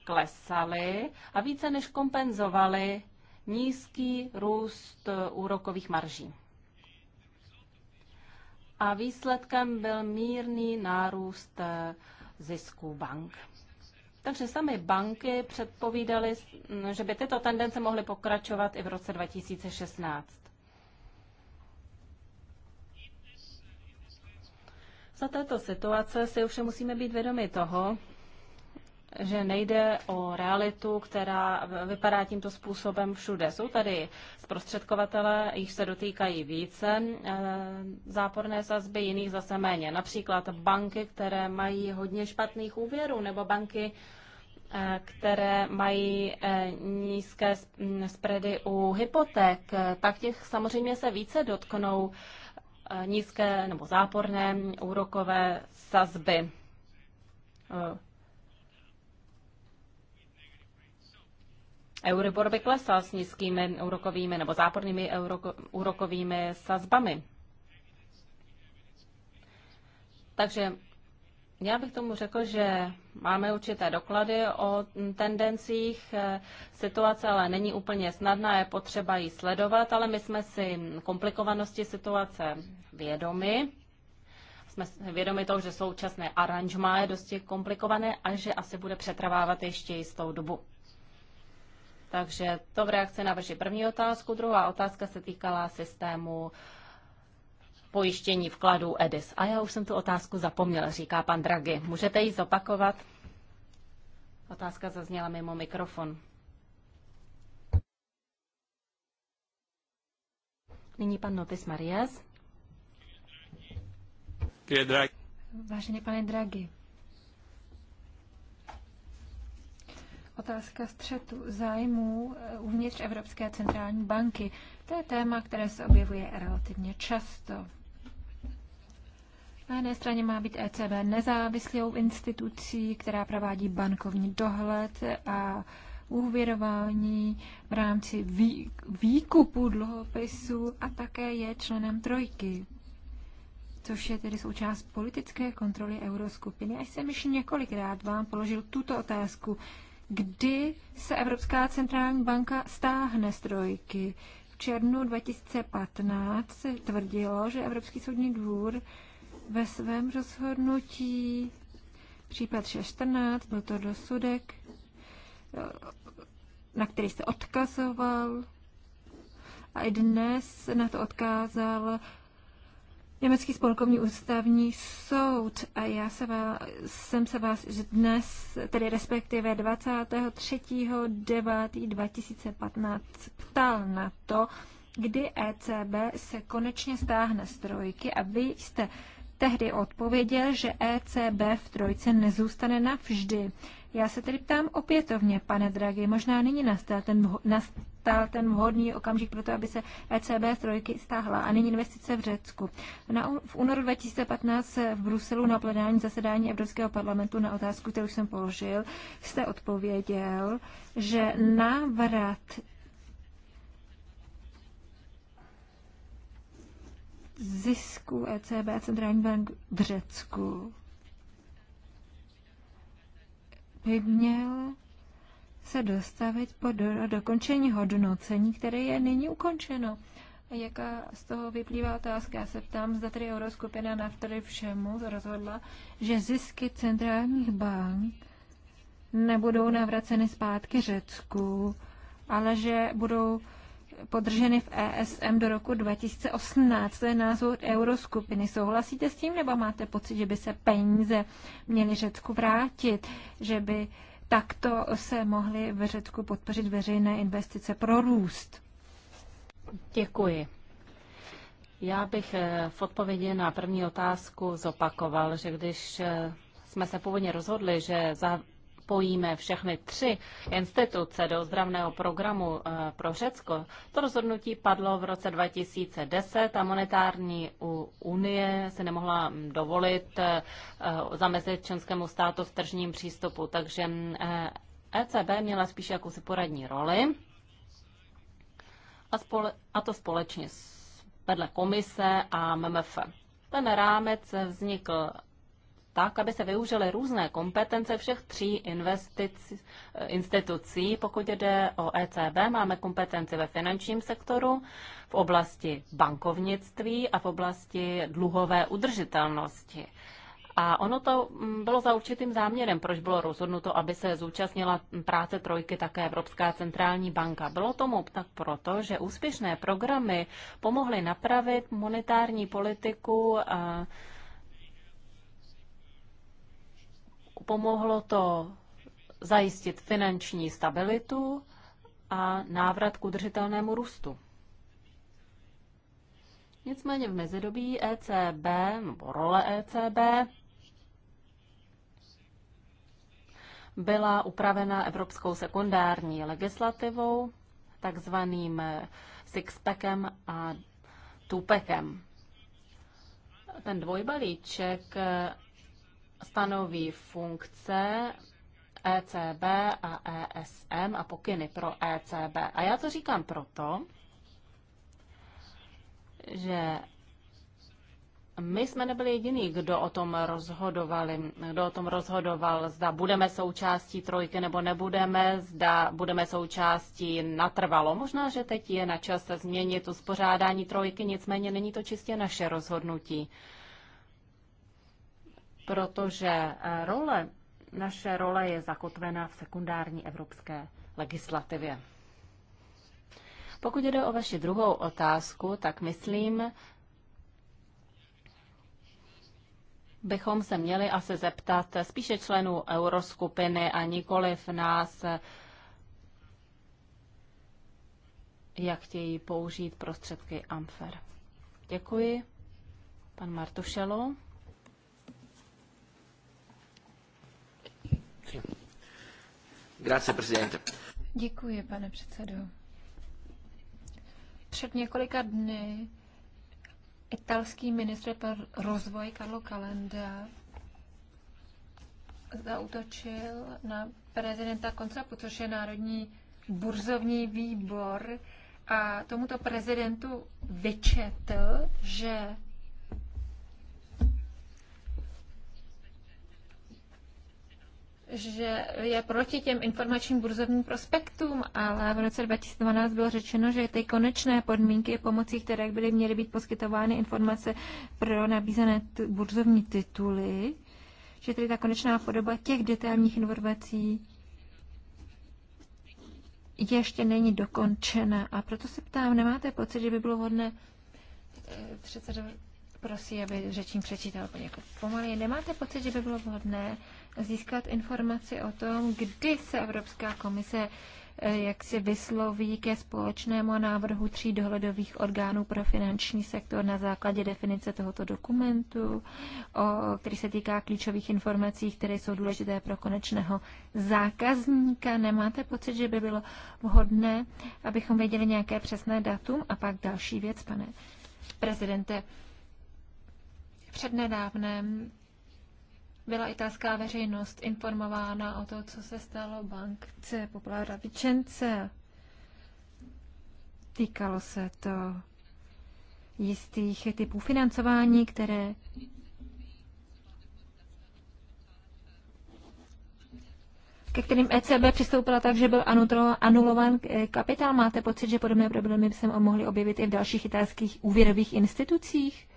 klesaly a více než kompenzovaly nízký růst úrokových marží a výsledkem byl mírný nárůst eh, zisků bank. Takže sami banky předpovídaly, mm, že by tyto tendence mohly pokračovat i v roce 2016. Za této situace si ovšem musíme být vědomi toho, že nejde o realitu, která vypadá tímto způsobem všude. Jsou tady zprostředkovatele, jich se dotýkají více eh, záporné sazby, jiných zase méně. Například banky, které mají hodně špatných úvěrů, nebo banky, eh, které mají eh, nízké spredy u hypoték, tak těch samozřejmě se více dotknou nízké nebo záporné úrokové sazby Euribor by klesal s nízkými úrokovými nebo zápornými euroko, úrokovými sazbami. Takže já bych tomu řekl, že máme určité doklady o tendencích. Situace ale není úplně snadná, je potřeba ji sledovat, ale my jsme si komplikovanosti situace vědomi. Jsme vědomi toho, že současné aranžma je dosti komplikované a že asi bude přetrvávat ještě jistou dobu. Takže to v reakci na vaši první otázku. Druhá otázka se týkala systému pojištění vkladů EDIS. A já už jsem tu otázku zapomněl, říká pan Draghi. Můžete ji zopakovat? Otázka zazněla mimo mikrofon. Nyní pan Notis Marias. Vážený pane Draghi, otázka střetu zájmů eh, uvnitř Evropské centrální banky. To je téma, které se objevuje relativně často. Na jedné straně má být ECB nezávislou institucí, která provádí bankovní dohled a úvěrování v rámci vý, výkupu dluhopisů a také je členem trojky, což je tedy součást politické kontroly euroskupiny. Já jsem již několikrát vám položil tuto otázku kdy se Evropská centrální banka stáhne z trojky. V červnu 2015 se tvrdilo, že Evropský soudní dvůr ve svém rozhodnutí případ 614, byl to dosudek, eh, na který se odkazoval a i dnes na to odkázal Německý spolkovní ústavní soud a já se vás, jsem se vás dnes, tedy respektive 23.9.2015 ptal na to, kdy ECB se konečně stáhne z trojky a vy jste tehdy odpověděl, že ECB v trojce nezůstane navždy. Já se tedy ptám opětovně, pane Draghi, možná nyní nastal ten, nastal ten vhodný okamžik pro to, aby se ECB z trojky stáhla a nyní investice v Řecku. Na, v únoru 2015 v Bruselu na plenární zasedání Evropského parlamentu na otázku, kterou jsem položil, jste odpověděl, že návrat zisku ECB Centrální bank v Řecku by měl se dostavit po do, dokončení hodnocení, které je nyní ukončeno. A jaká z toho vyplývá otázka? Já se ptám, zda tedy Euroskupina navzdory všemu rozhodla, že zisky centrálních bank nebudou navraceny zpátky Řecku, ale že budou podrženy v ESM do roku 2018. To je názor euroskupiny. Souhlasíte s tím, nebo máte pocit, že by se peníze měly Řecku vrátit, že by takto se mohly v Řecku podpořit veřejné investice pro růst? Děkuji. Já bych eh, v odpovědi na první otázku zopakoval, že když eh, jsme se původně rozhodli, že spojíme všechny tři instituce do zdravného programu eh, pro Řecko, to rozhodnutí padlo v roce 2010 a monetární unie se nemohla mm, dovolit eh, eh, zamezit členskému státu v tržním přístupu, takže ECB e měla spíše jakousi poradní roli a, spole, a to společně s vedle komise a MMF. Ten rámec vznikl tak, aby se využily různé kompetence všech tří investic, eh, institucí. Pokud jde o ECB, máme kompetence ve finančním sektoru, v oblasti bankovnictví a v oblasti dluhové udržitelnosti. A ono to mm, bylo za určitým záměrem, proč bylo rozhodnuto, aby se zúčastnila práce trojky také Evropská centrální banka. Bylo tomu tak proto, že úspěšné programy pomohly napravit monetární politiku a Pomohlo to zajistit finanční stabilitu a návrat k udržitelnému růstu. Nicméně v mezidobí ECB, nebo role ECB, byla upravena evropskou sekundární legislativou, takzvaným sixpackem a tupekem. Ten dvojbalíček stanoví funkce ECB a ESM a pokyny pro ECB. A já to říkám proto, že my jsme nebyli jediní, kdo o tom rozhodovali, kdo o tom rozhodoval, zda budeme součástí trojky nebo nebudeme, zda budeme součástí natrvalo. Možná, že teď je na čase změnit uspořádání trojky, nicméně není to čistě naše rozhodnutí protože eh, role, naše role je zakotvena v sekundární evropské legislativě. Pokud jde o vaši druhou otázku, tak myslím, bychom se měli asi zeptat spíše členů euroskupiny a nikoliv nás, jak chtějí použít prostředky AMFER. Děkuji. Pan Martušelo. Děkuji, pane předsedo. Před několika dny italský ministr pro rozvoj Carlo Calenda zautočil na prezidenta Koncapu, což je Národní burzovní výbor, a tomuto prezidentu vyčetl, že že je proti těm informačním burzovním prospektům, ale v roce 2012 bylo řečeno, že ty konečné podmínky, pomocí které byly měly být poskytovány informace pro nabízené burzovní tituly, že tedy ta konečná podoba těch detailních informací ještě není dokončena. A proto se ptám, nemáte pocit, že by bylo vhodné eh, přece prosí, aby řečím přečítal poněkud pomaleji. Nemáte pocit, že by bylo vhodné získat informaci o tom, kdy se Evropská komise eh, jak si vysloví ke společnému návrhu tří dohledových orgánů pro finanční sektor na základě definice tohoto dokumentu, o, který se týká klíčových informací, které jsou důležité pro konečného zákazníka. Nemáte pocit, že by bylo vhodné, abychom věděli nějaké přesné datum? A pak další věc, pane prezidente. Přednedávném byla italská veřejnost informována o to, co se stalo bankce Poplára Vicence. Týkalo se to jistých typů financování, které ke kterým ECB přistoupila tak, že byl anulován eh, kapitál. Máte pocit, že podobné problémy by se mohly objevit i v dalších italských úvěrových institucích?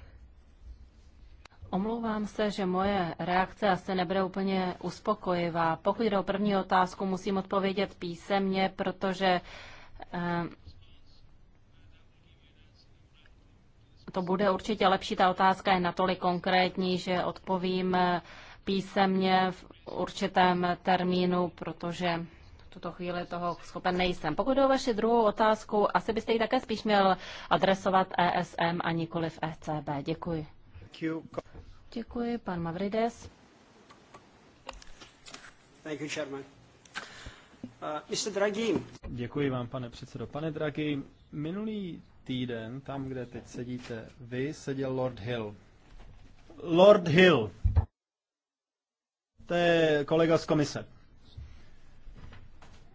Omlouvám se, že moje reakce asi nebude úplně uspokojivá. Pokud jde o první otázku, musím odpovědět písemně, protože eh, to bude určitě lepší. Ta otázka je natolik konkrétní, že odpovím eh, písemně v určitém termínu, protože tuto chvíli toho schopen nejsem. Pokud jde o vaši druhou otázku, asi byste ji také spíš měl adresovat ESM a nikoli v ECB. Děkuji. Thank you. Děkuji, pan Mavrides. Thank you, Chairman. Uh, Mr. Draghi. Děkuji vám, pane předsedo. Pane Draghi, minulý týden, tam, kde teď sedíte vy, seděl Lord Hill. Lord Hill. To je kolega z komise.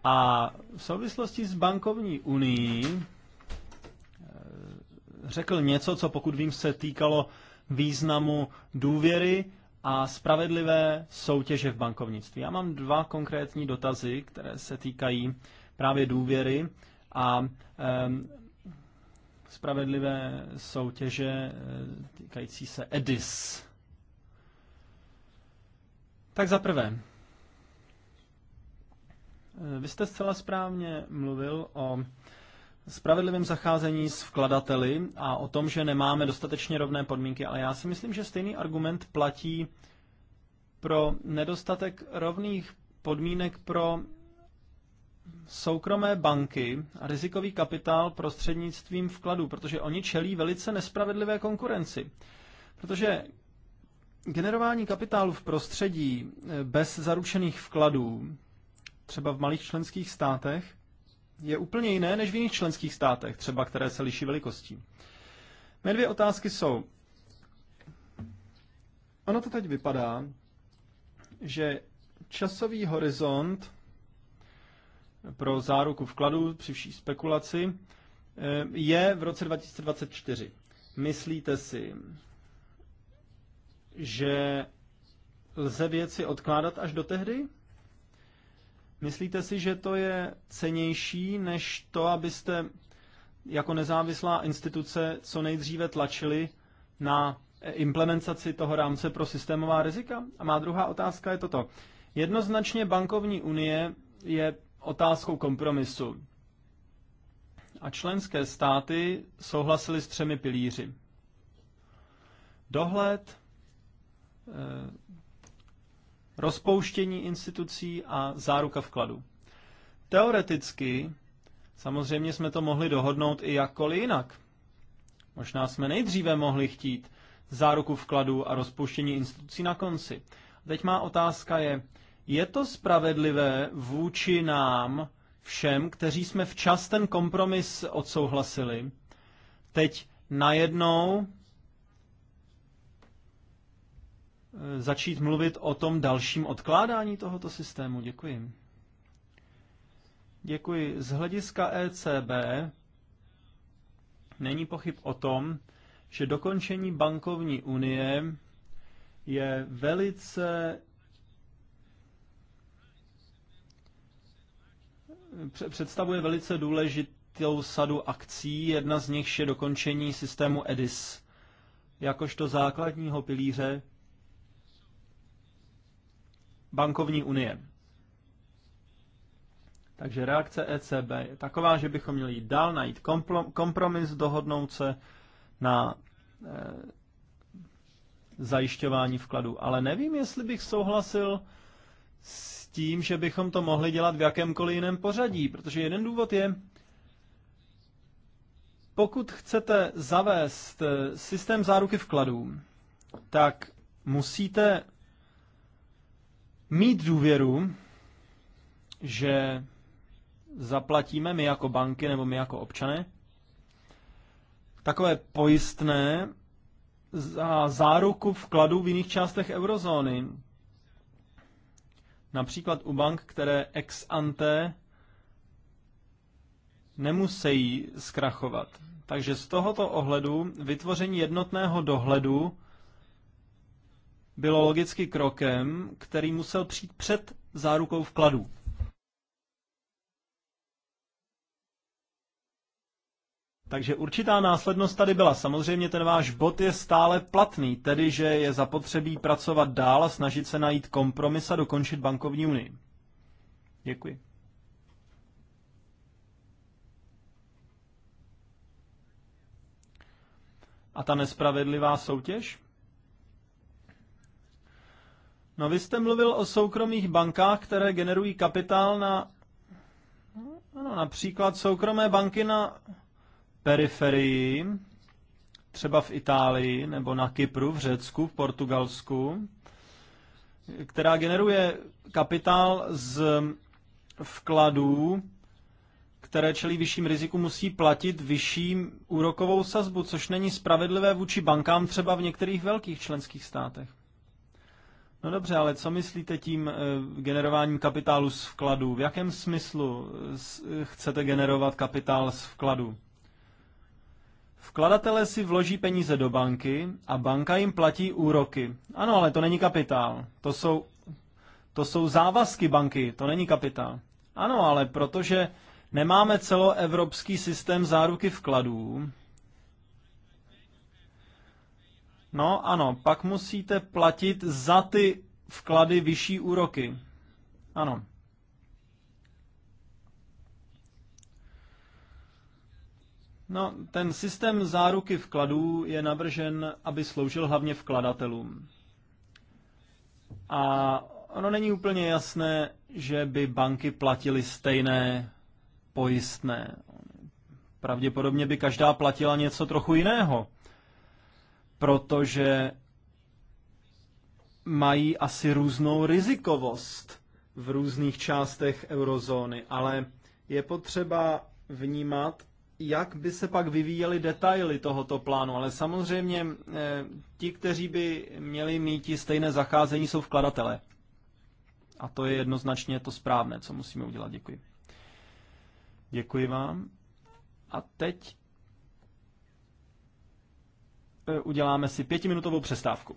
A v souvislosti s bankovní unii eh, řekl něco, co pokud vím se týkalo významu důvěry a spravedlivé soutěže v bankovnictví. Já mám dva konkrétní dotazy, které se týkají právě důvěry a eh, spravedlivé soutěže eh, týkající se EDIS. Tak za prvé, eh, vy jste zcela správně mluvil o spravedlivém zacházení s vkladateli a o tom, že nemáme dostatečně rovné podmínky, ale já si myslím, že stejný argument platí pro nedostatek rovných podmínek pro soukromé banky a rizikový kapitál prostřednictvím vkladů, protože oni čelí velice nespravedlivé konkurenci. Protože generování kapitálu v prostředí eh, bez zaručených vkladů, třeba v malých členských státech, je úplně jiné než v jiných členských státech, třeba které se liší velikostí. Mé dvě otázky jsou. Ono to teď vypadá, že časový horizont pro záruku vkladu při vší spekulaci eh, je v roce 2024. Myslíte si, že lze věci odkládat až do tehdy? Myslíte si, že to je cenější, než to, abyste jako nezávislá instituce co nejdříve tlačili na implementaci toho rámce pro systémová rizika? A má druhá otázka je toto. Jednoznačně bankovní unie je otázkou kompromisu. A členské státy souhlasily s třemi pilíři. Dohled, eh, rozpouštění institucí a záruka vkladu. Teoreticky samozřejmě jsme to mohli dohodnout i jakkoliv jinak. Možná jsme nejdříve mohli chtít záruku vkladu a rozpouštění institucí na konci. A teď má otázka je, je to spravedlivé vůči nám všem, kteří jsme včas ten kompromis odsouhlasili, teď najednou Eh, začít mluvit o tom dalším odkládání tohoto systému? Děkuji. Děkuji. Z hlediska ECB není pochyb o tom, že dokončení bankovní unie je velice představuje velice důležitou sadu akcí. Jedna z nich je dokončení systému EDIS jakožto základního pilíře bankovní unie. Takže reakce ECB je taková, že bychom měli jít dál, najít kompromis, dohodnout se na e, zajišťování vkladu. Ale nevím, jestli bych souhlasil s tím, že bychom to mohli dělat v jakémkoliv jiném pořadí, protože jeden důvod je, pokud chcete zavést eh, systém záruky vkladů, tak musíte mít důvěru, že zaplatíme my jako banky nebo my jako občané takové pojistné za záruku vkladů v jiných částech eurozóny. Například u bank, které ex ante nemusí zkrachovat. Takže z tohoto ohledu vytvoření jednotného dohledu bylo logicky krokem, který musel přijít před zárukou vkladů. Takže určitá následnost tady byla. Samozřejmě ten váš bod je stále platný, tedy že je zapotřebí pracovat dál a snažit se najít kompromis a dokončit bankovní unii. Děkuji. A ta nespravedlivá soutěž? No vy jste mluvil o soukromých bankách, které generují kapitál na ano, například soukromé banky na periferii, třeba v Itálii nebo na Kypru, v Řecku, v Portugalsku, která generuje kapitál z vkladů, které čelí vyšším riziku, musí platit vyšší úrokovou sazbu, což není spravedlivé vůči bankám třeba v některých velkých členských státech. No dobře, ale co myslíte tím eh, generováním kapitálu z vkladu? V jakém smyslu eh, eh, chcete generovat kapitál z vkladu? Vkladatelé si vloží peníze do banky a banka jim platí úroky. Ano, ale to není kapitál. To jsou, to jsou závazky banky, to není kapitál. Ano, ale protože nemáme celoevropský systém záruky vkladů, No ano, pak musíte platit za ty vklady vyšší úroky. Ano. No, ten systém záruky vkladů je navržen, aby sloužil hlavně vkladatelům. A ono není úplně jasné, že by banky platily stejné pojistné. Pravděpodobně by každá platila něco trochu jiného protože mají asi různou rizikovost v různých částech eurozóny, ale je potřeba vnímat, jak by se pak vyvíjely detaily tohoto plánu. Ale samozřejmě eh, ti, kteří by měli mít stejné zacházení, jsou vkladatelé. A to je jednoznačně to správné, co musíme udělat. Děkuji. Děkuji vám. A teď uděláme si pětiminutovou přestávku.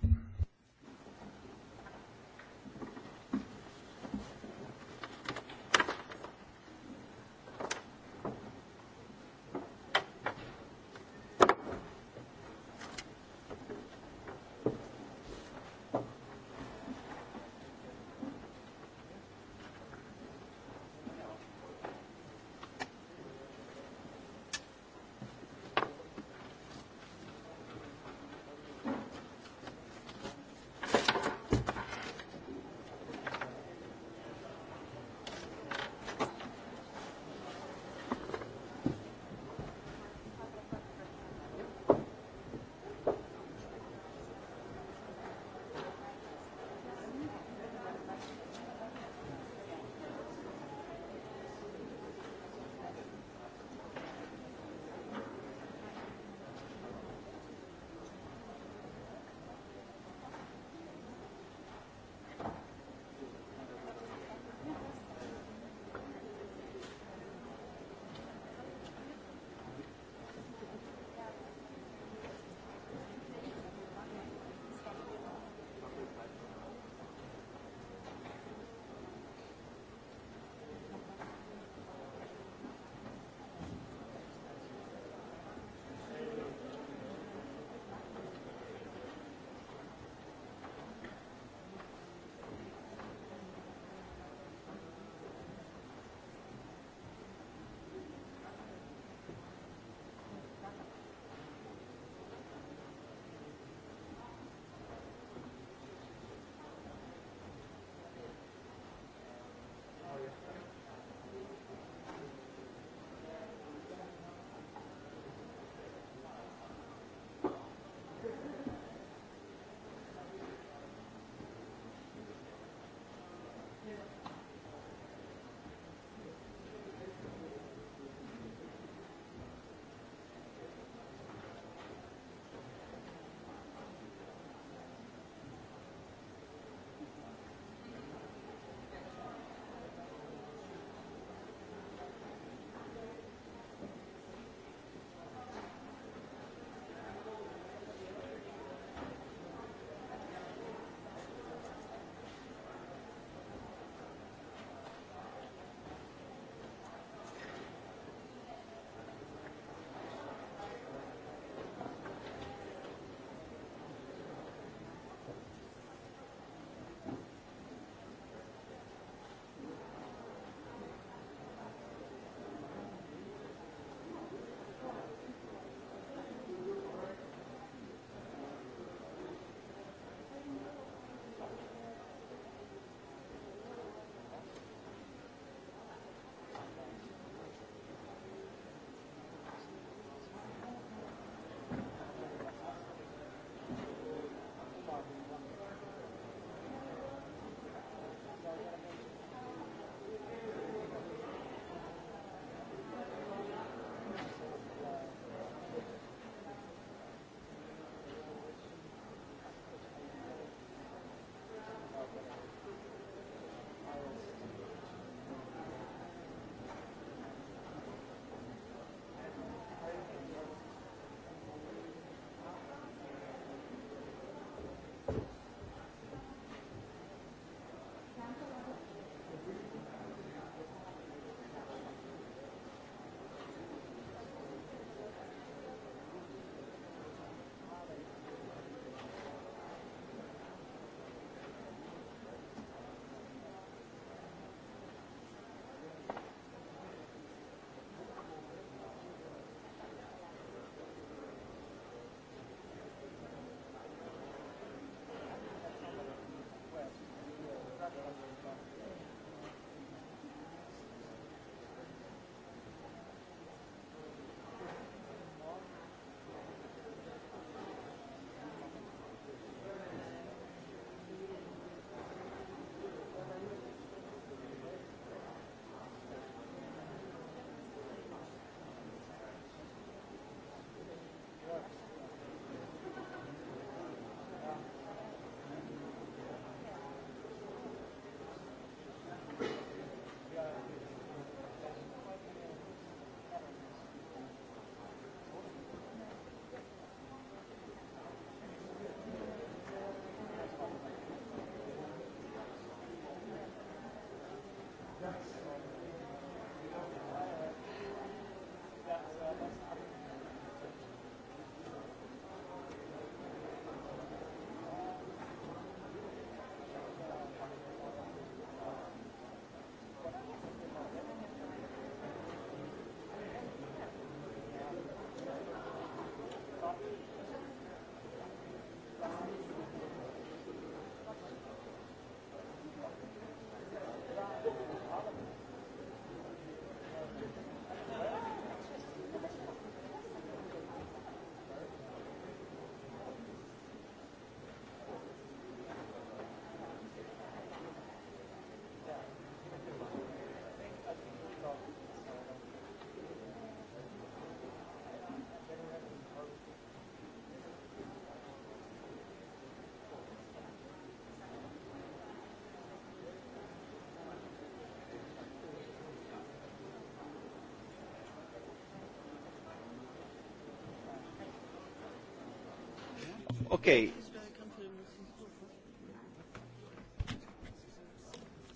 Okay.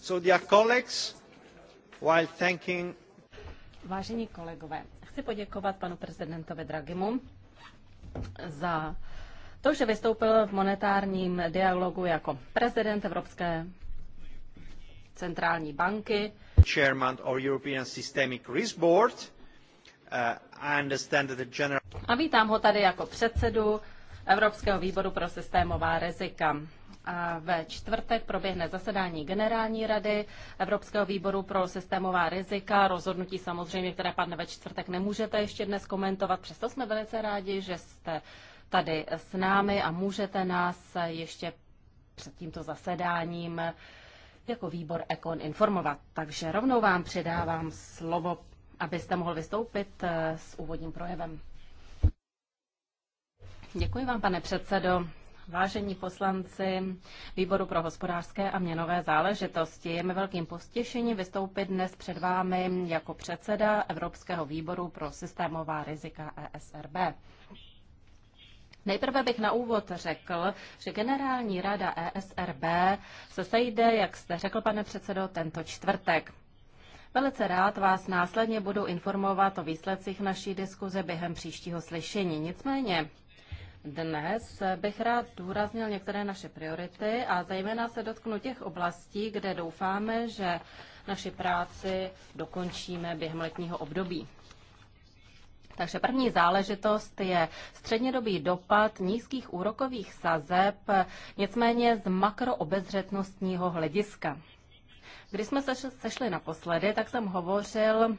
So dear colleagues, while thanking... Vážení kolegové, chci poděkovat panu prezidentovi Dragimu za to, že vystoupil v monetárním dialogu jako prezident Evropské centrální banky. Chairman of European Systemic Risk Board. Uh, I understand that the general... A vítám ho tady jako předsedu Evropského výboru pro systémová rizika. A ve čtvrtek proběhne zasedání Generální rady Evropského výboru pro systémová rizika. Rozhodnutí samozřejmě, které padne ve čtvrtek, nemůžete ještě dnes komentovat. Přesto jsme velice rádi, že jste tady s námi a můžete nás ještě před tímto zasedáním jako výbor Ekon informovat. Takže rovnou vám předávám slovo, abyste mohl vystoupit s úvodním projevem. Děkuji vám, pane předsedo. Vážení poslanci Výboru pro hospodářské a měnové záležitosti, je mi velkým postěšením vystoupit dnes před vámi jako předseda Evropského výboru pro systémová rizika ESRB. Nejprve bych na úvod řekl, že generální rada ESRB se sejde, jak jste řekl, pane předsedo, tento čtvrtek. Velice rád vás následně budu informovat o výsledcích naší diskuze během příštího slyšení. Nicméně dnes bych rád důraznil některé naše priority a zejména se dotknu těch oblastí, kde doufáme, že naši práci dokončíme během letního období. Takže první záležitost je střednědobý dopad nízkých úrokových sazeb, nicméně z makroobezřetnostního hlediska. Když jsme se sešli naposledy, tak jsem hovořil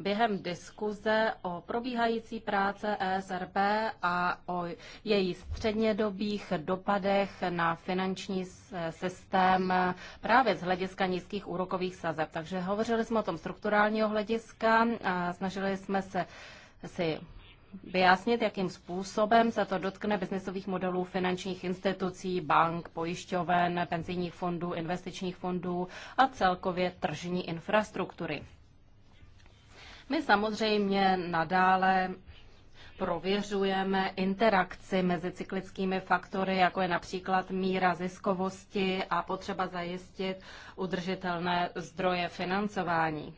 během diskuze o probíhající práce ESRB a o její střednědobých dopadech na finanční systém právě z hlediska nízkých úrokových sazeb. Takže hovořili jsme o tom strukturálního hlediska a snažili jsme se si vyjasnit, jakým způsobem se to dotkne biznesových modelů finančních institucí, bank, pojišťoven, penzijních fondů, investičních fondů a celkově tržní infrastruktury. My samozřejmě nadále prověřujeme interakci mezi cyklickými faktory, jako je například míra ziskovosti a potřeba zajistit udržitelné zdroje financování.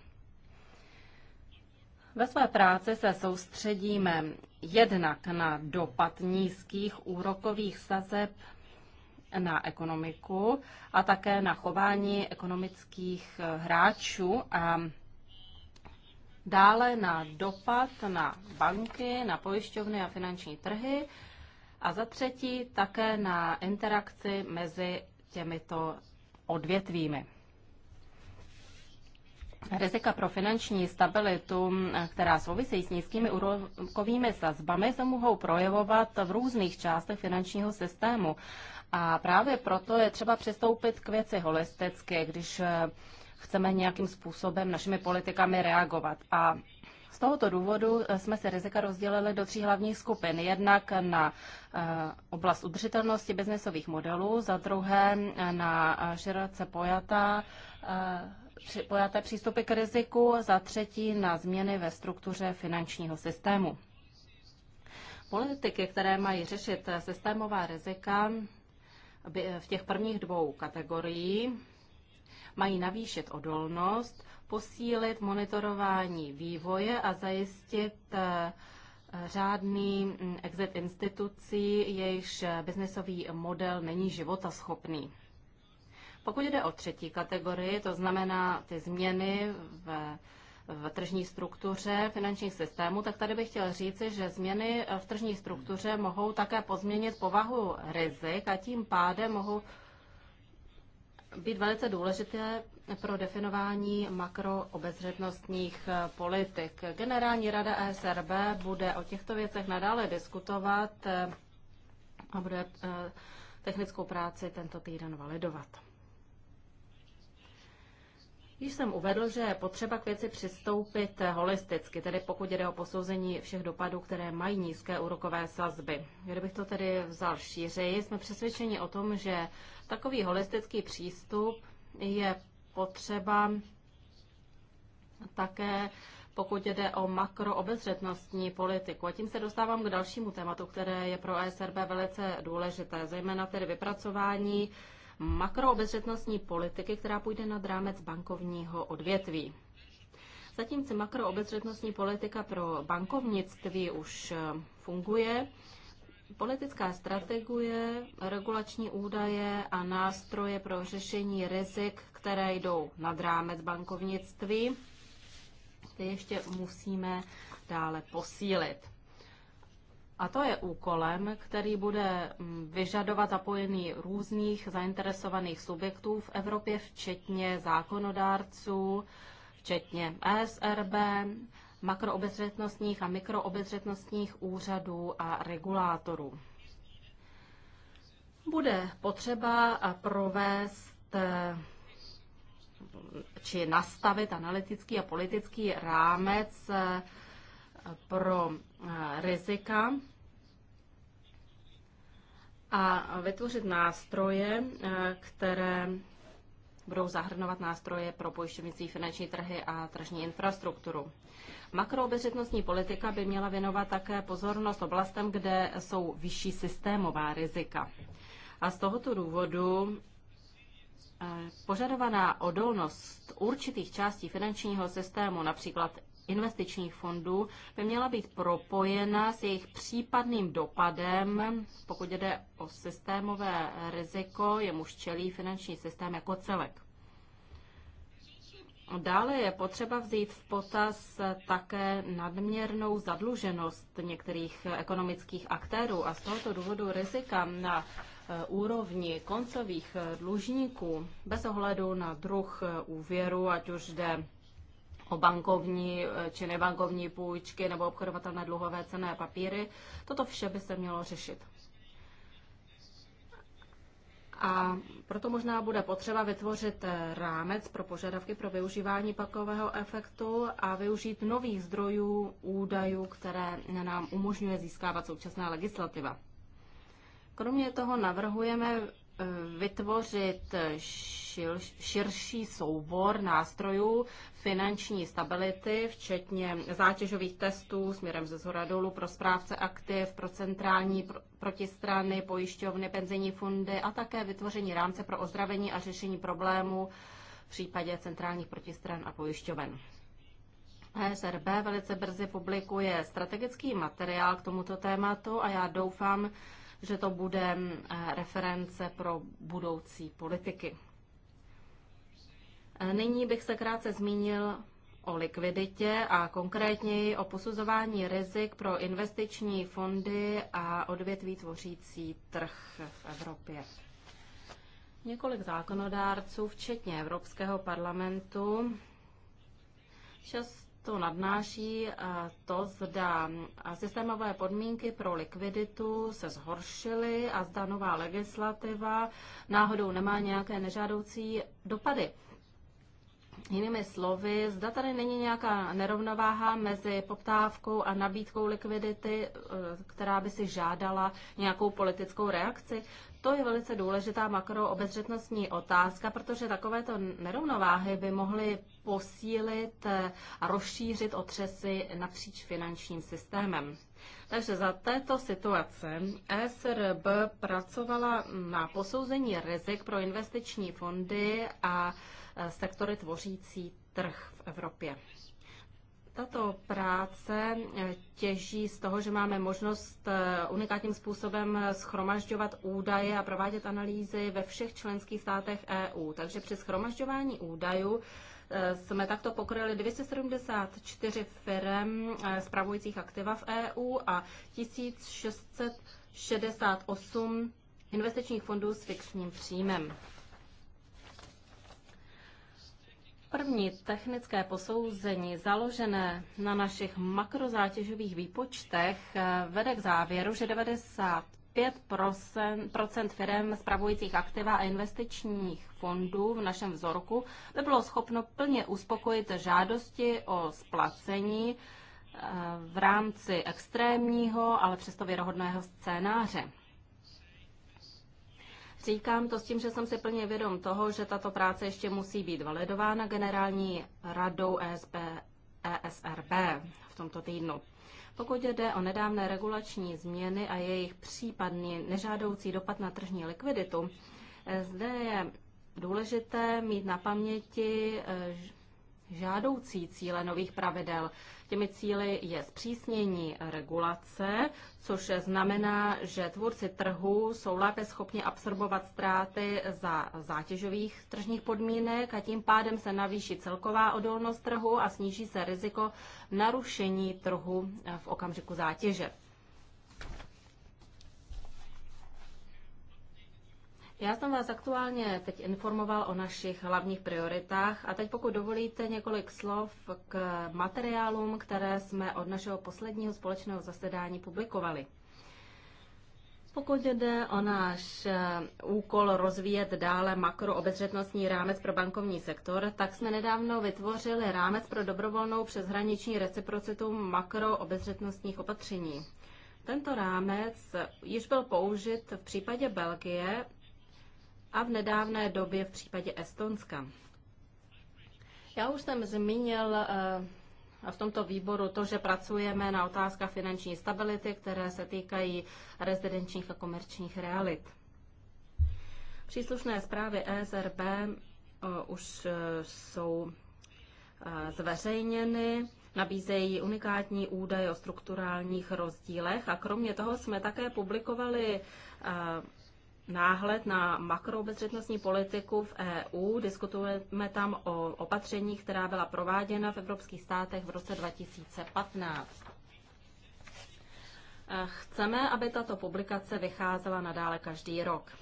Ve své práci se soustředíme jednak na dopad nízkých úrokových sazeb na ekonomiku a také na chování ekonomických hráčů a dále na dopad na banky, na pojišťovny a finanční trhy a za třetí také na interakci mezi těmito odvětvími. Rizika pro finanční stabilitu, která souvisí s nízkými úrokovými sazbami, se mohou projevovat v různých částech finančního systému. A právě proto je třeba přistoupit k věci holisticky, když chceme nějakým způsobem našimi politikami reagovat. A z tohoto důvodu eh, jsme se rizika rozdělili do tří hlavních skupin. Jednak na eh, oblast udržitelnosti biznesových modelů, za druhé eh, na široce pojatá pojaté přístupy k riziku, za třetí na změny ve struktuře finančního systému. Politiky, které mají řešit systémová rizika, v těch prvních dvou kategorií Mají navýšit odolnost, posílit monitorování vývoje a zajistit eh, řádný mm, exit institucí, jejichž biznesový model není životaschopný. Pokud jde o třetí kategorii, to znamená ty změny v v tržní struktuře finančních systémů, tak tady bych chtěl říci, že změny v tržní struktuře mohou také pozměnit povahu rizik a tím pádem mohou být velice důležité pro definování makroobezřetnostních eh, politik. Generální rada ESRB bude o těchto věcech nadále diskutovat eh, a bude eh, technickou práci tento týden validovat. Již jsem uvedl, že je potřeba k věci přistoupit holisticky, tedy pokud jde o posouzení všech dopadů, které mají nízké úrokové sazby. Kdybych to tedy vzal šířeji, jsme přesvědčeni o tom, že Takový holistický přístup je potřeba také pokud jde o makroobezřetnostní politiku. A tím se dostávám k dalšímu tématu, které je pro ESRB velice důležité, zejména tedy vypracování makroobezřetnostní politiky, která půjde nad rámec bankovního odvětví. Zatímco makroobezřetnostní politika pro bankovnictví už funguje, Politická strategie, regulační údaje a nástroje pro řešení rizik, které jdou nad rámec bankovnictví, ty ještě musíme dále posílit. A to je úkolem, který bude mm, vyžadovat zapojení různých zainteresovaných subjektů v Evropě, včetně zákonodárců, včetně ESRB, makroobezřetnostních a mikroobezřetnostních úřadů a regulátorů. Bude potřeba provést e, či nastavit analytický a politický rámec e, pro e, rizika a vytvořit nástroje, které budou zahrnovat nástroje pro pojišťovnictví, finanční trhy a tržní infrastrukturu. Makroobezřetnostní politika by měla věnovat také pozornost oblastem, kde jsou vyšší systémová rizika. A z tohoto důvodu eh, Požadovaná odolnost určitých částí finančního systému, například investičních fondů by měla být propojena s jejich případným dopadem, pokud jde o systémové riziko, jemuž čelí finanční systém jako celek. Dále je potřeba vzít v potaz také nadměrnou zadluženost některých ekonomických aktérů a z tohoto důvodu rizika na e, úrovni koncových e, dlužníků bez ohledu na druh e, úvěru, ať už jde o bankovní eh, či nebankovní půjčky nebo obchodovatelné dluhové cené papíry. Toto vše by se mělo řešit. A proto možná bude potřeba vytvořit eh, rámec pro požadavky pro využívání pakového efektu a využít nových zdrojů údajů, které nám umožňuje získávat současná legislativa. Kromě toho navrhujeme vytvořit širší soubor nástrojů finanční stability, včetně zátěžových testů směrem ze zhora dolů pro správce aktiv, pro centrální protistrany, pojišťovny, penzijní fundy a také vytvoření rámce pro ozdravení a řešení problémů v případě centrálních protistran a pojišťoven. PSRB velice brzy publikuje strategický materiál k tomuto tématu a já doufám, že to bude eh, reference pro budoucí politiky. Eh, nyní bych se krátce zmínil o likviditě a konkrétněji o posuzování rizik pro investiční fondy a odvětví tvořící trh v Evropě. Několik zákonodárců, včetně Evropského parlamentu, čas to nadnáší eh, to, zda eh, systémové podmínky pro likviditu se zhoršily a zda nová legislativa náhodou nemá nějaké nežádoucí dopady. Jinými slovy, zda tady není nějaká nerovnováha mezi poptávkou a nabídkou likvidity, eh, která by si žádala nějakou politickou reakci. To je velice důležitá makroobezřetnostní otázka, protože takovéto nerovnováhy by mohly posílit eh, a rozšířit otřesy napříč finančním systémem. Takže za této situace SRB pracovala na posouzení rizik pro investiční fondy a Eh, sektory tvořící trh v Evropě. Tato práce eh, těží z toho, že máme možnost eh, unikátním způsobem schromažďovat údaje a provádět analýzy ve všech členských státech EU. Takže při schromažďování údajů jsme takto pokryli 274 firm spravujících aktiva v EU a 1668 investičních fondů s fixním příjmem. První technické posouzení založené na našich makrozátěžových výpočtech eh, vede k závěru, že 95 firm spravujících aktiva a investičních fondů v našem vzorku by bylo schopno plně uspokojit žádosti o splacení eh, v rámci extrémního, ale přesto věrohodného scénáře. Říkám to s tím, že jsem si plně vědom toho, že tato práce ještě musí být validována generální radou ESB, e ESRB v tomto týdnu. Pokud jde o nedávné regulační změny a jejich případný nežádoucí dopad na tržní likviditu, e, zde je důležité mít na paměti, e, žádoucí cíle nových pravidel. Těmi cíly je zpřísnění regulace, což znamená, že tvůrci trhu jsou lépe schopni absorbovat ztráty za zátěžových tržních podmínek a tím pádem se navýší celková odolnost trhu a sníží se riziko narušení trhu v okamžiku zátěže. Já jsem vás aktuálně teď informoval o našich hlavních prioritách a teď pokud dovolíte několik slov k materiálům, které jsme od našeho posledního společného zasedání publikovali. Pokud jde o náš eh, úkol rozvíjet dále makroobezřetnostní rámec pro bankovní sektor, tak jsme nedávno vytvořili rámec pro dobrovolnou přeshraniční reciprocitu makroobezřetnostních opatření. Tento rámec již byl použit v případě Belgie a v nedávné době v případě Estonska. Já už jsem zmínil eh, v tomto výboru to, že pracujeme na otázkách finanční stability, které se týkají rezidenčních a komerčních realit. Příslušné zprávy ESRB eh, už eh, jsou zveřejněny, nabízejí unikátní údaje o strukturálních rozdílech a kromě toho jsme také publikovali náhled na makroobezřetnostní politiku v EU. Diskutujeme tam o opatřeních, která byla prováděna v evropských státech v roce 2015. Chceme, aby tato publikace vycházela nadále každý rok.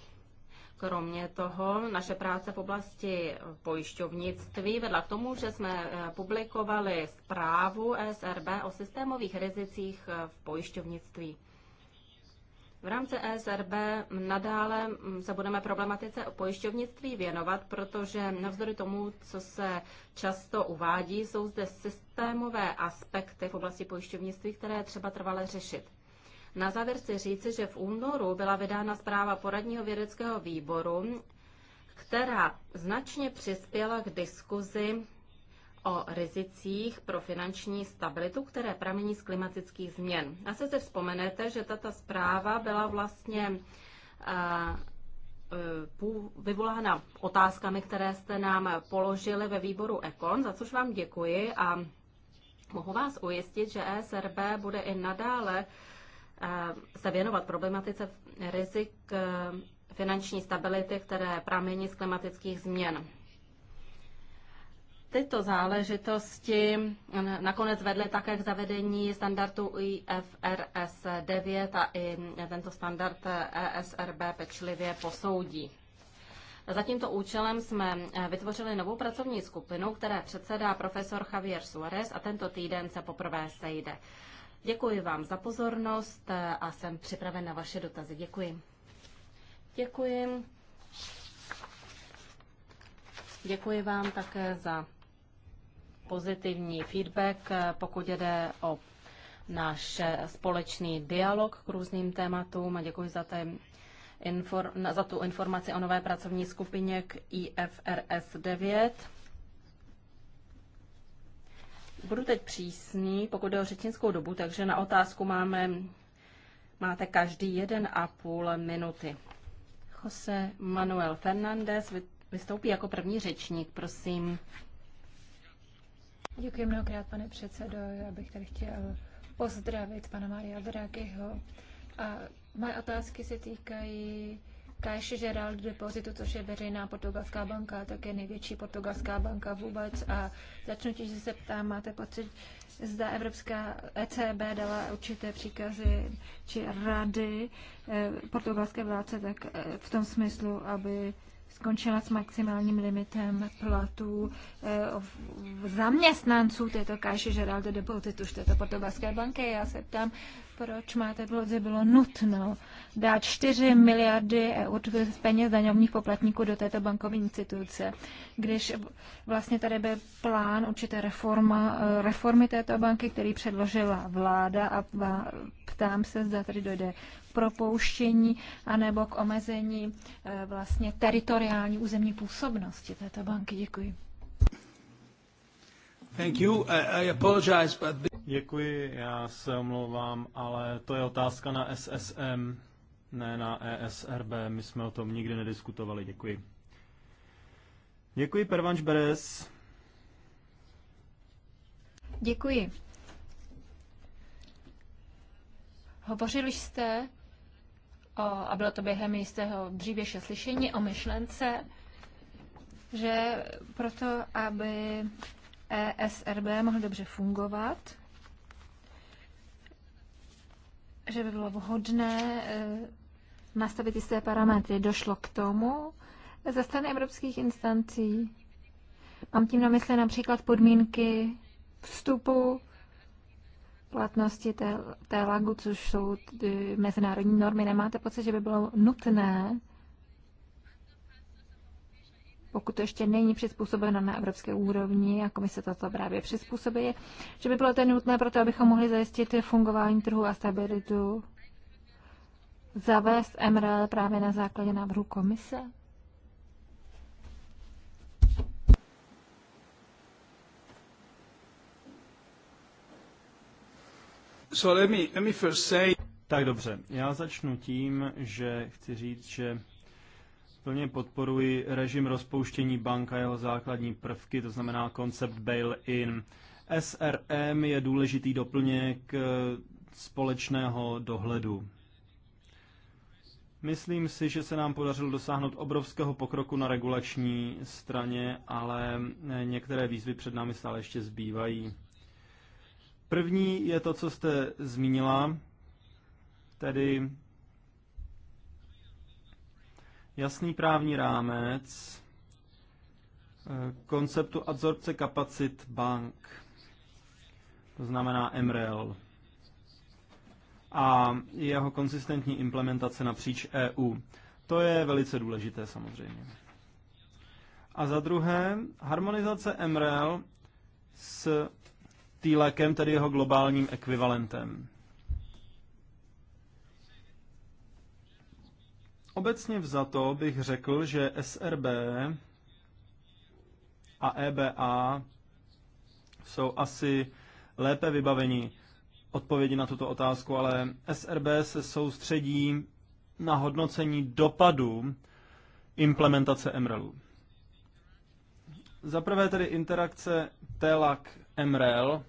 Kromě toho, naše práce v oblasti pojišťovnictví vedla k tomu, že jsme eh, publikovali zprávu SRB o systémových rizicích eh, v pojišťovnictví. V rámci ESRB nadále mm, se budeme problematice o pojišťovnictví věnovat, protože navzdory tomu, co se často uvádí, jsou zde systémové aspekty v oblasti pojišťovnictví, které je třeba trvale řešit. Na závěr chci říci, že v únoru byla vydána zpráva poradního vědeckého výboru, která značně přispěla k diskuzi o rizicích pro finanční stabilitu, které pramení z klimatických změn. A se se vzpomenete, že tato zpráva byla vlastně eh, eh, vyvolána otázkami, které jste nám položili ve výboru EKON, za což vám děkuji a mohu vás ujistit, že ESRB bude i nadále eh, se věnovat problematice rizik finanční stability, které pramení z klimatických změn. Tyto záležitosti nakonec vedly také k zavedení standardu IFRS 9 a i tento standard ESRB pečlivě posoudí. Za tímto účelem jsme vytvořili novou pracovní skupinu, které předsedá profesor Javier Suarez a tento týden se poprvé sejde. Děkuji vám za pozornost a jsem připraven na vaše dotazy. Děkuji. Děkuji. Děkuji vám také za pozitivní feedback, eh, pokud jde o náš eh, společný dialog k různým tématům a děkuji za, ten za tu informaci o nové pracovní skupině k IFRS 9. Budu teď přísný, pokud jde o řečnickou dobu, takže na otázku máme, máte každý jeden a půl minuty. Jose Manuel Fernández vystoupí jako první řečník, prosím. Děkuji mnohokrát, pane předsedo. Já bych tady chtěl pozdravit pana Maria Draghiho. A moje otázky se týkají Caixa Geral de Depositu, což je veřejná portugalská banka, také největší portugalská banka vůbec. A začnu tím, že se ptám, máte pocit, zda Evropská ECB dala určité příkazy či rady eh, portugalské vládce tak eh, v tom smyslu, aby skončila s maximálním limitem platů eh, zaměstnanců této Cache Geraldo de, de Boutitu, této portugalské banky. Já se ptám, proč máte vloze bylo nutno dát 4 miliardy eur peněz daňovních poplatníků do této bankovní instituce, když vlastně tady byl plán určité reforma, eh, reformy této banky, který předložila vláda a ptám se, zda tady dojde propouštění anebo k omezení eh, vlastně teritoriální územní působnosti této banky. Děkuji. Thank you. I, I apologize, but... Děkuji, já se omlouvám, ale to je otázka na SSM, ne na ESRB. My jsme o tom nikdy nediskutovali. Děkuji. Děkuji, Pervanč Beres. Děkuji. Hovořili jste o, a bylo to během jistého dřívějšího slyšení o myšlence, že proto, aby ESRB mohl dobře fungovat, že by bylo vhodné e, nastavit jisté parametry. Došlo k tomu ze strany evropských instancí. Mám tím na mysli například podmínky vstupu platnosti té, té lagu, což jsou ty mezinárodní normy. Nemáte pocit, že by bylo nutné, pokud to ještě není přizpůsobeno na evropské úrovni a komise toto právě přizpůsobí, že by bylo to nutné pro to, abychom mohli zajistit fungování trhu a stabilitu, zavést MRL právě na základě návrhu komise? So let me, let me first say... Tak dobře, já začnu tím, že chci říct, že plně podporuji režim rozpouštění bank a jeho základní prvky, to znamená koncept bail-in. SRM je důležitý doplněk eh, společného dohledu. Myslím si, že se nám podařilo dosáhnout obrovského pokroku na regulační straně, ale eh, některé výzvy před námi stále ještě zbývají. První je to, co jste zmínila, tedy jasný právní rámec eh, konceptu adsorpce kapacit bank, to znamená MREL, a jeho konsistentní implementace napříč EU. To je velice důležité samozřejmě. A za druhé, harmonizace MREL s Týlekem, tedy jeho globálním ekvivalentem. Obecně vzato bych řekl, že SRB a EBA jsou asi lépe vybaveni odpovědi na tuto otázku, ale SRB se soustředí na hodnocení dopadu implementace MRELu. Za prvé tedy interakce TELAC MREL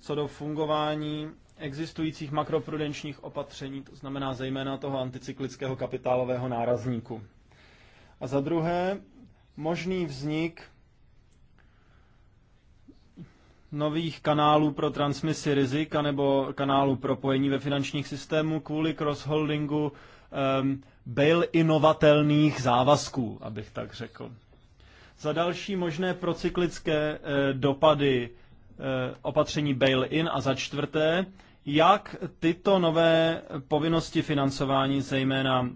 co do fungování existujících makroprudenčních opatření, to znamená zejména toho anticyklického kapitálového nárazníku. A za druhé, možný vznik nových kanálů pro transmisi rizika nebo kanálů propojení ve finančních systémů kvůli crossholdingu um, ehm, bail-inovatelných závazků, abych tak řekl. Za další možné procyklické eh, dopady eh, opatření bail-in a za čtvrté, jak tyto nové povinnosti financování, zejména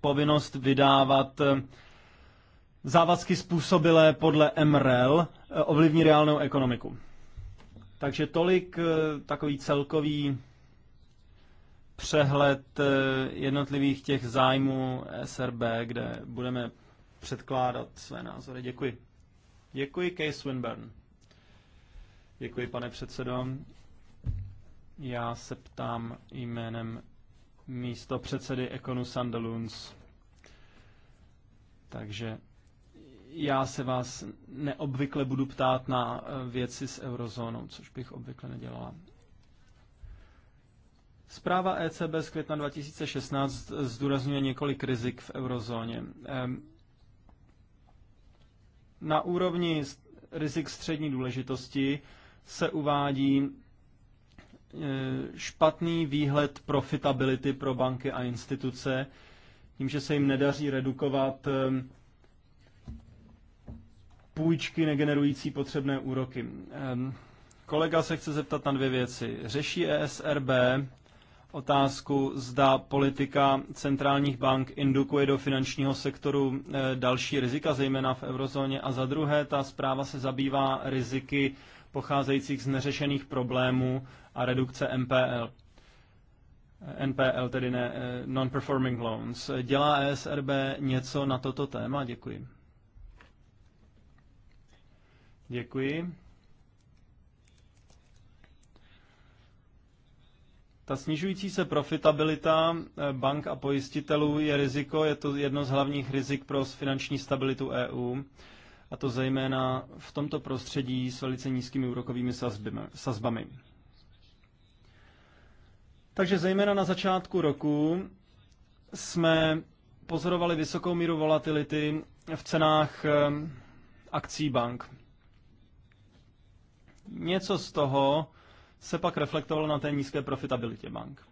povinnost vydávat eh, závazky způsobilé podle MREL, ovlivní reálnou ekonomiku. Takže tolik takový celkový přehled jednotlivých těch zájmů SRB, kde budeme předkládat své názory. Děkuji. Děkuji, Kay Swinburne. Děkuji, pane předsedo. Já se ptám jménem místo předsedy Ekonu Sandaluns. Takže já se vás neobvykle budu ptát na eh, věci s eurozónou, což bych obvykle nedělala. Zpráva ECB z května 2016 zdůrazňuje několik rizik v eurozóně. Na úrovni rizik střední důležitosti se uvádí e, špatný výhled profitability pro banky a instituce, tím, že se jim nedaří redukovat e, půjčky negenerující potřebné úroky. Kolega se chce zeptat na dvě věci. Řeší ESRB otázku, zda politika centrálních bank indukuje do finančního sektoru eh, další rizika, zejména v eurozóně. A za druhé, ta zpráva se zabývá riziky pocházejících z neřešených problémů a redukce MPL. NPL, tedy ne, eh, non-performing loans. Dělá ESRB něco na toto téma? Děkuji. Děkuji. Ta snižující se profitabilita eh, bank a pojistitelů je riziko, je to jedno z hlavních rizik pro finanční stabilitu EU, a to zejména v tomto prostředí s velice nízkými úrokovými sazbami. Takže zejména na začátku roku jsme pozorovali vysokou míru volatility v cenách eh, akcí bank. Něco z toho se pak reflektovalo na té nízké profitabilitě bank.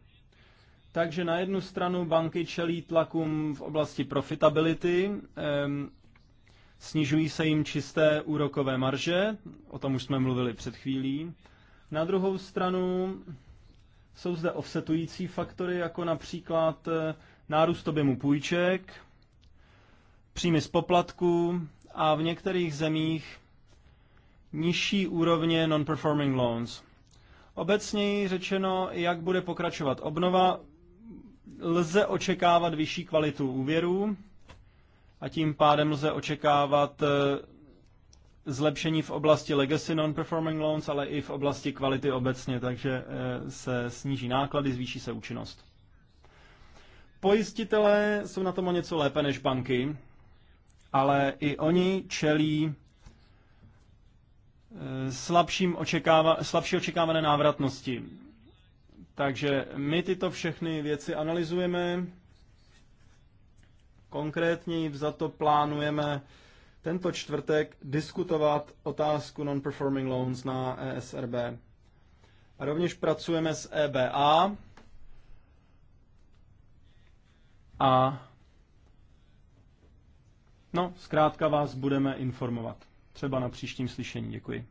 Takže na jednu stranu banky čelí tlakům v oblasti profitability, snižují se jim čisté úrokové marže, o tom už jsme mluvili před chvílí. Na druhou stranu jsou zde offsetující faktory, jako například eh, nárůst objemu půjček, příjmy z poplatků a v některých zemích nižší úrovně non-performing loans. Obecněji řečeno, jak bude pokračovat obnova, lze očekávat vyšší kvalitu úvěrů a tím pádem lze očekávat eh, zlepšení v oblasti legacy non-performing loans, ale i v oblasti kvality obecně, takže eh, se sníží náklady, zvýší se účinnost. Pojistitelé jsou na tom o něco lépe než banky, ale i oni čelí slabším očekáva, slabší očekávané návratnosti. Takže my tyto všechny věci analyzujeme, konkrétně za to plánujeme tento čtvrtek diskutovat otázku non-performing loans na ESRB. A rovněž pracujeme s EBA a no, zkrátka vás budeme informovat třeba na příštím slyšení. Děkuji.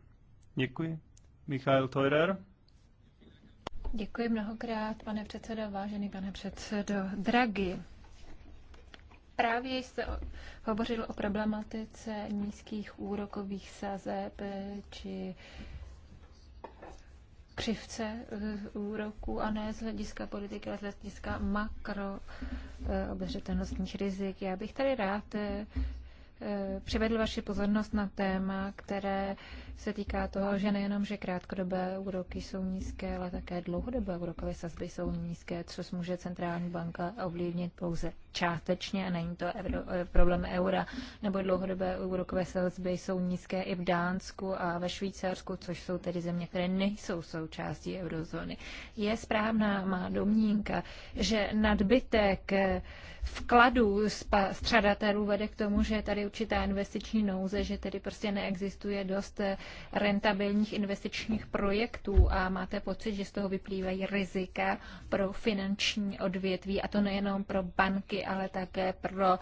Děkuji. Michael Teurer. Děkuji mnohokrát, pane předsedo, vážený pane předsedo Dragi. Právě jste hovořil o problematice nízkých úrokových sazeb či křivce eh, úroků a ne z hlediska politiky, ale z hlediska makro eh, obezřetelnostních rizik. Já bych tady rád eh, Eh, přivedl vaši pozornost na téma, které se týká toho, že nejenom, že krátkodobé úroky jsou nízké, ale také dlouhodobé úrokové sazby jsou nízké, což může centrální banka ovlivnit pouze částečně a není to euro, eh, problém eura, nebo dlouhodobé úrokové sazby jsou nízké i v Dánsku a ve Švýcarsku, což jsou tedy země, které nejsou součástí eurozóny. Je správná má domínka, že nadbytek eh, vkladů střadatelů vede k tomu, že je tady určitá investiční nouze, že tedy prostě neexistuje dost eh, rentabilních investičních projektů a máte pocit, že z toho vyplývají rizika pro finanční odvětví a to nejenom pro banky, ale také pro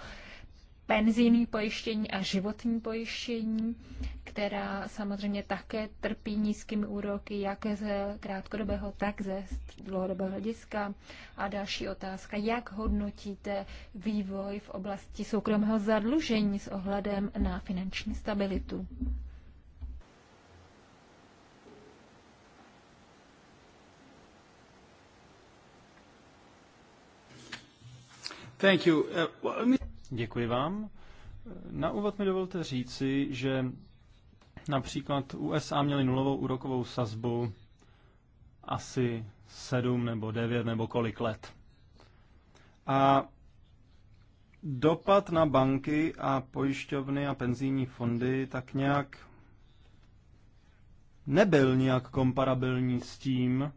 penzijní pojištění a životní pojištění, která samozřejmě také trpí nízkými úroky, jak ze krátkodobého, tak ze dlouhodobého hlediska. A další otázka, jak hodnotíte vývoj v oblasti soukromého zadlužení s ohledem na finanční stabilitu? Uh, Děkuji vám. Na úvod mi dovolte říci, že například USA měly nulovou úrokovou sazbu asi sedm nebo devět nebo kolik let. A dopad na banky a pojišťovny a penzijní fondy tak nějak nebyl nějak komparabilní s tím,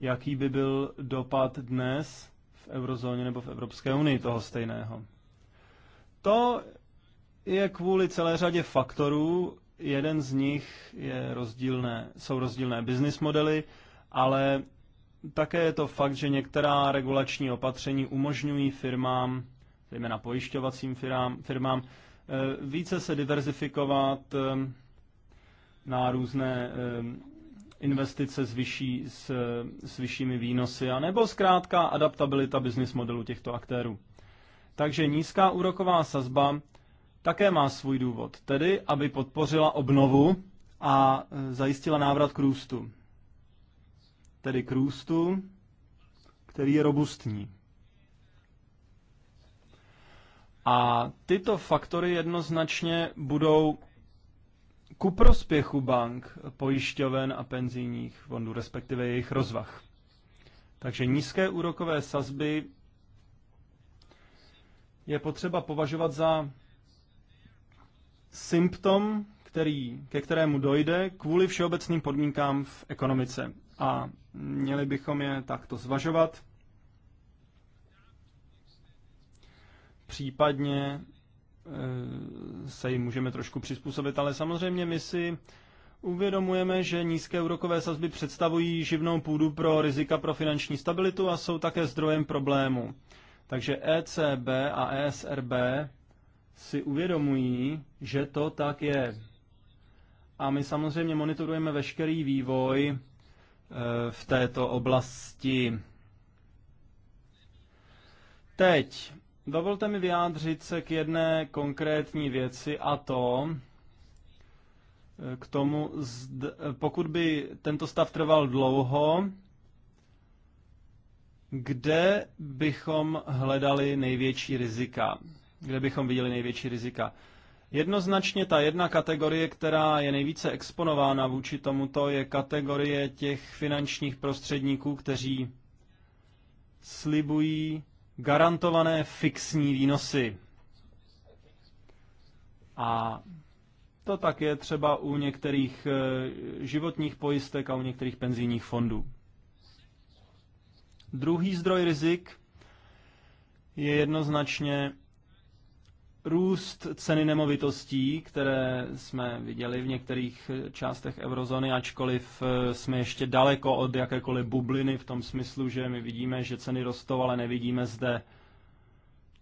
jaký by byl dopad dnes, eurozóně nebo v Evropské unii toho stejného. To je kvůli celé řadě faktorů. Jeden z nich je rozdílné, jsou rozdílné business modely, ale také je to fakt, že některá regulační opatření umožňují firmám, zejména pojišťovacím firmám, firmám eh, více se diverzifikovat eh, na různé eh, investice s, vyšší, s, s vyššími výnosy, anebo zkrátka adaptabilita business modelu těchto aktérů. Takže nízká úroková sazba také má svůj důvod, tedy aby podpořila obnovu a e, zajistila návrat k růstu. Tedy k růstu, který je robustní. A tyto faktory jednoznačně budou ku prospěchu bank, pojišťoven a penzijních fondů, respektive jejich rozvah. Takže nízké úrokové sazby je potřeba považovat za symptom, který, ke kterému dojde kvůli všeobecným podmínkám v ekonomice. A měli bychom je takto zvažovat, případně Eh, se jim můžeme trošku přizpůsobit, ale samozřejmě my si uvědomujeme, že nízké úrokové sazby představují živnou půdu pro rizika pro finanční stabilitu a jsou také zdrojem problému. Takže ECB a ESRB si uvědomují, že to tak je. A my samozřejmě monitorujeme veškerý vývoj eh, v této oblasti. Teď Dovolte mi vyjádřit se k jedné konkrétní věci a to eh, k tomu, eh, pokud by tento stav trval dlouho, kde bychom hledali největší rizika? Kde bychom viděli největší rizika? Jednoznačně ta jedna kategorie, která je nejvíce exponována vůči tomuto, je kategorie těch finančních prostředníků, kteří slibují garantované fixní výnosy. A to tak je třeba u některých eh, životních pojistek a u některých penzijních fondů. Druhý zdroj rizik je jednoznačně Růst ceny nemovitostí, které jsme viděli v některých částech eurozóny, ačkoliv eh, jsme ještě daleko od jakékoliv bubliny v tom smyslu, že my vidíme, že ceny rostou, ale nevidíme zde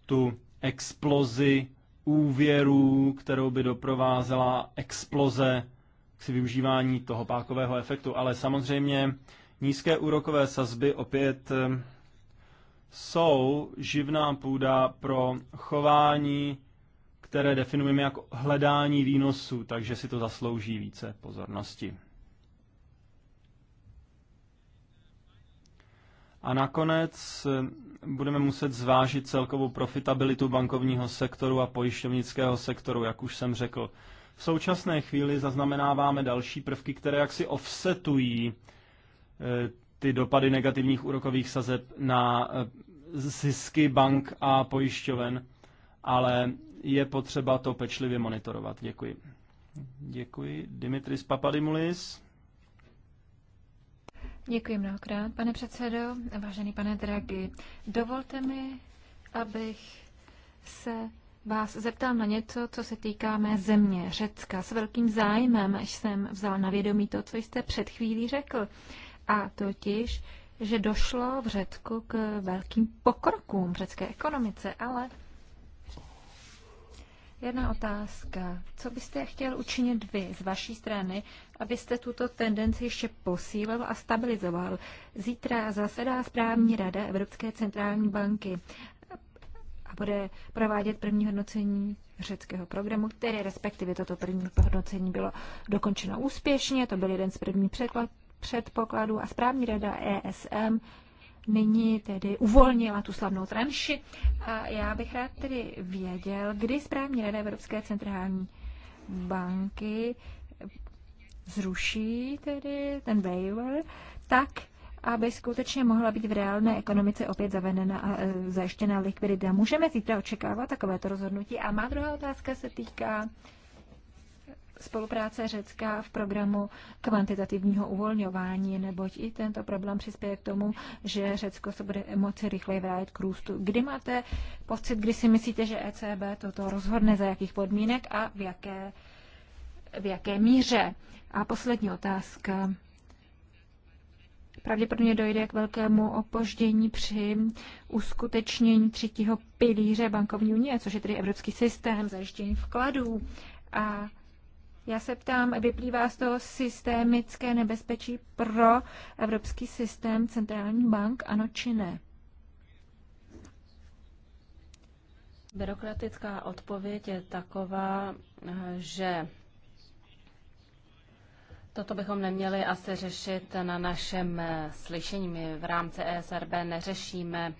tu explozi úvěrů, kterou by doprovázela exploze k využívání toho pákového efektu. Ale samozřejmě nízké úrokové sazby opět eh, jsou živná půda pro chování které definujeme jako hledání výnosů, takže si to zaslouží více pozornosti. A nakonec eh, budeme muset zvážit celkovou profitabilitu bankovního sektoru a pojišťovnického sektoru, jak už jsem řekl. V současné chvíli zaznamenáváme další prvky, které jaksi offsetují eh, ty dopady negativních úrokových sazeb na eh, zisky bank a pojišťoven, ale je potřeba to pečlivě monitorovat. Děkuji. Děkuji. Dimitris Papadimulis. Děkuji mnohokrát, pane předsedo. Vážený pane Draghi, dovolte mi, abych se vás zeptal na něco, co se týká mé země, Řecka. S velkým zájmem jsem vzal na vědomí to, co jste před chvílí řekl. A totiž, že došlo v Řecku k velkým pokrokům v řecké ekonomice, ale Jedna otázka. Co byste chtěl učinit vy z vaší strany, abyste tuto tendenci ještě posílil a stabilizoval? Zítra zasedá správní rada Evropské centrální banky a bude provádět první hodnocení řeckého programu, které respektive toto první hodnocení bylo dokončeno úspěšně. To byl jeden z prvních předpokladů a správní rada ESM nyní tedy uvolnila tu slavnou tranši. A já bych rád tedy věděl, kdy správní rada Evropské centrální banky zruší tedy ten waiver, tak, aby skutečně mohla být v reálné ekonomice opět zavedena a e, zajištěna likvidita. Můžeme zítra očekávat takovéto rozhodnutí. A má druhá otázka se týká spolupráce Řecka v programu kvantitativního uvolňování, neboť i tento problém přispěje k tomu, že Řecko se bude moci rychleji vrátit k růstu. Kdy máte pocit, kdy si myslíte, že ECB toto rozhodne, za jakých podmínek a v jaké, v jaké míře? A poslední otázka. Pravděpodobně dojde k velkému opoždění při uskutečnění třetího pilíře bankovní unie, což je tedy evropský systém zajištění vkladů. A já se ptám, vyplývá z toho systémické nebezpečí pro evropský systém centrální bank, ano či ne? Byrokratická odpověď je taková, že Toto bychom neměli asi řešit na našem slyšení. My v rámci ESRB neřešíme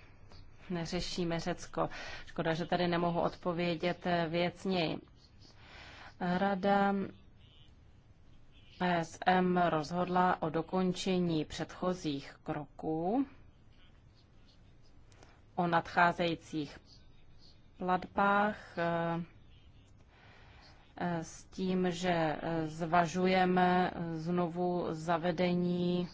neřešíme Řecko. Škoda, že tady nemohu odpovědět věcněji. Rada PSM rozhodla o dokončení předchozích kroků, o nadcházejících platbách eh, eh, s tím, že eh, zvažujeme znovu zavedení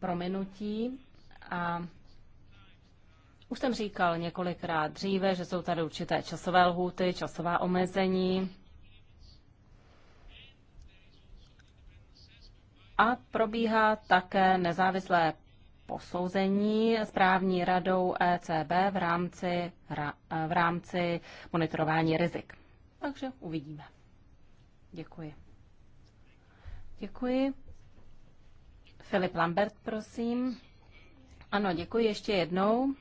prominutí a už jsem říkal několikrát dříve, že jsou tady určité časové lhůty, časová omezení. A probíhá také nezávislé posouzení správní radou ECB v rámci, v rámci monitorování rizik. Takže uvidíme. Děkuji. Děkuji. Filip Lambert, prosím. Ano, děkuji ještě jednou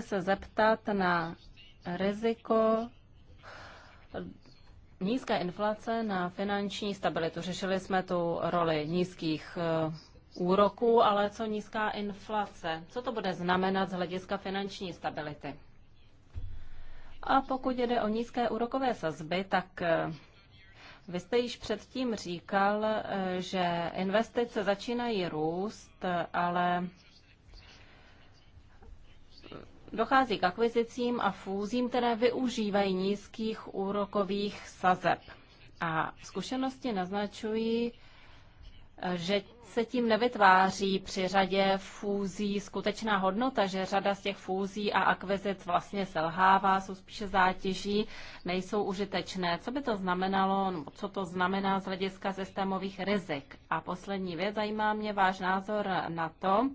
chci se zeptat na riziko nízké inflace na finanční stabilitu. Řešili jsme tu roli nízkých eh, úroků, ale co nízká inflace? Co to bude znamenat z hlediska finanční stability? A pokud jde o nízké úrokové sazby, tak eh, vy jste již předtím říkal, eh, že investice začínají růst, ale dochází k akvizicím a fúzím, které využívají nízkých úrokových sazeb. A zkušenosti naznačují, že se tím nevytváří při řadě fúzí skutečná hodnota, že řada z těch fúzí a akvizic vlastně selhává, jsou spíše zátěží, nejsou užitečné. Co by to znamenalo, nebo co to znamená z hlediska systémových rizik? A poslední věc, zajímá mě váš názor na to,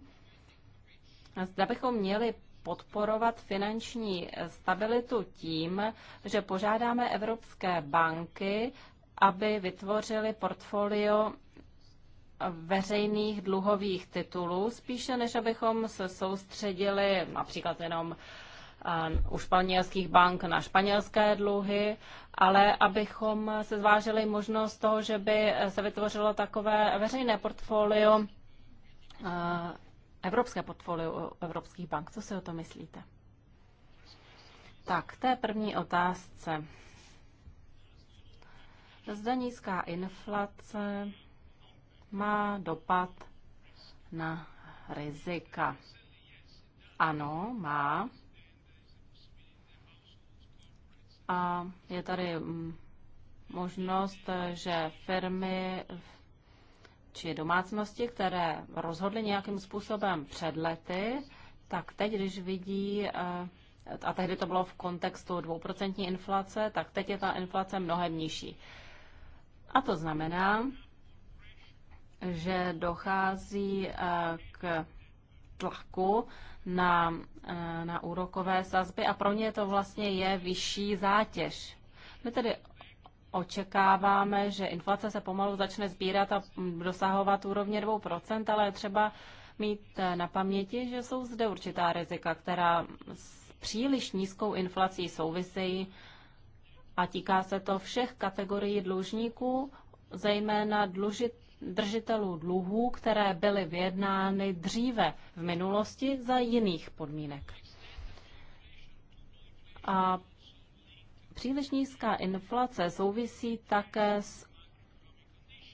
zda bychom měli podporovat finanční stabilitu tím, že požádáme evropské banky, aby vytvořili portfolio veřejných dluhových titulů, spíše než abychom se soustředili například jenom u španělských bank na španělské dluhy, ale abychom se zvážili možnost toho, že by se vytvořilo takové veřejné portfolio evropské portfolio evropských bank. Co si o to myslíte? Tak, k té první otázce. Zda nízká inflace má dopad na rizika. Ano, má. A je tady mm, možnost, že firmy v či domácnosti, které rozhodly nějakým způsobem před lety, tak teď, když vidí, eh, a tehdy to bylo v kontextu dvouprocentní inflace, tak teď je ta inflace mnohem nižší. A to znamená, že dochází eh, k tlaku na, eh, na úrokové sazby a pro ně to vlastně je vyšší zátěž. My tedy očekáváme, že inflace se pomalu začne sbírat a dosahovat úrovně 2%, ale třeba mít eh, na paměti, že jsou zde určitá rizika, která s příliš nízkou inflací souvisejí a týká se to všech kategorií dlužníků, zejména dlužit, držitelů dluhů, které byly vyjednány dříve v minulosti za jiných podmínek. A Příliš nízká inflace souvisí také s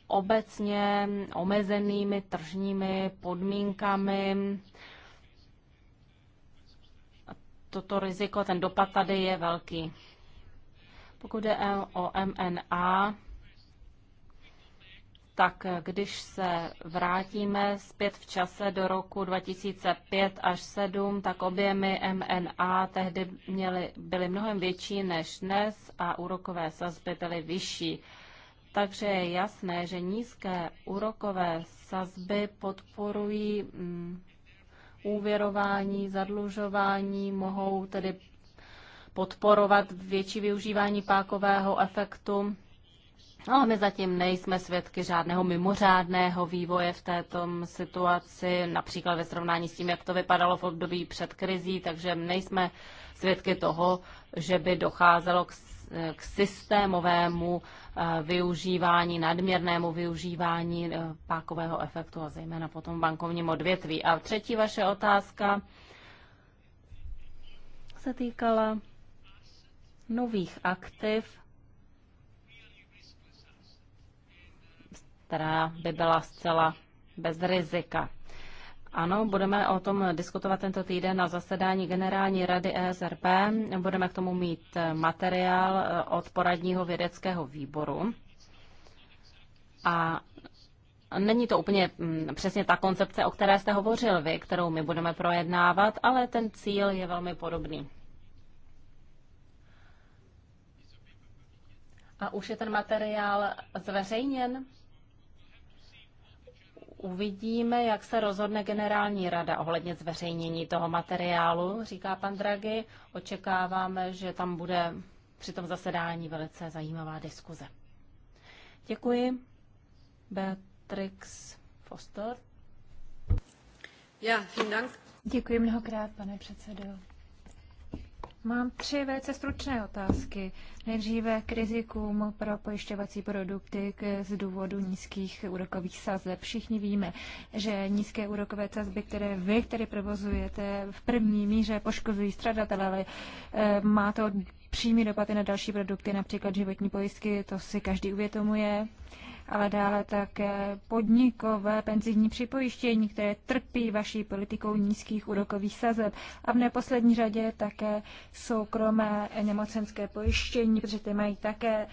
obecně omezenými tržními podmínkami. Toto riziko, ten dopad tady je velký. Pokud je o MNA, tak když se vrátíme zpět v čase do roku 2005 až 7, tak objemy MNA tehdy měly, byly mnohem větší než dnes a úrokové sazby byly vyšší. Takže je jasné, že nízké úrokové sazby podporují mm, úvěrování, zadlužování, mohou tedy podporovat větší využívání pákového efektu ale my zatím nejsme svědky žádného mimořádného vývoje v této situaci, například ve srovnání s tím, jak to vypadalo v období před krizí, takže nejsme svědky toho, že by docházelo k, k systémovému eh, využívání, nadměrnému využívání eh, pákového efektu a zejména potom bankovním odvětví. A třetí vaše otázka se týkala nových aktiv která by byla zcela bez rizika. Ano, budeme o tom diskutovat tento týden na zasedání Generální rady ESRP. Budeme k tomu mít materiál eh, od poradního vědeckého výboru. A není to úplně mm, přesně ta koncepce, o které jste hovořil vy, kterou my budeme projednávat, ale ten cíl je velmi podobný. A už je ten materiál zveřejněn? Uvidíme, jak se rozhodne generální rada ohledně zveřejnění toho materiálu, říká pan Draghi. Očekáváme, že tam bude při tom zasedání velice zajímavá diskuze. Děkuji. Beatrix Foster. Ja, vielen Dank. Děkuji mnohokrát, pane předsedo. Mám tři velice stručné otázky. Nejdříve k rizikům pro pojišťovací produkty k, z důvodu nízkých úrokových sazeb. Všichni víme, že nízké úrokové sazby, které vy, které provozujete, v první míře poškozují stradatele, ale e, má to přímý dopad i na další produkty, například životní pojistky, to si každý uvědomuje ale dále také podnikové penzijní připojištění, které trpí vaší politikou nízkých úrokových sazeb a v neposlední řadě také soukromé nemocenské pojištění, protože ty mají také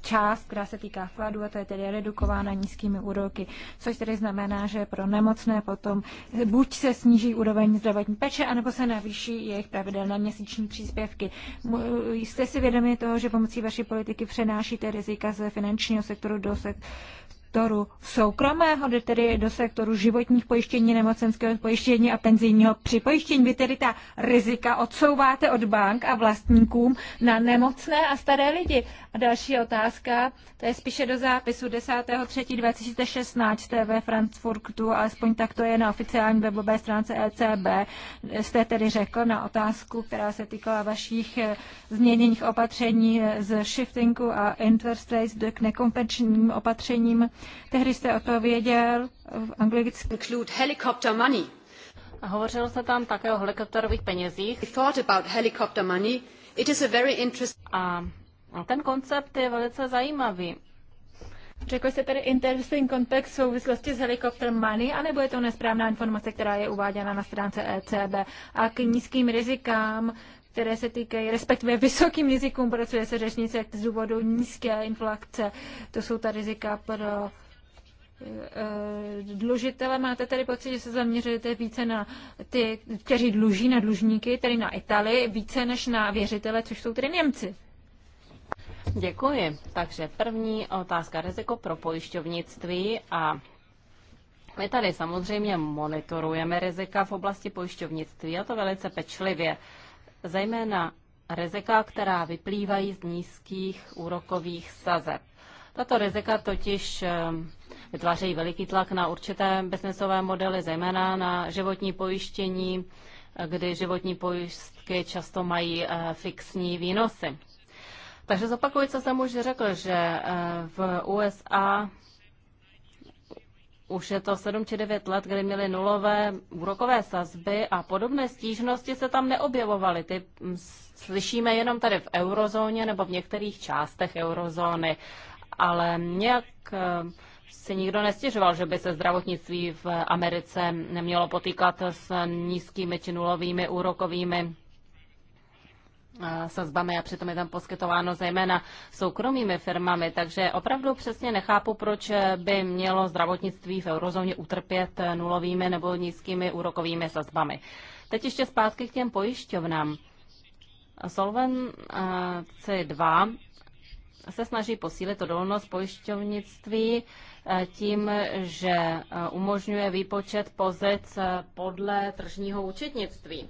část, která se týká vkladu a to je tedy redukována nízkými úroky, což tedy znamená, že pro nemocné potom buď se sníží úroveň zdravotní péče, anebo se navýší jejich pravidelné měsíční příspěvky. Jste si vědomi toho, že pomocí vaší politiky přenášíte rizika ze finančního sektoru euro do sektoru soukromého, jde tedy do sektoru životních pojištění, nemocenského pojištění a penzijního připojištění. Vy tedy ta rizika odsouváte od bank a vlastníkům na nemocné a staré lidi. A další otázka, to je spíše do zápisu 10.3.2016, to je ve Frankfurtu, alespoň tak to je na oficiální webové stránce ECB. Jste tedy řekl na otázku, která se týkala vašich eh, změněných opatření eh, z shiftingu a interest rates k nekompenčním opatřením Tehdy jste odpověděl v anglicky. A hovořilo se tam také o helikopterových penězích. about helicopter money. It is a very interesting... A ten koncept je velice zajímavý. Řekl jste tedy interesting kontext v souvislosti s helikopter money, anebo je to nesprávná informace, která je uváděna na stránce ECB a k nízkým rizikám, které se týkají, respektive vysokým rizikům pracuje se řečnice z důvodu nízké inflace. To jsou ta rizika pro eh, eh, dlužitele. Máte tady pocit, že se zaměřujete více na ty, kteří dluží, na dlužníky, tedy na Italii, více než na věřitele, což jsou tedy Němci? Děkuji. Takže první otázka, riziko pro pojišťovnictví a my tady samozřejmě monitorujeme rizika v oblasti pojišťovnictví a to velice pečlivě zejména rizika, která vyplývají z nízkých úrokových sazeb. Tato rizika totiž ehm, vytvářejí veliký tlak na určité biznesové modely, zejména na životní pojištění, kdy životní pojistky často mají eh, fixní výnosy. Takže zopakuju, co jsem už řekl, že eh, v USA už je to 7 či 9 let, kdy měli nulové úrokové sazby a podobné stížnosti se tam neobjevovaly. Ty mm, slyšíme jenom tady v eurozóně nebo v některých částech eurozóny, ale nějak eh, si nikdo nestěžoval, že by se zdravotnictví v Americe nemělo potýkat s nízkými či nulovými úrokovými sazbami a přitom je tam poskytováno zejména soukromými firmami, takže opravdu přesně nechápu, proč by mělo zdravotnictví v eurozóně utrpět nulovými nebo nízkými úrokovými sazbami. Teď ještě zpátky k těm pojišťovnám. Solvency 2 se snaží posílit odolnost pojišťovnictví eh, tím, že eh, umožňuje výpočet pozic eh, podle tržního účetnictví.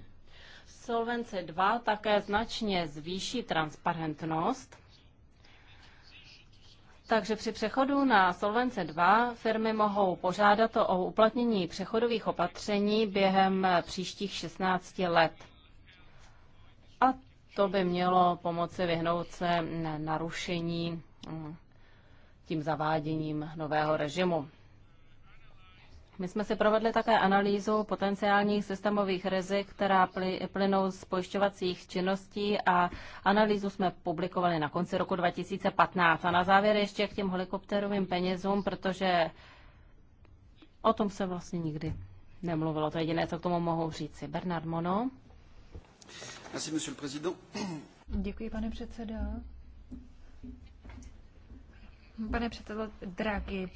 Solvence 2 také značně zvýší transparentnost, takže při přechodu na Solvence 2 firmy mohou požádat o uplatnění přechodových opatření během příštích 16 let. A to by mělo pomoci vyhnout se narušení mm, tím zaváděním nového režimu. My jsme si provedli také analýzu potenciálních systémových rizik, která plynou z pojišťovacích činností a analýzu jsme publikovali na konci roku 2015. A na závěr ještě k těm helikopterovým penězům, protože o tom se vlastně nikdy nemluvilo. To je jediné, co k tomu mohu říci. Bernard Mono. Merci, monsieur le président. Děkuji, pane předseda. Pane předsedo Draghi,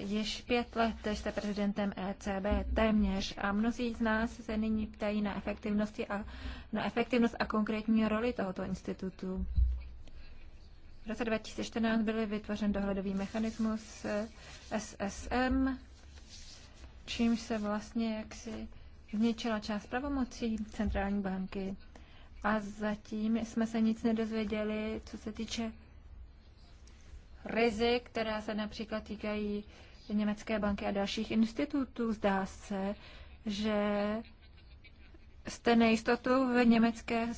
Již pět let jste prezidentem ECB téměř a mnozí z nás se nyní ptají na, efektivnosti a, na efektivnost a konkrétní roli tohoto institutu. V roce 2014 byl vytvořen dohledový mechanismus SSM, čímž se vlastně jaksi zničila část pravomocí centrální banky. A zatím jsme se nic nedozvěděli, co se týče rizik, která se například týkají německé banky a dalších institutů. Zdá se, že jste nejistotu v německé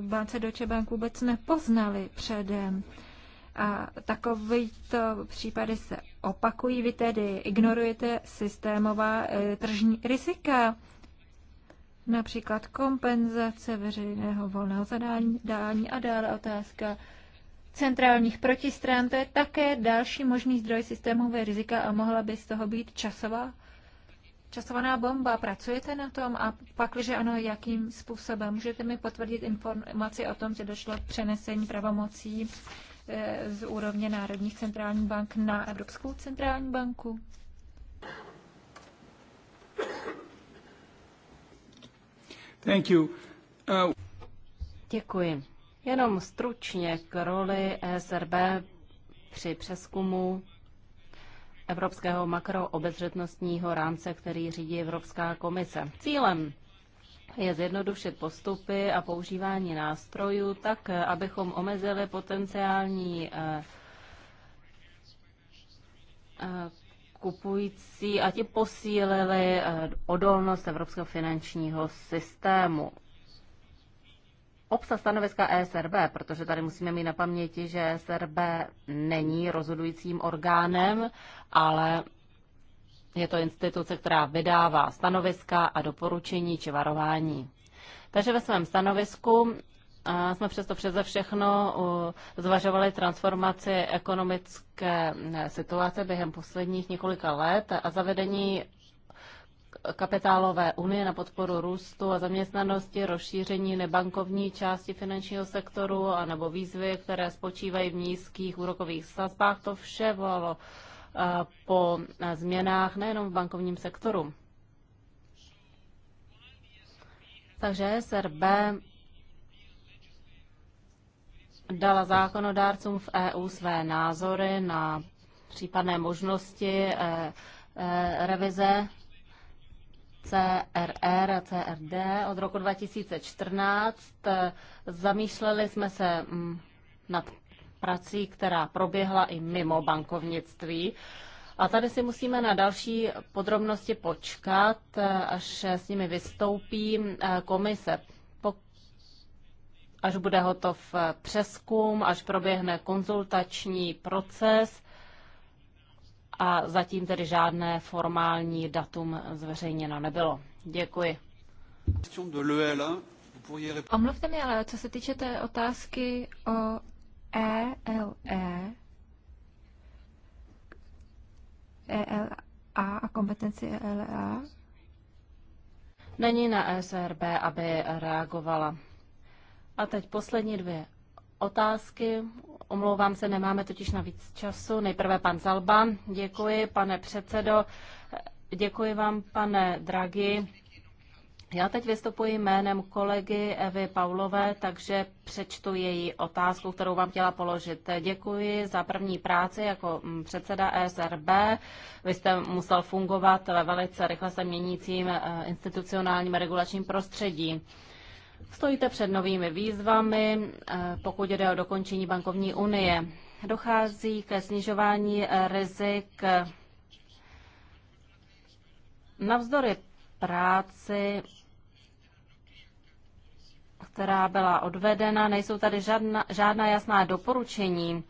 bance Deutsche Bank vůbec nepoznali předem. A takovýto případy se opakují, vy tedy ignorujete systémová e, tržní rizika, například kompenzace veřejného volného zadání dání a dále otázka centrálních protistran, to je také další možný zdroj systémové rizika a mohla by z toho být časová časovaná bomba. Pracujete na tom a pak, že ano, jakým způsobem? Můžete mi potvrdit informaci o tom, že došlo k přenesení pravomocí eh, z úrovně Národních centrálních bank na Evropskou centrální banku? Thank you. Uh... Děkuji. Jenom stručně k roli ESRB při přeskumu evropského makroobezřetnostního rámce, který řídí Evropská komise. Cílem je zjednodušit postupy a používání nástrojů tak, abychom omezili potenciální eh, eh, kupující a ti posílili eh, odolnost evropského finančního systému obsah stanoviska ESRB, protože tady musíme mít na paměti, že ESRB není rozhodujícím orgánem, ale je to instituce, která vydává stanoviska a doporučení či varování. Takže ve svém stanovisku eh, jsme přesto přeze všechno zvažovali transformaci ekonomické eh, situace během posledních několika let a zavedení kapitálové unie na podporu růstu a zaměstnanosti, rozšíření nebankovní části finančního sektoru a nebo výzvy, které spočívají v nízkých úrokových sazbách, to vše volalo eh, po eh, změnách nejenom v bankovním sektoru. Takže SRB dala zákonodárcům v EU své názory na případné možnosti eh, revize CRR a CRD od roku 2014. Zamýšleli jsme se mm, nad prací, která proběhla i mimo bankovnictví. A tady si musíme na další podrobnosti počkat, až s nimi vystoupí eh, komise. Až bude hotov eh, přeskum, až proběhne konzultační proces a zatím tedy žádné formální datum zveřejněno nebylo. Děkuji. Omluvte mi, ale co se týče té otázky o ELE, ELA a kompetenci ELA? E Není na e SRB, aby reagovala. A teď poslední dvě otázky Omlouvám se, nemáme totiž navíc času. Nejprve pan Zalba. Děkuji, pane předsedo. Děkuji vám, pane Dragi. Já teď vystupuji jménem kolegy Evy Paulové, takže přečtu její otázku, kterou vám chtěla položit. Děkuji za první práci jako mm, předseda ESRB. Vy jste musel fungovat ve velice rychle se měnícím eh, institucionálním regulačním prostředí. Stojíte před novými výzvami, eh, pokud jde o dokončení bankovní unie. Dochází ke snižování eh, rizik eh, navzdory práci, která byla odvedena. Nejsou tady žádná, žádná jasná doporučení.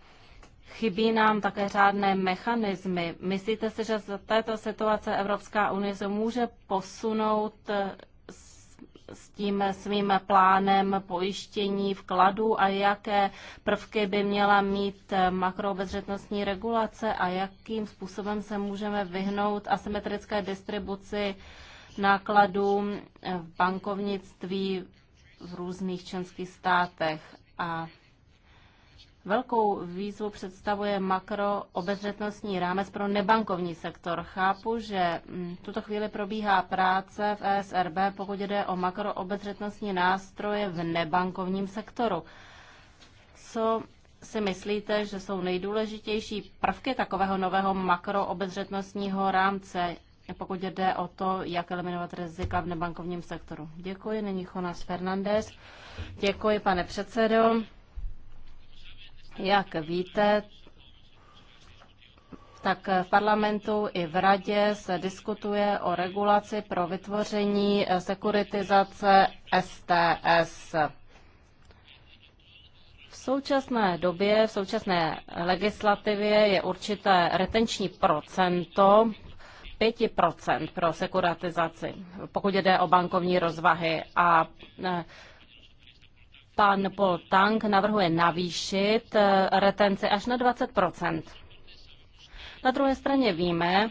Chybí nám také řádné mechanismy. Myslíte si, že z této situace Evropská unie se může posunout s tím svým plánem pojištění vkladu a jaké prvky by měla mít makroobezřetnostní regulace a jakým způsobem se můžeme vyhnout asymetrické distribuci nákladů v bankovnictví v různých členských státech. A Velkou výzvu představuje obezřetnostní rámec pro nebankovní sektor. Chápu, že mm, v tuto chvíli probíhá práce v ESRB, pokud jde o obezřetnostní nástroje v nebankovním sektoru. Co si myslíte, že jsou nejdůležitější prvky takového nového obezřetnostního rámce, pokud jde o to, jak eliminovat rizika v nebankovním sektoru? Děkuji, není Jonas Fernandez. Děkuji, pane předsedo. Jak víte, tak v parlamentu i v radě se diskutuje o regulaci pro vytvoření sekuritizace STS. V současné době, v současné legislativě je určité retenční procento 5% pro sekuratizaci, pokud jde o bankovní rozvahy. A eh, pan Paul Tang navrhuje navýšit eh, retenci až na 20 Na druhé straně víme,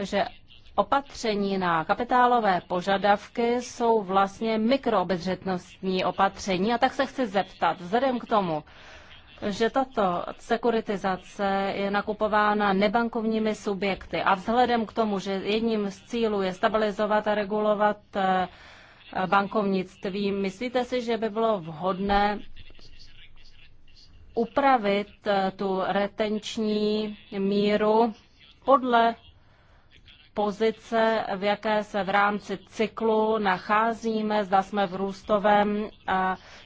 že opatření na kapitálové požadavky jsou vlastně mikroobezřetnostní opatření a tak se chci zeptat, vzhledem k tomu, že tato sekuritizace je nakupována nebankovními subjekty a vzhledem k tomu, že jedním z cílů je stabilizovat a regulovat eh, Eh, bankovnictví. Myslíte si, že by bylo vhodné upravit eh, tu retenční míru podle pozice, v jaké se v rámci cyklu nacházíme, zda jsme v růstovém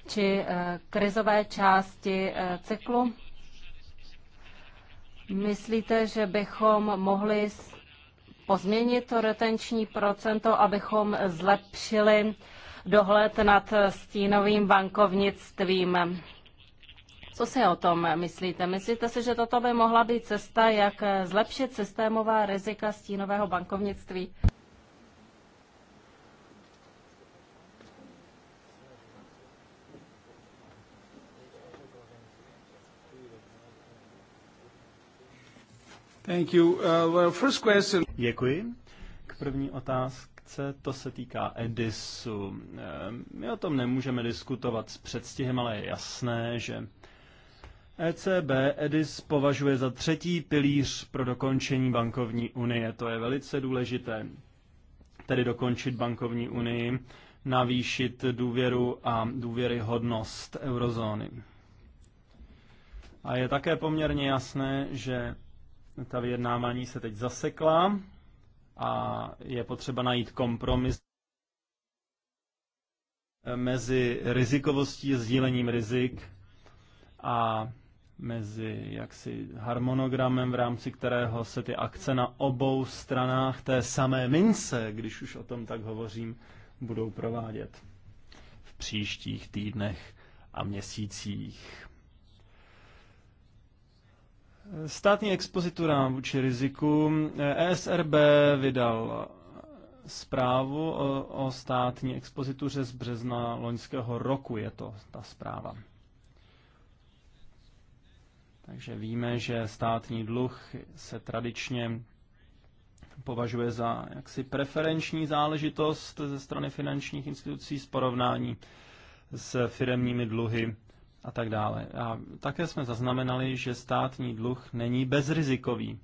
či eh, krizové části cyklu? Myslíte, že bychom mohli pozměnit to retenční procento, abychom zlepšili dohled nad stínovým bankovnictvím. Co si o tom myslíte? Myslíte si, že toto by mohla být cesta, jak zlepšit systémová rizika stínového bankovnictví? Thank you. Uh, well, first question. Děkuji. K první otázce, to se týká Edisu. Um, my o tom nemůžeme diskutovat s předstihem, ale je jasné, že ECB Edis považuje za třetí pilíř pro dokončení bankovní unie. To je velice důležité, tedy dokončit bankovní unii, navýšit důvěru a důvěryhodnost eurozóny. A je také poměrně jasné, že ta vyjednávání se teď zasekla a je potřeba najít kompromis mezi rizikovostí a sdílením rizik a mezi jaksi harmonogramem, v rámci kterého se ty akce na obou stranách té samé mince, když už o tom tak hovořím, budou provádět v příštích týdnech a měsících. Státní expozitura vůči riziku. ESRB vydal zprávu o, o státní expozituře z března loňského roku, je to ta zpráva. Takže víme, že státní dluh se tradičně považuje za jaksi preferenční záležitost ze strany finančních institucí s porovnání s firemními dluhy a tak dále. A také jsme zaznamenali, že státní dluh není bezrizikový.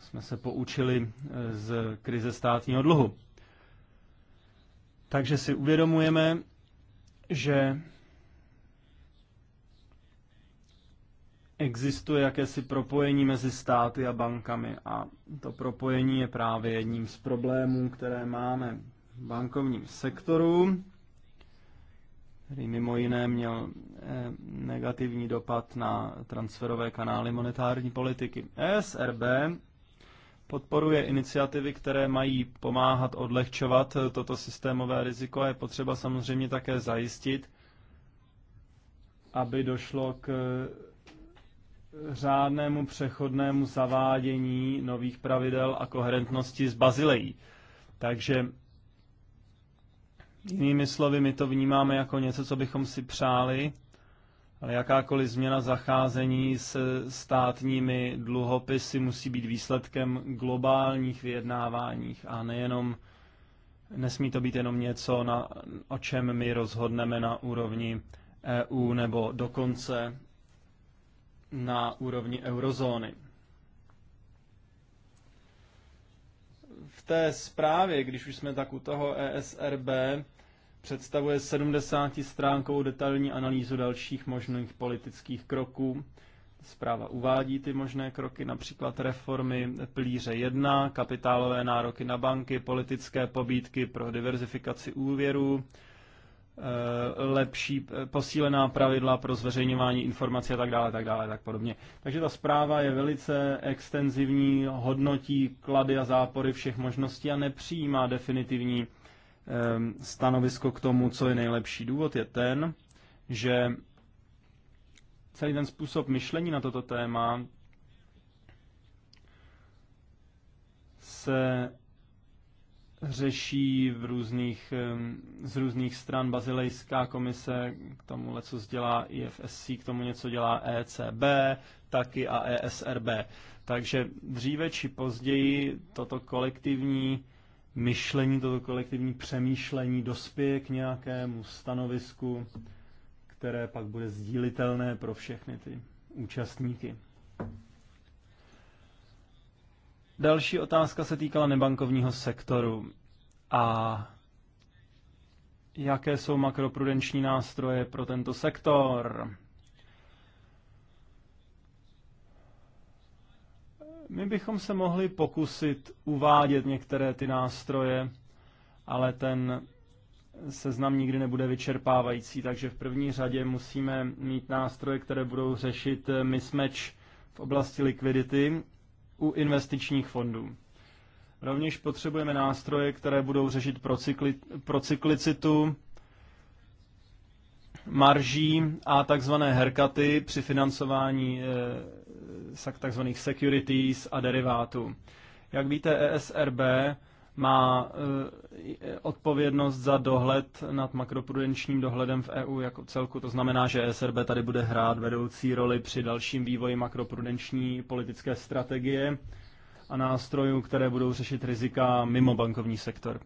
Jsme se poučili e, z krize státního dluhu. Takže si uvědomujeme, že existuje jakési propojení mezi státy a bankami a to propojení je právě jedním z problémů, které máme v bankovním sektoru, který mimo jiné měl negativní dopad na transferové kanály monetární politiky. ESRB podporuje iniciativy, které mají pomáhat odlehčovat toto systémové riziko a je potřeba samozřejmě také zajistit, aby došlo k řádnému přechodnému zavádění nových pravidel a koherentnosti s Bazilejí. Takže jinými slovy, my to vnímáme jako něco, co bychom si přáli, ale jakákoliv změna zacházení s státními dluhopisy musí být výsledkem globálních vyjednáváních a nejenom nesmí to být jenom něco, na, o čem my rozhodneme na úrovni EU nebo dokonce na úrovni eurozóny. V té zprávě, když už jsme tak u toho ESRB, představuje 70 stránkou detailní analýzu dalších možných politických kroků. Zpráva uvádí ty možné kroky, například reformy plíře 1, kapitálové nároky na banky, politické pobídky pro diverzifikaci úvěrů, e, lepší e, posílená pravidla pro zveřejňování informací a tak dále, tak dále, tak podobně. Takže ta zpráva je velice extenzivní, hodnotí klady a zápory všech možností a nepřijímá definitivní Ehm, stanovisko k tomu, co je nejlepší důvod, je ten, že celý ten způsob myšlení na toto téma se řeší v různých, ehm, z různých stran. Bazilejská komise k tomu co dělá IFSC, k tomu něco dělá ECB, taky a ESRB. Takže dříve či později toto kolektivní myšlení, toto kolektivní přemýšlení dospěje k nějakému stanovisku, které pak bude sdílitelné pro všechny ty účastníky. Další otázka se týkala nebankovního sektoru a jaké jsou makroprudenční nástroje pro tento sektor. My bychom se mohli pokusit uvádět některé ty nástroje, ale ten seznam nikdy nebude vyčerpávající, takže v první řadě musíme mít nástroje, které budou řešit mismatch v oblasti likvidity u investičních fondů. Rovněž potřebujeme nástroje, které budou řešit procyklicitu, marží a takzvané herkaty při financování eh, tzv. securities a derivátů. Jak víte, ESRB má e, odpovědnost za dohled nad makroprudenčním dohledem v EU jako celku. To znamená, že ESRB tady bude hrát vedoucí roli při dalším vývoji makroprudenční politické strategie a nástrojů, které budou řešit rizika mimo bankovní sektor.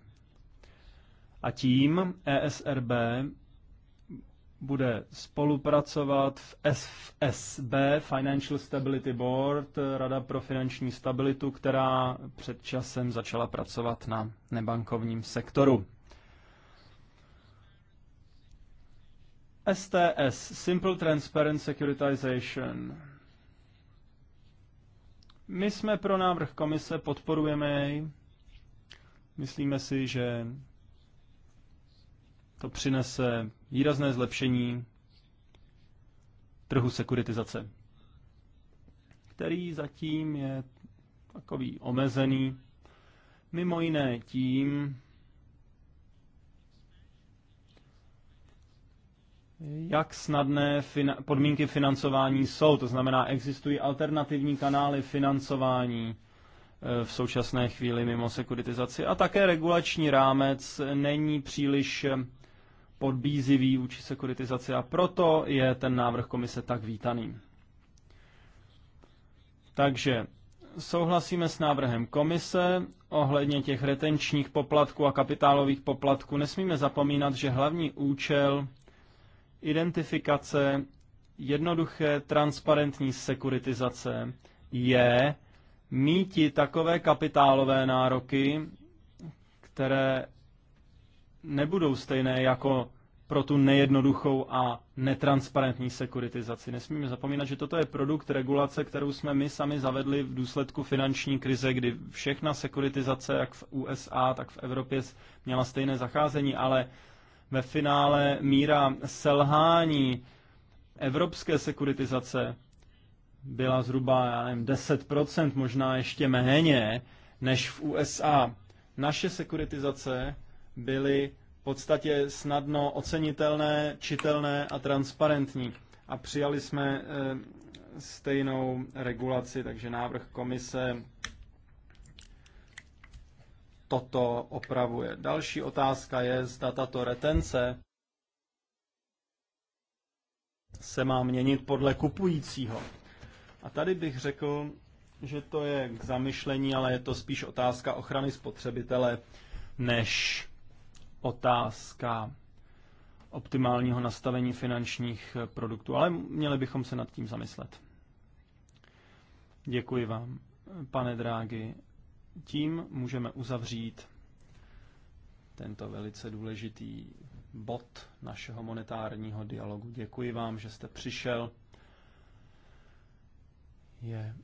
A tím ESRB bude spolupracovat v FSB, Financial Stability Board, Rada pro finanční stabilitu, která před časem začala pracovat na nebankovním sektoru. STS, Simple Transparent Securitization. My jsme pro návrh komise, podporujeme jej. Myslíme si, že to přinese výrazné zlepšení trhu sekuritizace, který zatím je takový omezený, mimo jiné tím, jak snadné fina- podmínky financování jsou. To znamená, existují alternativní kanály financování eh, v současné chvíli mimo sekuritizaci a také regulační rámec není příliš eh, podbízivý vůči sekuritizaci a proto je ten návrh komise tak vítaný. Takže souhlasíme s návrhem komise ohledně těch retenčních poplatků a kapitálových poplatků. Nesmíme zapomínat, že hlavní účel identifikace jednoduché transparentní sekuritizace je míti takové kapitálové nároky, které nebudou stejné jako pro tu nejednoduchou a netransparentní sekuritizaci. Nesmíme zapomínat, že toto je produkt regulace, kterou jsme my sami zavedli v důsledku finanční krize, kdy všechna sekuritizace, jak v USA, tak v Evropě, měla stejné zacházení, ale ve finále míra selhání evropské sekuritizace byla zhruba, já nevím, 10%, možná ještě méně, než v USA. Naše sekuritizace byly v podstatě snadno ocenitelné, čitelné a transparentní. A přijali jsme eh, stejnou regulaci, takže návrh komise toto opravuje. Další otázka je, zda tato retence se má měnit podle kupujícího. A tady bych řekl, že to je k zamyšlení, ale je to spíš otázka ochrany spotřebitele než otázka optimálního nastavení finančních produktů, ale měli bychom se nad tím zamyslet. Děkuji vám, pane Drágy. Tím můžeme uzavřít tento velice důležitý bod našeho monetárního dialogu. Děkuji vám, že jste přišel. Je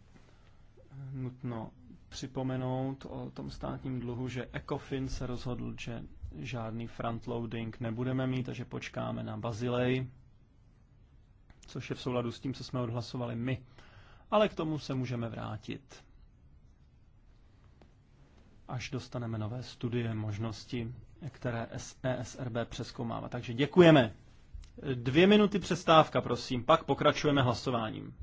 nutno připomenout o tom státním dluhu, že ECOFIN se rozhodl, že žádný frontloading nebudeme mít, takže počkáme na Bazilej, což je v souladu s tím, co jsme odhlasovali my. Ale k tomu se můžeme vrátit. Až dostaneme nové studie, možnosti, které ESRB přeskoumává. Takže děkujeme. Dvě minuty přestávka, prosím, pak pokračujeme hlasováním.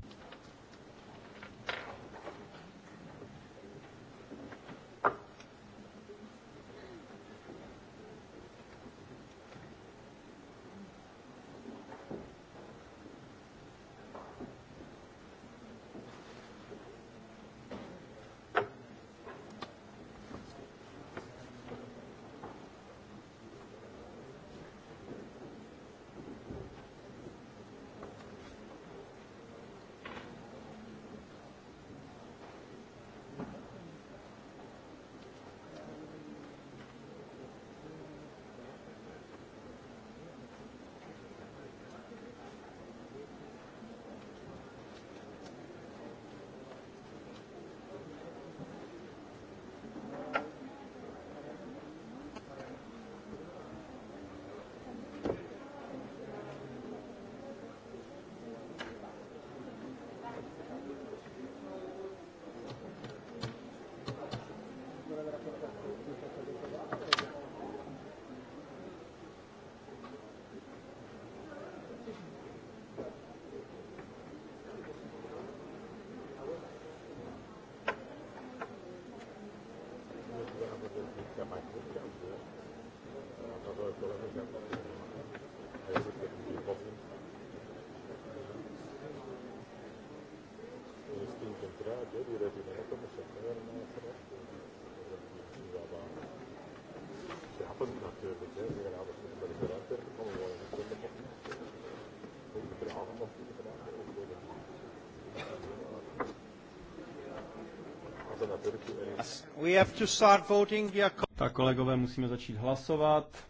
Tak kolegové, musíme začít hlasovat.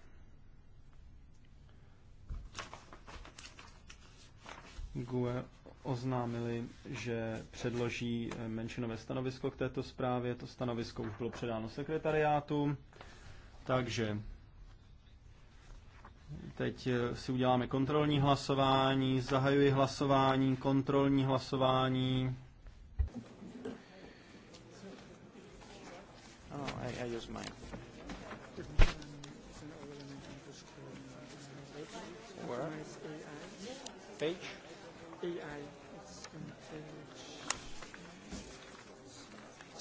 oznámili, že předloží eh, menšinové stanovisko k této zprávě. To stanovisko už bylo předáno sekretariátu, takže teď eh, si uděláme kontrolní hlasování, zahajuji hlasování, kontrolní hlasování. Oh, I, I use mine. Where? Page? AI.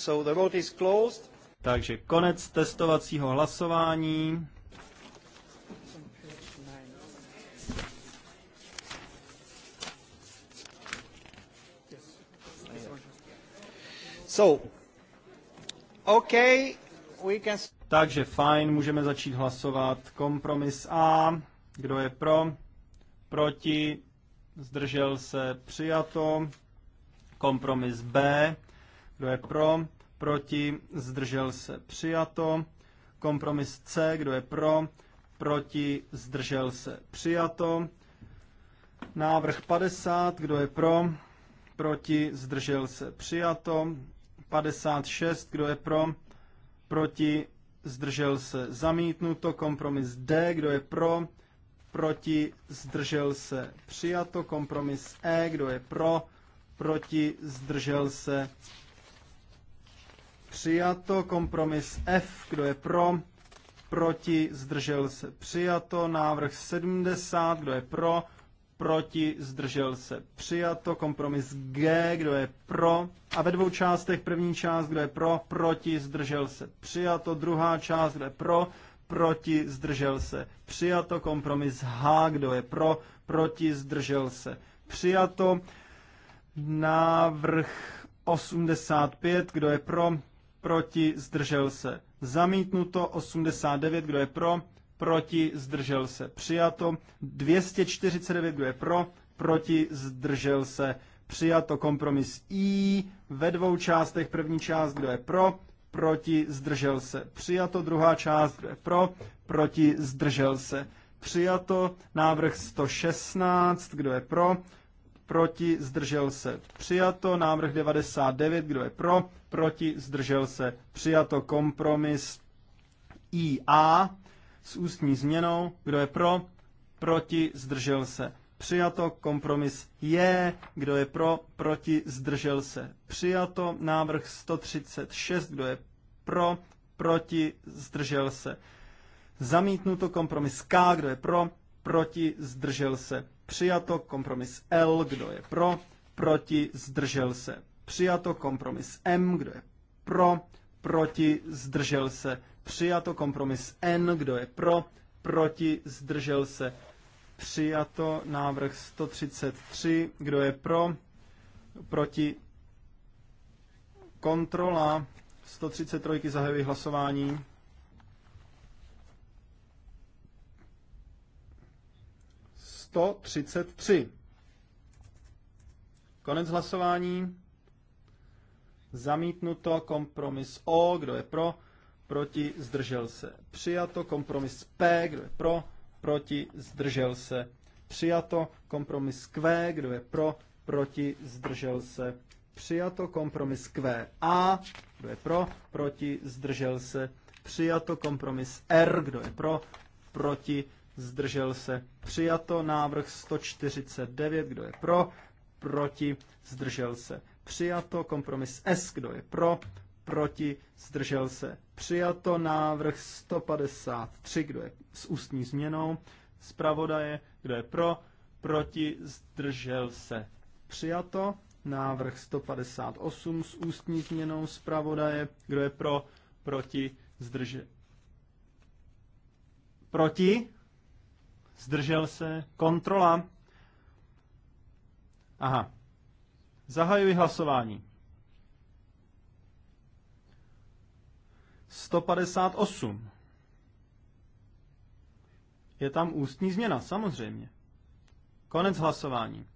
So the vote is closed. Takže konec testovacího hlasování. So, okay, we can... Takže fajn, můžeme začít hlasovat. Kompromis A. Kdo je pro? Proti? Zdržel se? Přijato. Kompromis B. Kdo je pro? proti, zdržel se přijato. Kompromis C, kdo je pro, proti, zdržel se přijato. Návrh 50, kdo je pro, proti, zdržel se přijato. 56, kdo je pro, proti, zdržel se zamítnuto. Kompromis D, kdo je pro, proti, zdržel se přijato. Kompromis E, kdo je pro, proti, zdržel se přijato. Kompromis F, kdo je pro, proti, zdržel se, přijato. Návrh 70, kdo je pro, proti, zdržel se, přijato. Kompromis G, kdo je pro. A ve dvou částech, první část, kdo je pro, proti, zdržel se, přijato. Druhá část, kdo je pro, proti, zdržel se, přijato. Kompromis H, kdo je pro, proti, zdržel se, přijato. Návrh 85, kdo je pro, proti, zdržel se. Zamítnuto 89, kdo je pro, proti, zdržel se. Přijato 249, kdo je pro, proti, zdržel se. Přijato kompromis I ve dvou částech. První část, kdo je pro, proti, zdržel se. Přijato druhá část, kdo je pro, proti, zdržel se. Přijato návrh 116, kdo je pro, proti, zdržel se, přijato. Návrh 99, kdo je pro, proti, zdržel se, přijato. Kompromis IA s ústní změnou, kdo je pro, proti, zdržel se, přijato. Kompromis J, kdo je pro, proti, zdržel se, přijato. Návrh 136, kdo je pro, proti, zdržel se. Zamítnuto kompromis K, kdo je pro, proti, zdržel se. Přijato kompromis L, kdo je pro, proti, zdržel se. Přijato kompromis M, kdo je pro, proti, zdržel se. Přijato kompromis N, kdo je pro, proti, zdržel se. Přijato návrh 133, kdo je pro, proti, kontrola 133 zahajuji hlasování. 133. Konec hlasování. Zamítnuto kompromis O, kdo je pro, proti, zdržel se. Přijato kompromis P, kdo je pro, proti, zdržel se. Přijato kompromis Q, kdo je pro, proti, zdržel se. Přijato kompromis Q A, kdo je pro, proti, zdržel se. Přijato kompromis R, kdo je pro, proti, zdržel se, přijato. Návrh 149, kdo je pro, proti, zdržel se, přijato. Kompromis S, kdo je pro, proti, zdržel se, přijato. Návrh 153, kdo je s ústní změnou, zpravodaje, kdo je pro, proti, zdržel se, přijato. Návrh 158 s ústní změnou zpravodaje, kdo je pro, proti, zdržel Proti? zdržel se, kontrola. Aha, zahajuji hlasování. 158. Je tam ústní změna, samozřejmě. Konec hlasování.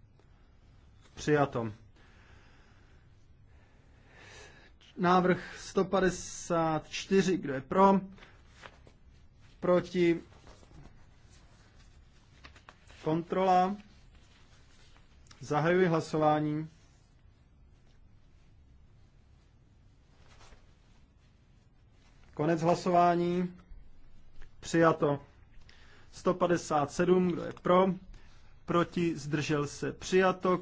Přijato. Návrh 154, kdo je pro? Proti Kontrola. Zahajuji hlasování. Konec hlasování. Přijato. 157, kdo je pro, proti, zdržel se, přijato.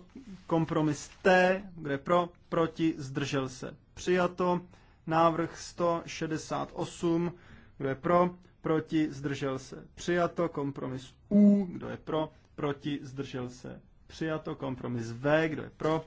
Kompromis T, kdo je pro, proti, zdržel se, přijato. Návrh 168, kdo je pro, proti, zdržel se, přijato, kompromis U, kdo je pro, proti, zdržel se, přijato, kompromis V, kdo je pro,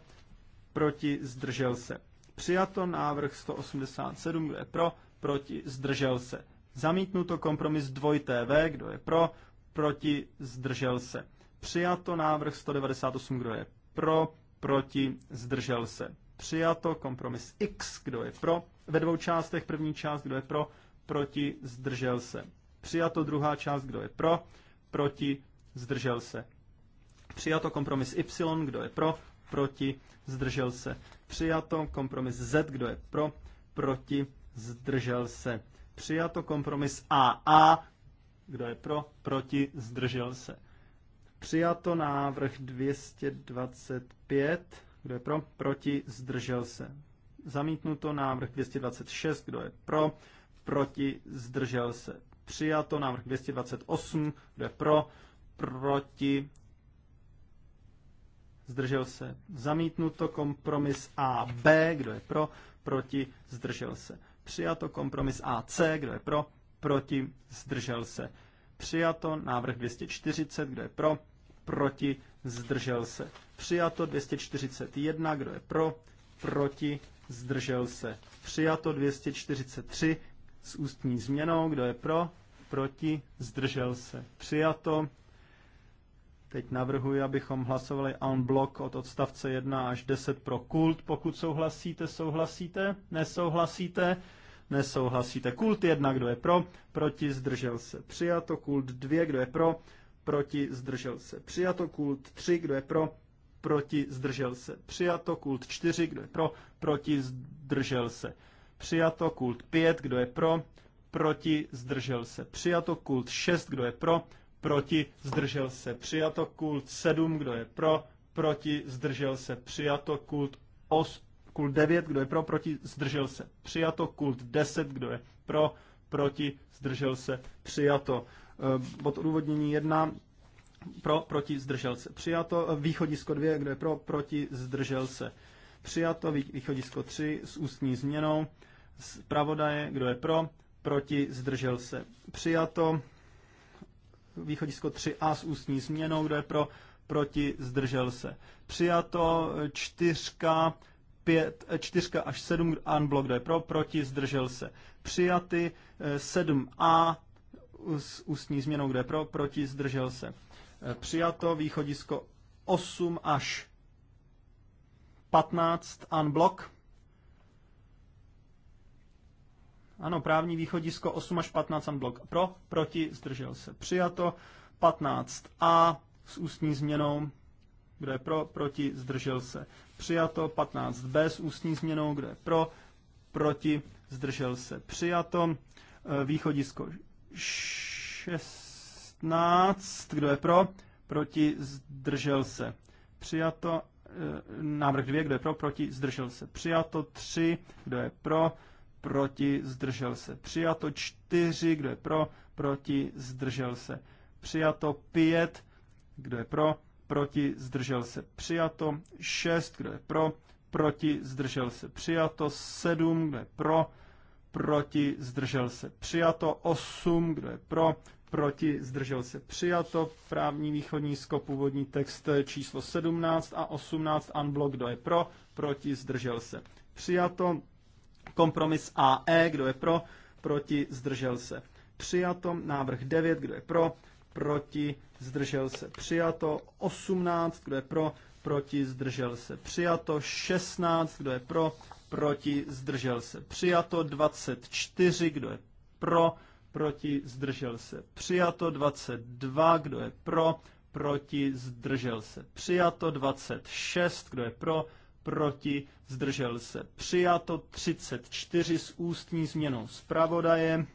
proti, zdržel se, přijato, návrh 187, kdo je pro, proti, zdržel se, zamítnuto, kompromis dvojité V, kdo je pro, proti, zdržel se, přijato, návrh 198, kdo je pro, proti, zdržel se, přijato, kompromis X, kdo je pro, ve dvou částech, první část, kdo je pro, proti, zdržel se. Přijato druhá část, kdo je pro, proti, zdržel se. Přijato kompromis Y, kdo je pro, proti, zdržel se. Přijato kompromis Z, kdo je pro, proti, zdržel se. Přijato kompromis AA, kdo je pro, proti, zdržel se. Přijato návrh 225, kdo je pro, proti, zdržel se. Zamítnuto návrh 226, kdo je pro, proti, zdržel se přijato. Návrh 228, kdo je pro, proti, zdržel se zamítnuto. Kompromis AB, kdo je pro, proti, zdržel se přijato. Kompromis AC, kdo je pro, proti, zdržel se přijato. Návrh 240, kdo je pro, proti, zdržel se přijato. 241, kdo je pro, proti, zdržel se přijato. 243, s ústní změnou. Kdo je pro? Proti? Zdržel se? Přijato. Teď navrhuji, abychom hlasovali en blok od odstavce 1 až 10 pro kult. Pokud souhlasíte, souhlasíte? Nesouhlasíte? Nesouhlasíte. Kult 1, kdo je pro? Proti? Zdržel se? Přijato. Kult 2, kdo je pro? Proti? Zdržel se? Přijato. Kult 3, kdo je pro? Proti? Zdržel se? Přijato. Kult 4, kdo je pro? Proti? Zdržel se? přijato, kult 5, kdo je pro, proti, zdržel se, přijato, kult 6, kdo je pro, proti, zdržel se, přijato, kult 7, kdo je pro, proti, zdržel se, přijato, kult 8, kult 9, kdo je pro, proti, zdržel se, přijato, kult 10, kdo je pro, proti, zdržel se, přijato. Eh, bod odůvodnění 1, pro, proti, zdržel se, přijato. Eh, východisko 2, kdo je pro, proti, zdržel se, přijato. Východisko 3 s ústní změnou zpravodaje, kdo je pro, proti, zdržel se. Přijato. Východisko 3a s ústní změnou, kdo je pro, proti, zdržel se. Přijato čtyřka, pět, čtyřka až sedm unblock, kdo je pro, proti, zdržel se. Přijaty 7a s ústní změnou, kdo je pro, proti, zdržel se. Přijato východisko 8 až 15 unblock, Ano, právní východisko 8 až 15 blok pro, proti, zdržel se, přijato. 15a s ústní změnou, kdo je pro, proti, zdržel se, přijato. 15b s ústní změnou, kdo je pro, proti, zdržel se, přijato. E, východisko 16, kdo je pro, proti, zdržel se, přijato. E, návrh 2, kdo je pro, proti, zdržel se, přijato. 3, kdo je pro, proti, zdržel se. Přijato čtyři, kdo je pro, proti, zdržel se. Přijato pět, kdo je pro, proti, zdržel se. Přijato šest, kdo je pro, proti, zdržel se. Přijato sedm, kdo je pro, proti, zdržel se. Přijato osm, kdo je pro, proti, zdržel se. Přijato právní východní původní text číslo 17 a 18, unblock, kdo je pro, proti, zdržel se. Přijato Kompromis AE, kdo je pro, proti, zdržel se. Přijato. Návrh 9, kdo je pro, proti, zdržel se. Přijato. 18, kdo je pro, proti, zdržel se. Přijato. 16, kdo je pro, proti, zdržel se. Přijato. 24, kdo je pro, proti, zdržel se. Přijato. 22, kdo je pro, proti, zdržel se. Přijato. 26, kdo je pro, proti, zdržel se přijato, 34 s ústní změnou zpravodaje,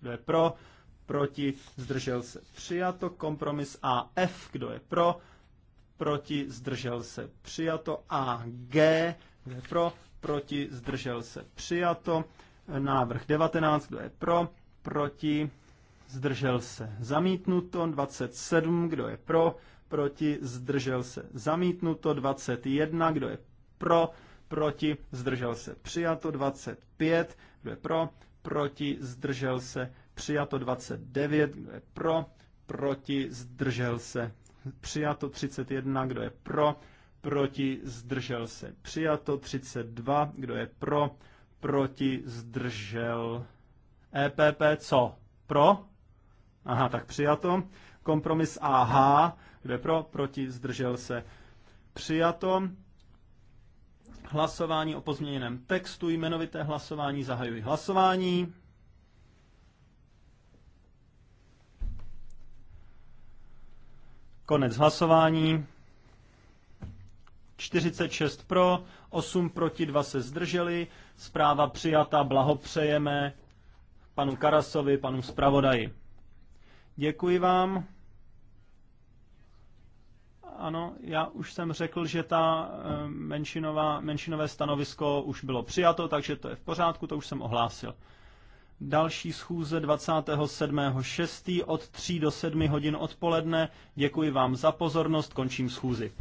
kdo je pro, proti, zdržel se přijato, kompromis AF, kdo je pro, proti, zdržel se přijato, AG, kdo je pro, proti, zdržel se přijato, návrh 19, kdo je pro, proti, zdržel se zamítnuto, 27, kdo je pro, proti, zdržel se zamítnuto, 21, kdo je pro, proti, zdržel se přijato 25, kdo je pro, proti, zdržel se přijato 29, kdo je pro, proti, zdržel se přijato 31, kdo je pro, proti, zdržel se přijato 32, kdo je pro, proti, zdržel EPP, co? Pro? Aha, tak přijato. Kompromis AH, kde pro, proti, zdržel se. Přijato hlasování o pozměněném textu, jmenovité hlasování, zahajuji hlasování. Konec hlasování. 46 pro, 8 proti, 2 se zdrželi. Zpráva přijata, blahopřejeme panu Karasovi, panu zpravodaji. Děkuji vám. Ano, já už jsem řekl, že ta eh, menšinová, menšinové stanovisko už bylo přijato, takže to je v pořádku, to už jsem ohlásil. Další schůze 27.6. od 3 do 7 hodin odpoledne. Děkuji vám za pozornost, končím schůzi.